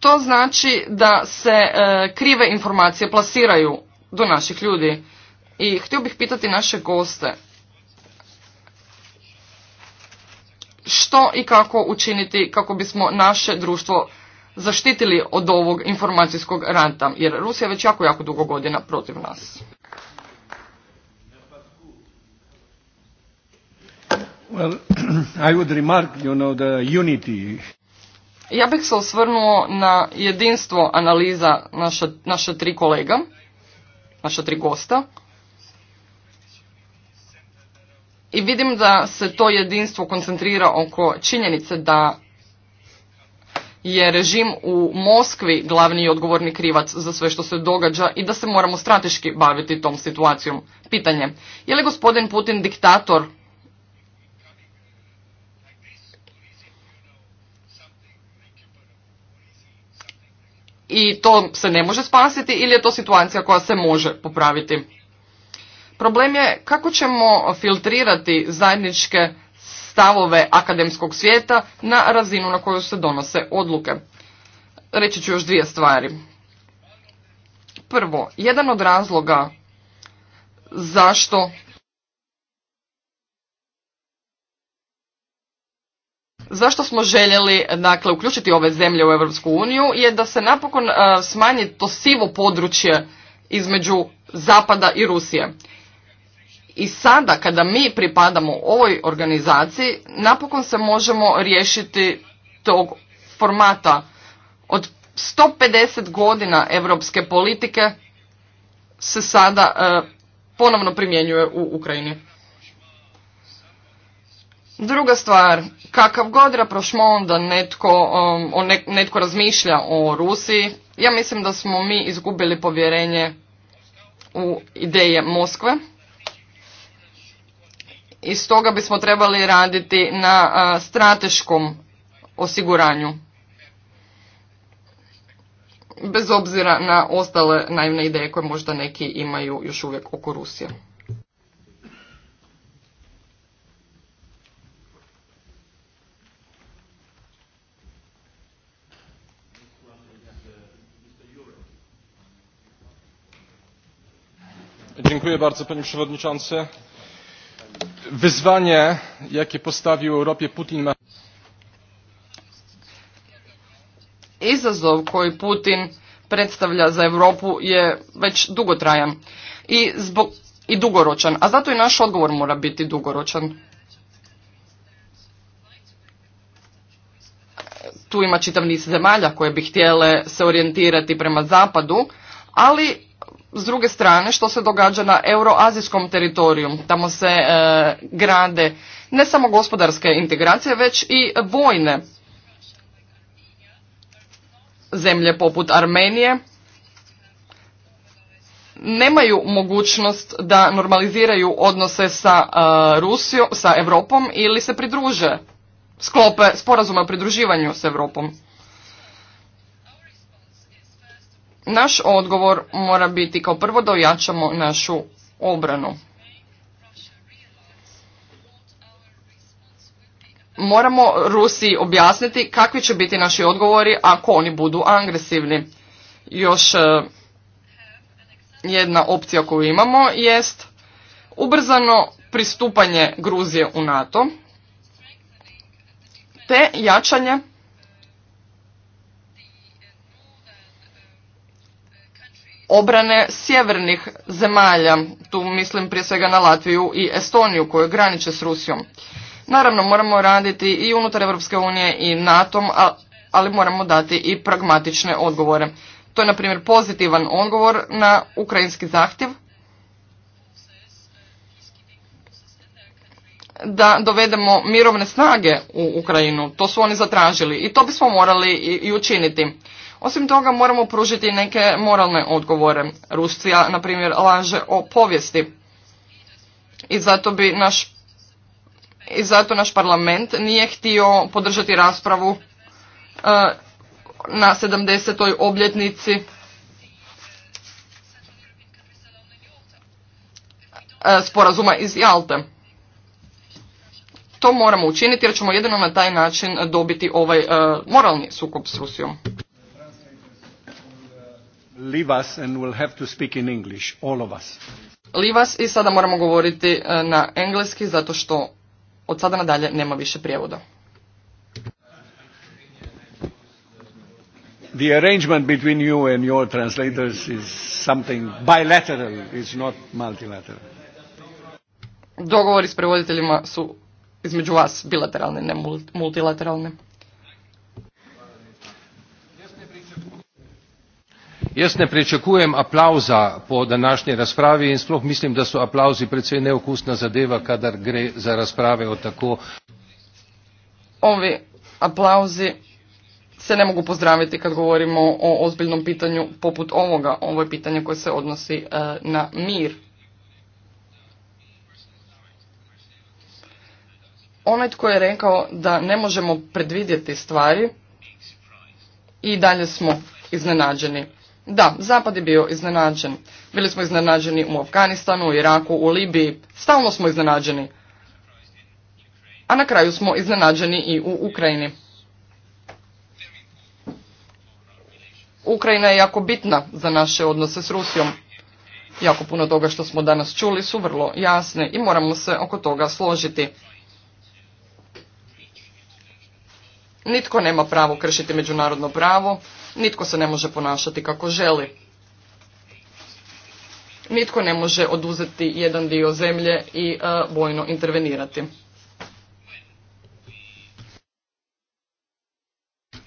To znači da se e, krive informacije plasiraju do naših ljudi. I htio bih pitati naše goste što i kako učiniti kako bismo naše društvo zaštitili od ovog informacijskog ranta, jer Rusija je već jako, jako dugo godina protiv nas. I Ja bih se osvrnuo na jedinstvo analiza naša, naša tri kolega, naša tri gosta. I vidim da se to jedinstvo koncentrira oko činjenice da je režim u Moskvi glavni i odgovorni krivac za sve što se događa i da se moramo strateški baviti tom situacijom. Pitanje, je li gospodin Putin diktator? I to se ne može spasiti ili je to situacija koja se može popraviti? Problem je kako ćemo filtrirati zajedničke stavove akademskog svijeta na razinu na koju se donose odluke. Reći ću još dvije stvari. Prvo, jedan od razloga zašto Zašto smo željeli dakle, uključiti ove zemlje u Europsku uniju je da se napokon e, smanji to sivo područje između Zapada i Rusije. I sada kada mi pripadamo ovoj organizaciji, napokon se možemo riješiti tog formata. Od 150 godina europske politike se sada e, ponovno primjenjuje u Ukrajini. Druga stvar, kakav god raprošmon da netko, um, netko razmišlja o Rusiji, ja mislim da smo mi izgubili povjerenje u ideje Moskve i stoga bismo trebali raditi na strateškom osiguranju. Bez obzira na ostale naivne ideje koje možda neki imaju još uvijek oko Rusije. Dziękuję bardzo panie przewodniczący wyzwanie jakie postawił europie putin ma izazov koji putin predstavlja za europu je već dugotrajan i zbog i dugoročan a zato i naš odgovor mora biti dugoročan tu ima čitav niz zemalja koje bi htjele se orijentirati prema zapadu ali s druge strane što se događa na euroazijskom teritoriju. Tamo se e, grade ne samo gospodarske integracije, već i vojne zemlje poput Armenije nemaju mogućnost da normaliziraju odnose sa e, Rusijom, sa Europom ili se pridruže, sklope sporazuma o pridruživanju s Europom. Naš odgovor mora biti kao prvo da ojačamo našu obranu. Moramo Rusiji objasniti kakvi će biti naši odgovori ako oni budu agresivni. Još e, jedna opcija koju imamo jest ubrzano pristupanje Gruzije u NATO te jačanje obrane sjevernih zemalja, tu mislim prije svega na Latviju i Estoniju koje graniče s Rusijom. Naravno moramo raditi i unutar Europske unije i NATO, ali moramo dati i pragmatične odgovore. To je na primjer pozitivan odgovor na ukrajinski zahtjev da dovedemo mirovne snage u Ukrajinu. To su oni zatražili i to bismo morali i učiniti. Osim toga moramo pružiti neke moralne odgovore. Rusija, na primjer, laže o povijesti. I zato bi naš i zato naš parlament nije htio podržati raspravu e, na 70. obljetnici e, sporazuma iz Jalte. To moramo učiniti jer ćemo jedino na taj način dobiti ovaj e, moralni sukob s Rusijom leave us and we'll have to speak in English, all of us. Leave us i sada moramo govoriti e, na engleski zato što od sada nadalje nema više prijevoda. The arrangement between you and your translators is something bilateral, it's not multilateral. Dogovori s prevoditeljima su između vas bilateralne, ne multilateralne. jaz ne pričakujem aplauza po današnji raspravi in sploh mislim da so aplauzi precej neokusna zadeva kadar gre za rasprave o tako ovi aplauzi se ne mogu pozdraviti kad govorimo o ozbiljnom pitanju poput ovoga. Ovo je pitanje koje se odnosi eh, na mir. Onaj tko je rekao da ne možemo predvidjeti stvari i dalje smo iznenađeni. Da, Zapad je bio iznenađen. Bili smo iznenađeni u Afganistanu, u Iraku, u Libiji. Stalno smo iznenađeni. A na kraju smo iznenađeni i u Ukrajini. Ukrajina je jako bitna za naše odnose s Rusijom. Jako puno toga što smo danas čuli su vrlo jasne i moramo se oko toga složiti. Nitko nema pravo kršiti međunarodno pravo, Nitko se ne može ponašati kako želi. Nitko ne može oduzeti jedan dio zemlje i e, vojno intervenirati.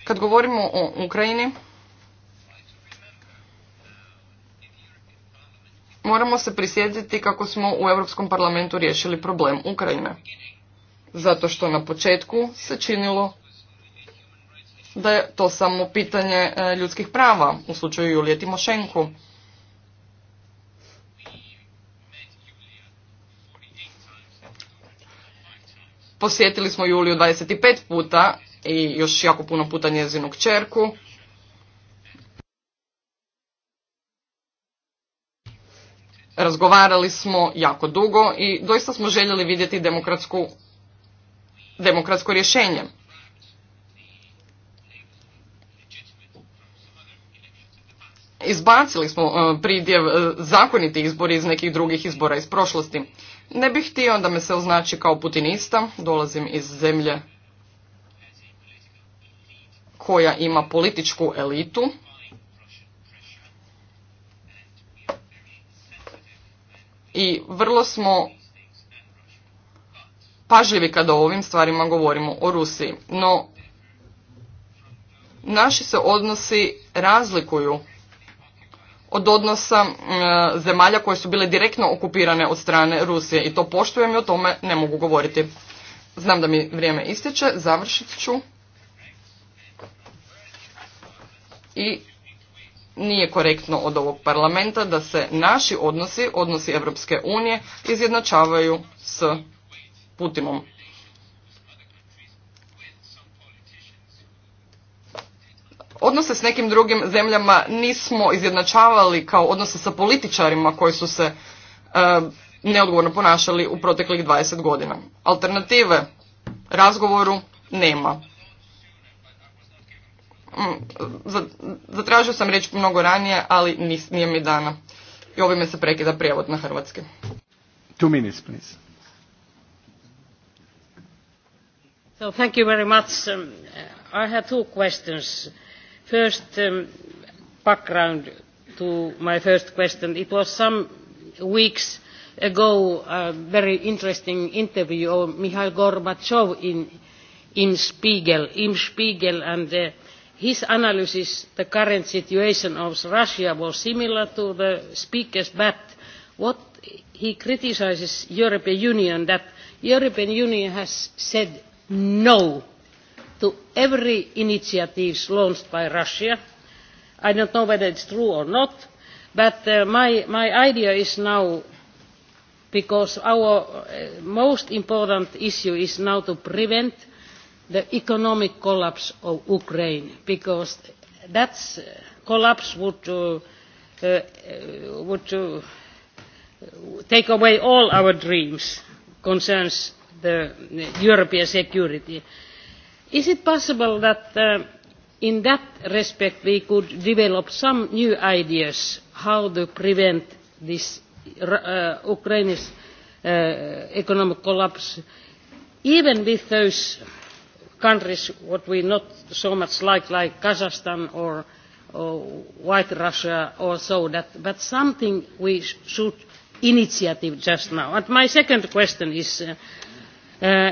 Kad govorimo o Ukrajini, moramo se prisjetiti kako smo u Europskom parlamentu riješili problem Ukrajine. Zato što na početku se činilo da je to samo pitanje e, ljudskih prava u slučaju Julije Timošenko. Posjetili smo Juliju 25 puta i još jako puno puta njezinu kćerku. Razgovarali smo jako dugo i doista smo željeli vidjeti demokratsko rješenje. Izbacili smo e, pridjev e, zakoniti izbori iz nekih drugih izbora iz prošlosti. Ne bih htio da me se označi kao putinista, dolazim iz zemlje koja ima političku elitu. I vrlo smo pažljivi kada o ovim stvarima govorimo o Rusiji. No, naši se odnosi razlikuju od odnosa e, zemalja koje su bile direktno okupirane od strane Rusije i to poštujem i o tome ne mogu govoriti. Znam da mi vrijeme ističe, završit ću. I nije korektno od ovog parlamenta da se naši odnosi, odnosi Europske unije, izjednačavaju s Putinom. Odnose s nekim drugim zemljama nismo izjednačavali kao odnose sa političarima koji su se e, neodgovorno ponašali u proteklih 20 godina. Alternative razgovoru nema. Mm, zatražio sam riječ mnogo ranije, ali nis, nije mi dana. I ovime se prekida prijevod na hrvatski. Two minutes, please. So thank you very much. Um, I have two questions first um, background to my first question it was some weeks ago a very interesting interview of mikhail gorbachev in, spiegel im spiegel and uh, his analysis the current situation of russia was similar to the speaker's but what he criticises european union that european union has said no' to every initiative launched by russia. i do not know whether it is true or not but uh, my, idea is now because our uh, most important issue is now to prevent the economic collapse of ukraine because that uh, collapse would, would take away all our dreams concerning european security. Is it possible that uh, in that respect we could develop some new ideas how to prevent this uh, uh, economic collapse even with those countries what we not so much like like Kazakhstan or, White Russia or so that but something we should initiative just now. And my second question is uh,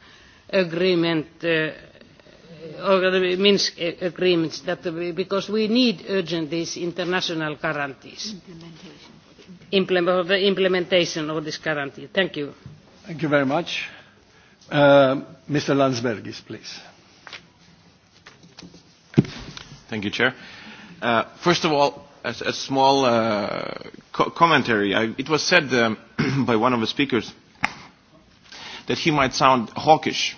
agreement uh, or the Minsk agreements that because we need urgent these international guarantees. Implementation. implementation of this guarantee. Thank you. Thank you very much. Uh, Mr. Landsbergis, please. Thank you, Chair. Uh, first of all, as a small uh, co commentary, I, it was said um, by one of the speakers that he might sound hawkish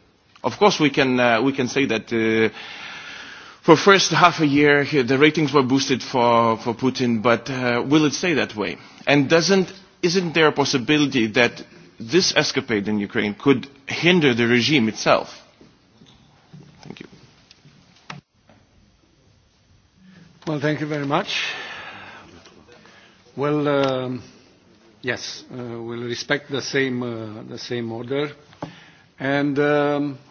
Of course, we can, uh, we can say that uh, for first half a year, the ratings were boosted for, for Putin, but uh, will it stay that way? And doesn't, isn't there a possibility that this escapade in Ukraine could hinder the regime itself? Thank you. Well, thank you very much. Well, um, yes, uh, we'll respect the same, uh, the same order. And um,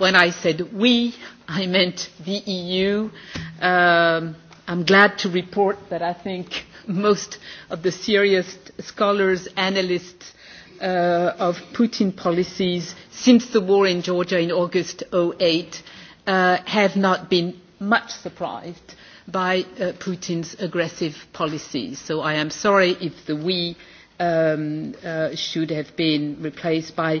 when I said we, I meant the EU. Um, I'm glad to report that I think most of the serious scholars, analysts uh, of Putin policies since the war in Georgia in August 2008 uh, have not been much surprised by uh, Putin's aggressive policies. So I am sorry if the we um, uh, should have been replaced by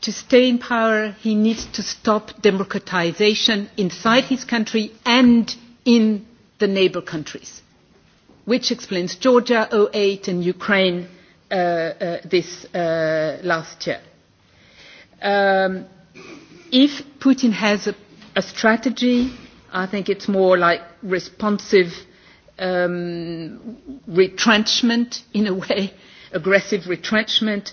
to stay in power he needs to stop democratisation inside his country and in the neighbour countries which explains georgia 08 and ukraine uh, uh, this uh, last year um, if putin has a, a strategy i think it's more like responsive um, retrenchment in a way aggressive retrenchment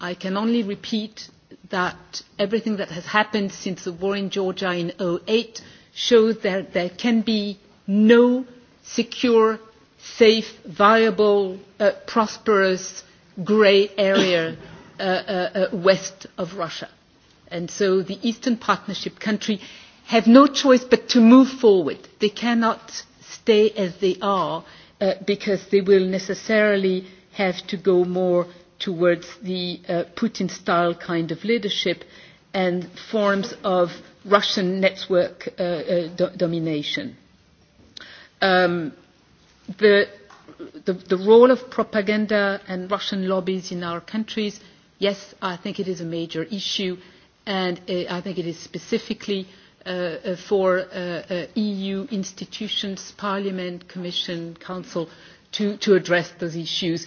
i can only repeat that everything that has happened since the war in Georgia in 2008 shows that there can be no secure, safe, viable, uh, prosperous grey area uh, uh, west of Russia. And so the Eastern Partnership countries have no choice but to move forward. They cannot stay as they are because they will necessarily have to go more towards the uh, Putin style kind of leadership and forms of Russian network uh, uh, domination. Um, the, the, the role of propaganda and Russian lobbies in our countries, yes, I think it is a major issue, and I think it is specifically for EU institutions, Parliament, Commission, Council to, to address those issues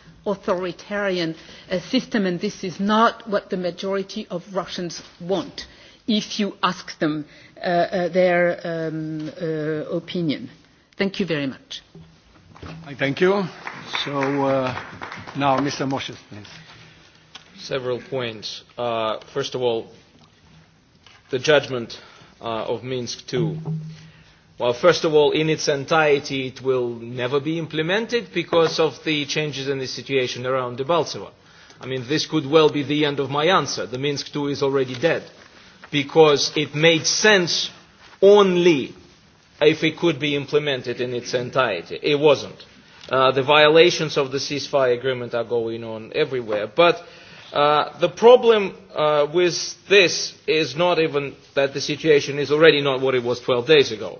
authoritarian uh, system and this is not what the majority of Russians want if you ask them uh, uh, their um, uh, opinion. Thank you very much. Thank you. So uh, now Mr. Moshe, please. Several points. Uh, first of all, the judgment of Minsk II Well, first of all, in its entirety, it will never be implemented because of the changes in the situation around Debaltseva. I mean, this could well be the end of my answer. The Minsk II is already dead because it made sense only if it could be implemented in its entirety. It wasn't. Uh, the violations of the ceasefire agreement are going on everywhere. But uh, the problem uh, with this is not even that the situation is already not what it was 12 days ago.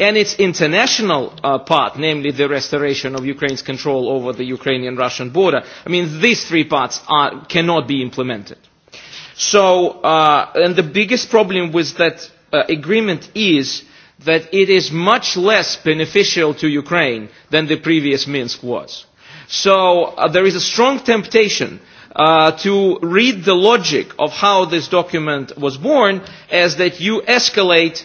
and its international uh, part, namely the restoration of Ukraine's control over the Ukrainian-Russian border, I mean, these three parts are, cannot be implemented. So, uh, and the biggest problem with that uh, agreement is that it is much less beneficial to Ukraine than the previous Minsk was. So there is a strong temptation to read the logic of how this document was born as that you escalate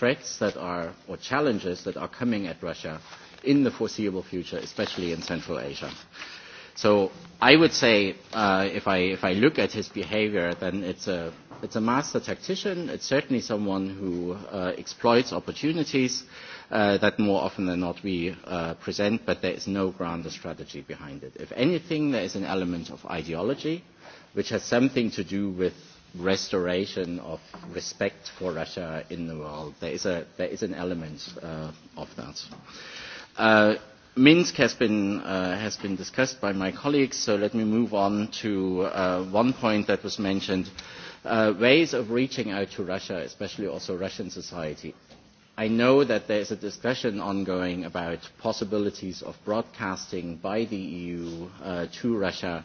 threats that are, or challenges that are coming at Russia in the foreseeable future, especially in Central Asia. So I would say, uh, if, I, if I look at his behavior, then it's a, it's a master tactician. It's certainly someone who uh, exploits opportunities uh, that more often than not we present, but there is no grander strategy behind it. If anything, there is an element of ideology, which has something to do with restoration of respect for Russia in the world. There is, a, there is an element uh, of that. Uh, Minsk has been, uh, has been discussed by my colleagues, so let me move on to uh, one point that was mentioned. Uh, ways of reaching out to Russia, especially also Russian society. I know that there is a discussion ongoing about possibilities of broadcasting by the EU uh, to Russia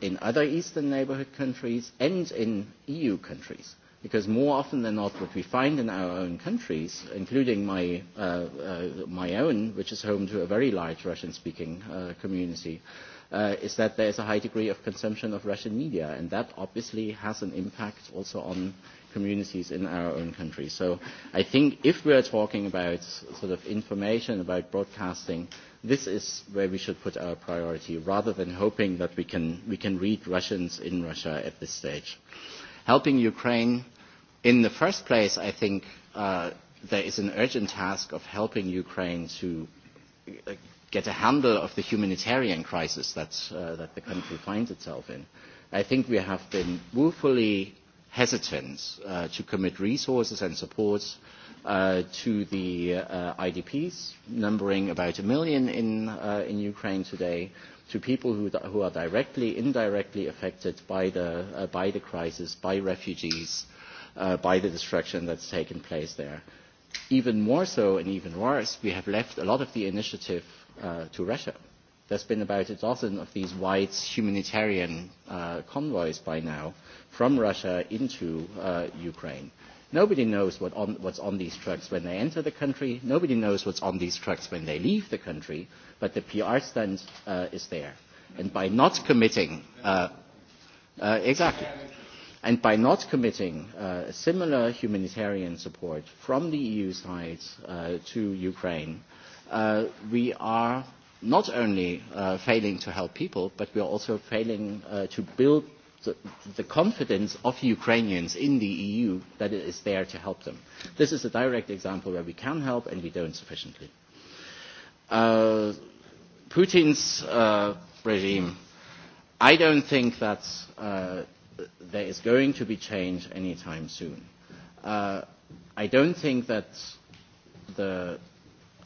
in other eastern neighbourhood countries and in eu countries because more often than not what we find in our own countries including my uh, uh, my own which is home to a very large russian speaking uh, community uh, is that there is a high degree of consumption of russian media and that obviously has an impact also on communities in our own country so i think if we are talking about sort of information about broadcasting This is where we should put our priority rather than hoping that we can, we can read Russians in Russia at this stage. Helping Ukraine, in the first place, I think uh, there is an urgent task of helping Ukraine to uh, get a handle of the humanitarian crisis that uh, that the country finds itself in. I think we have been woefully hesitant uh, to commit resources and supports Uh, to the uh, IDPs, numbering about a million in, uh, in Ukraine today, to people who, who are directly, indirectly affected by the, uh, by the crisis, by refugees, uh, by the destruction that's taken place there. Even more so and even worse, we have left a lot of the initiative uh, to Russia. There's been about a dozen of these wide humanitarian uh, convoys by now from Russia into uh, Ukraine Nobody knows what on, what's on these trucks when they enter the country. Nobody knows what's on these trucks when they leave the country. But the PR stunt uh, is there. And by not committing... Uh, uh, exactly. And by not committing similar humanitarian support from the EU side to Ukraine, we are not only failing to help people, but we are also failing to build the, confidence of Ukrainians in the EU that it is there to help them. This is a direct example where we can help and we don't sufficiently. Uh, Putin's uh, regime, I don't think that uh, there is going to be change anytime soon. Uh, I don't think that the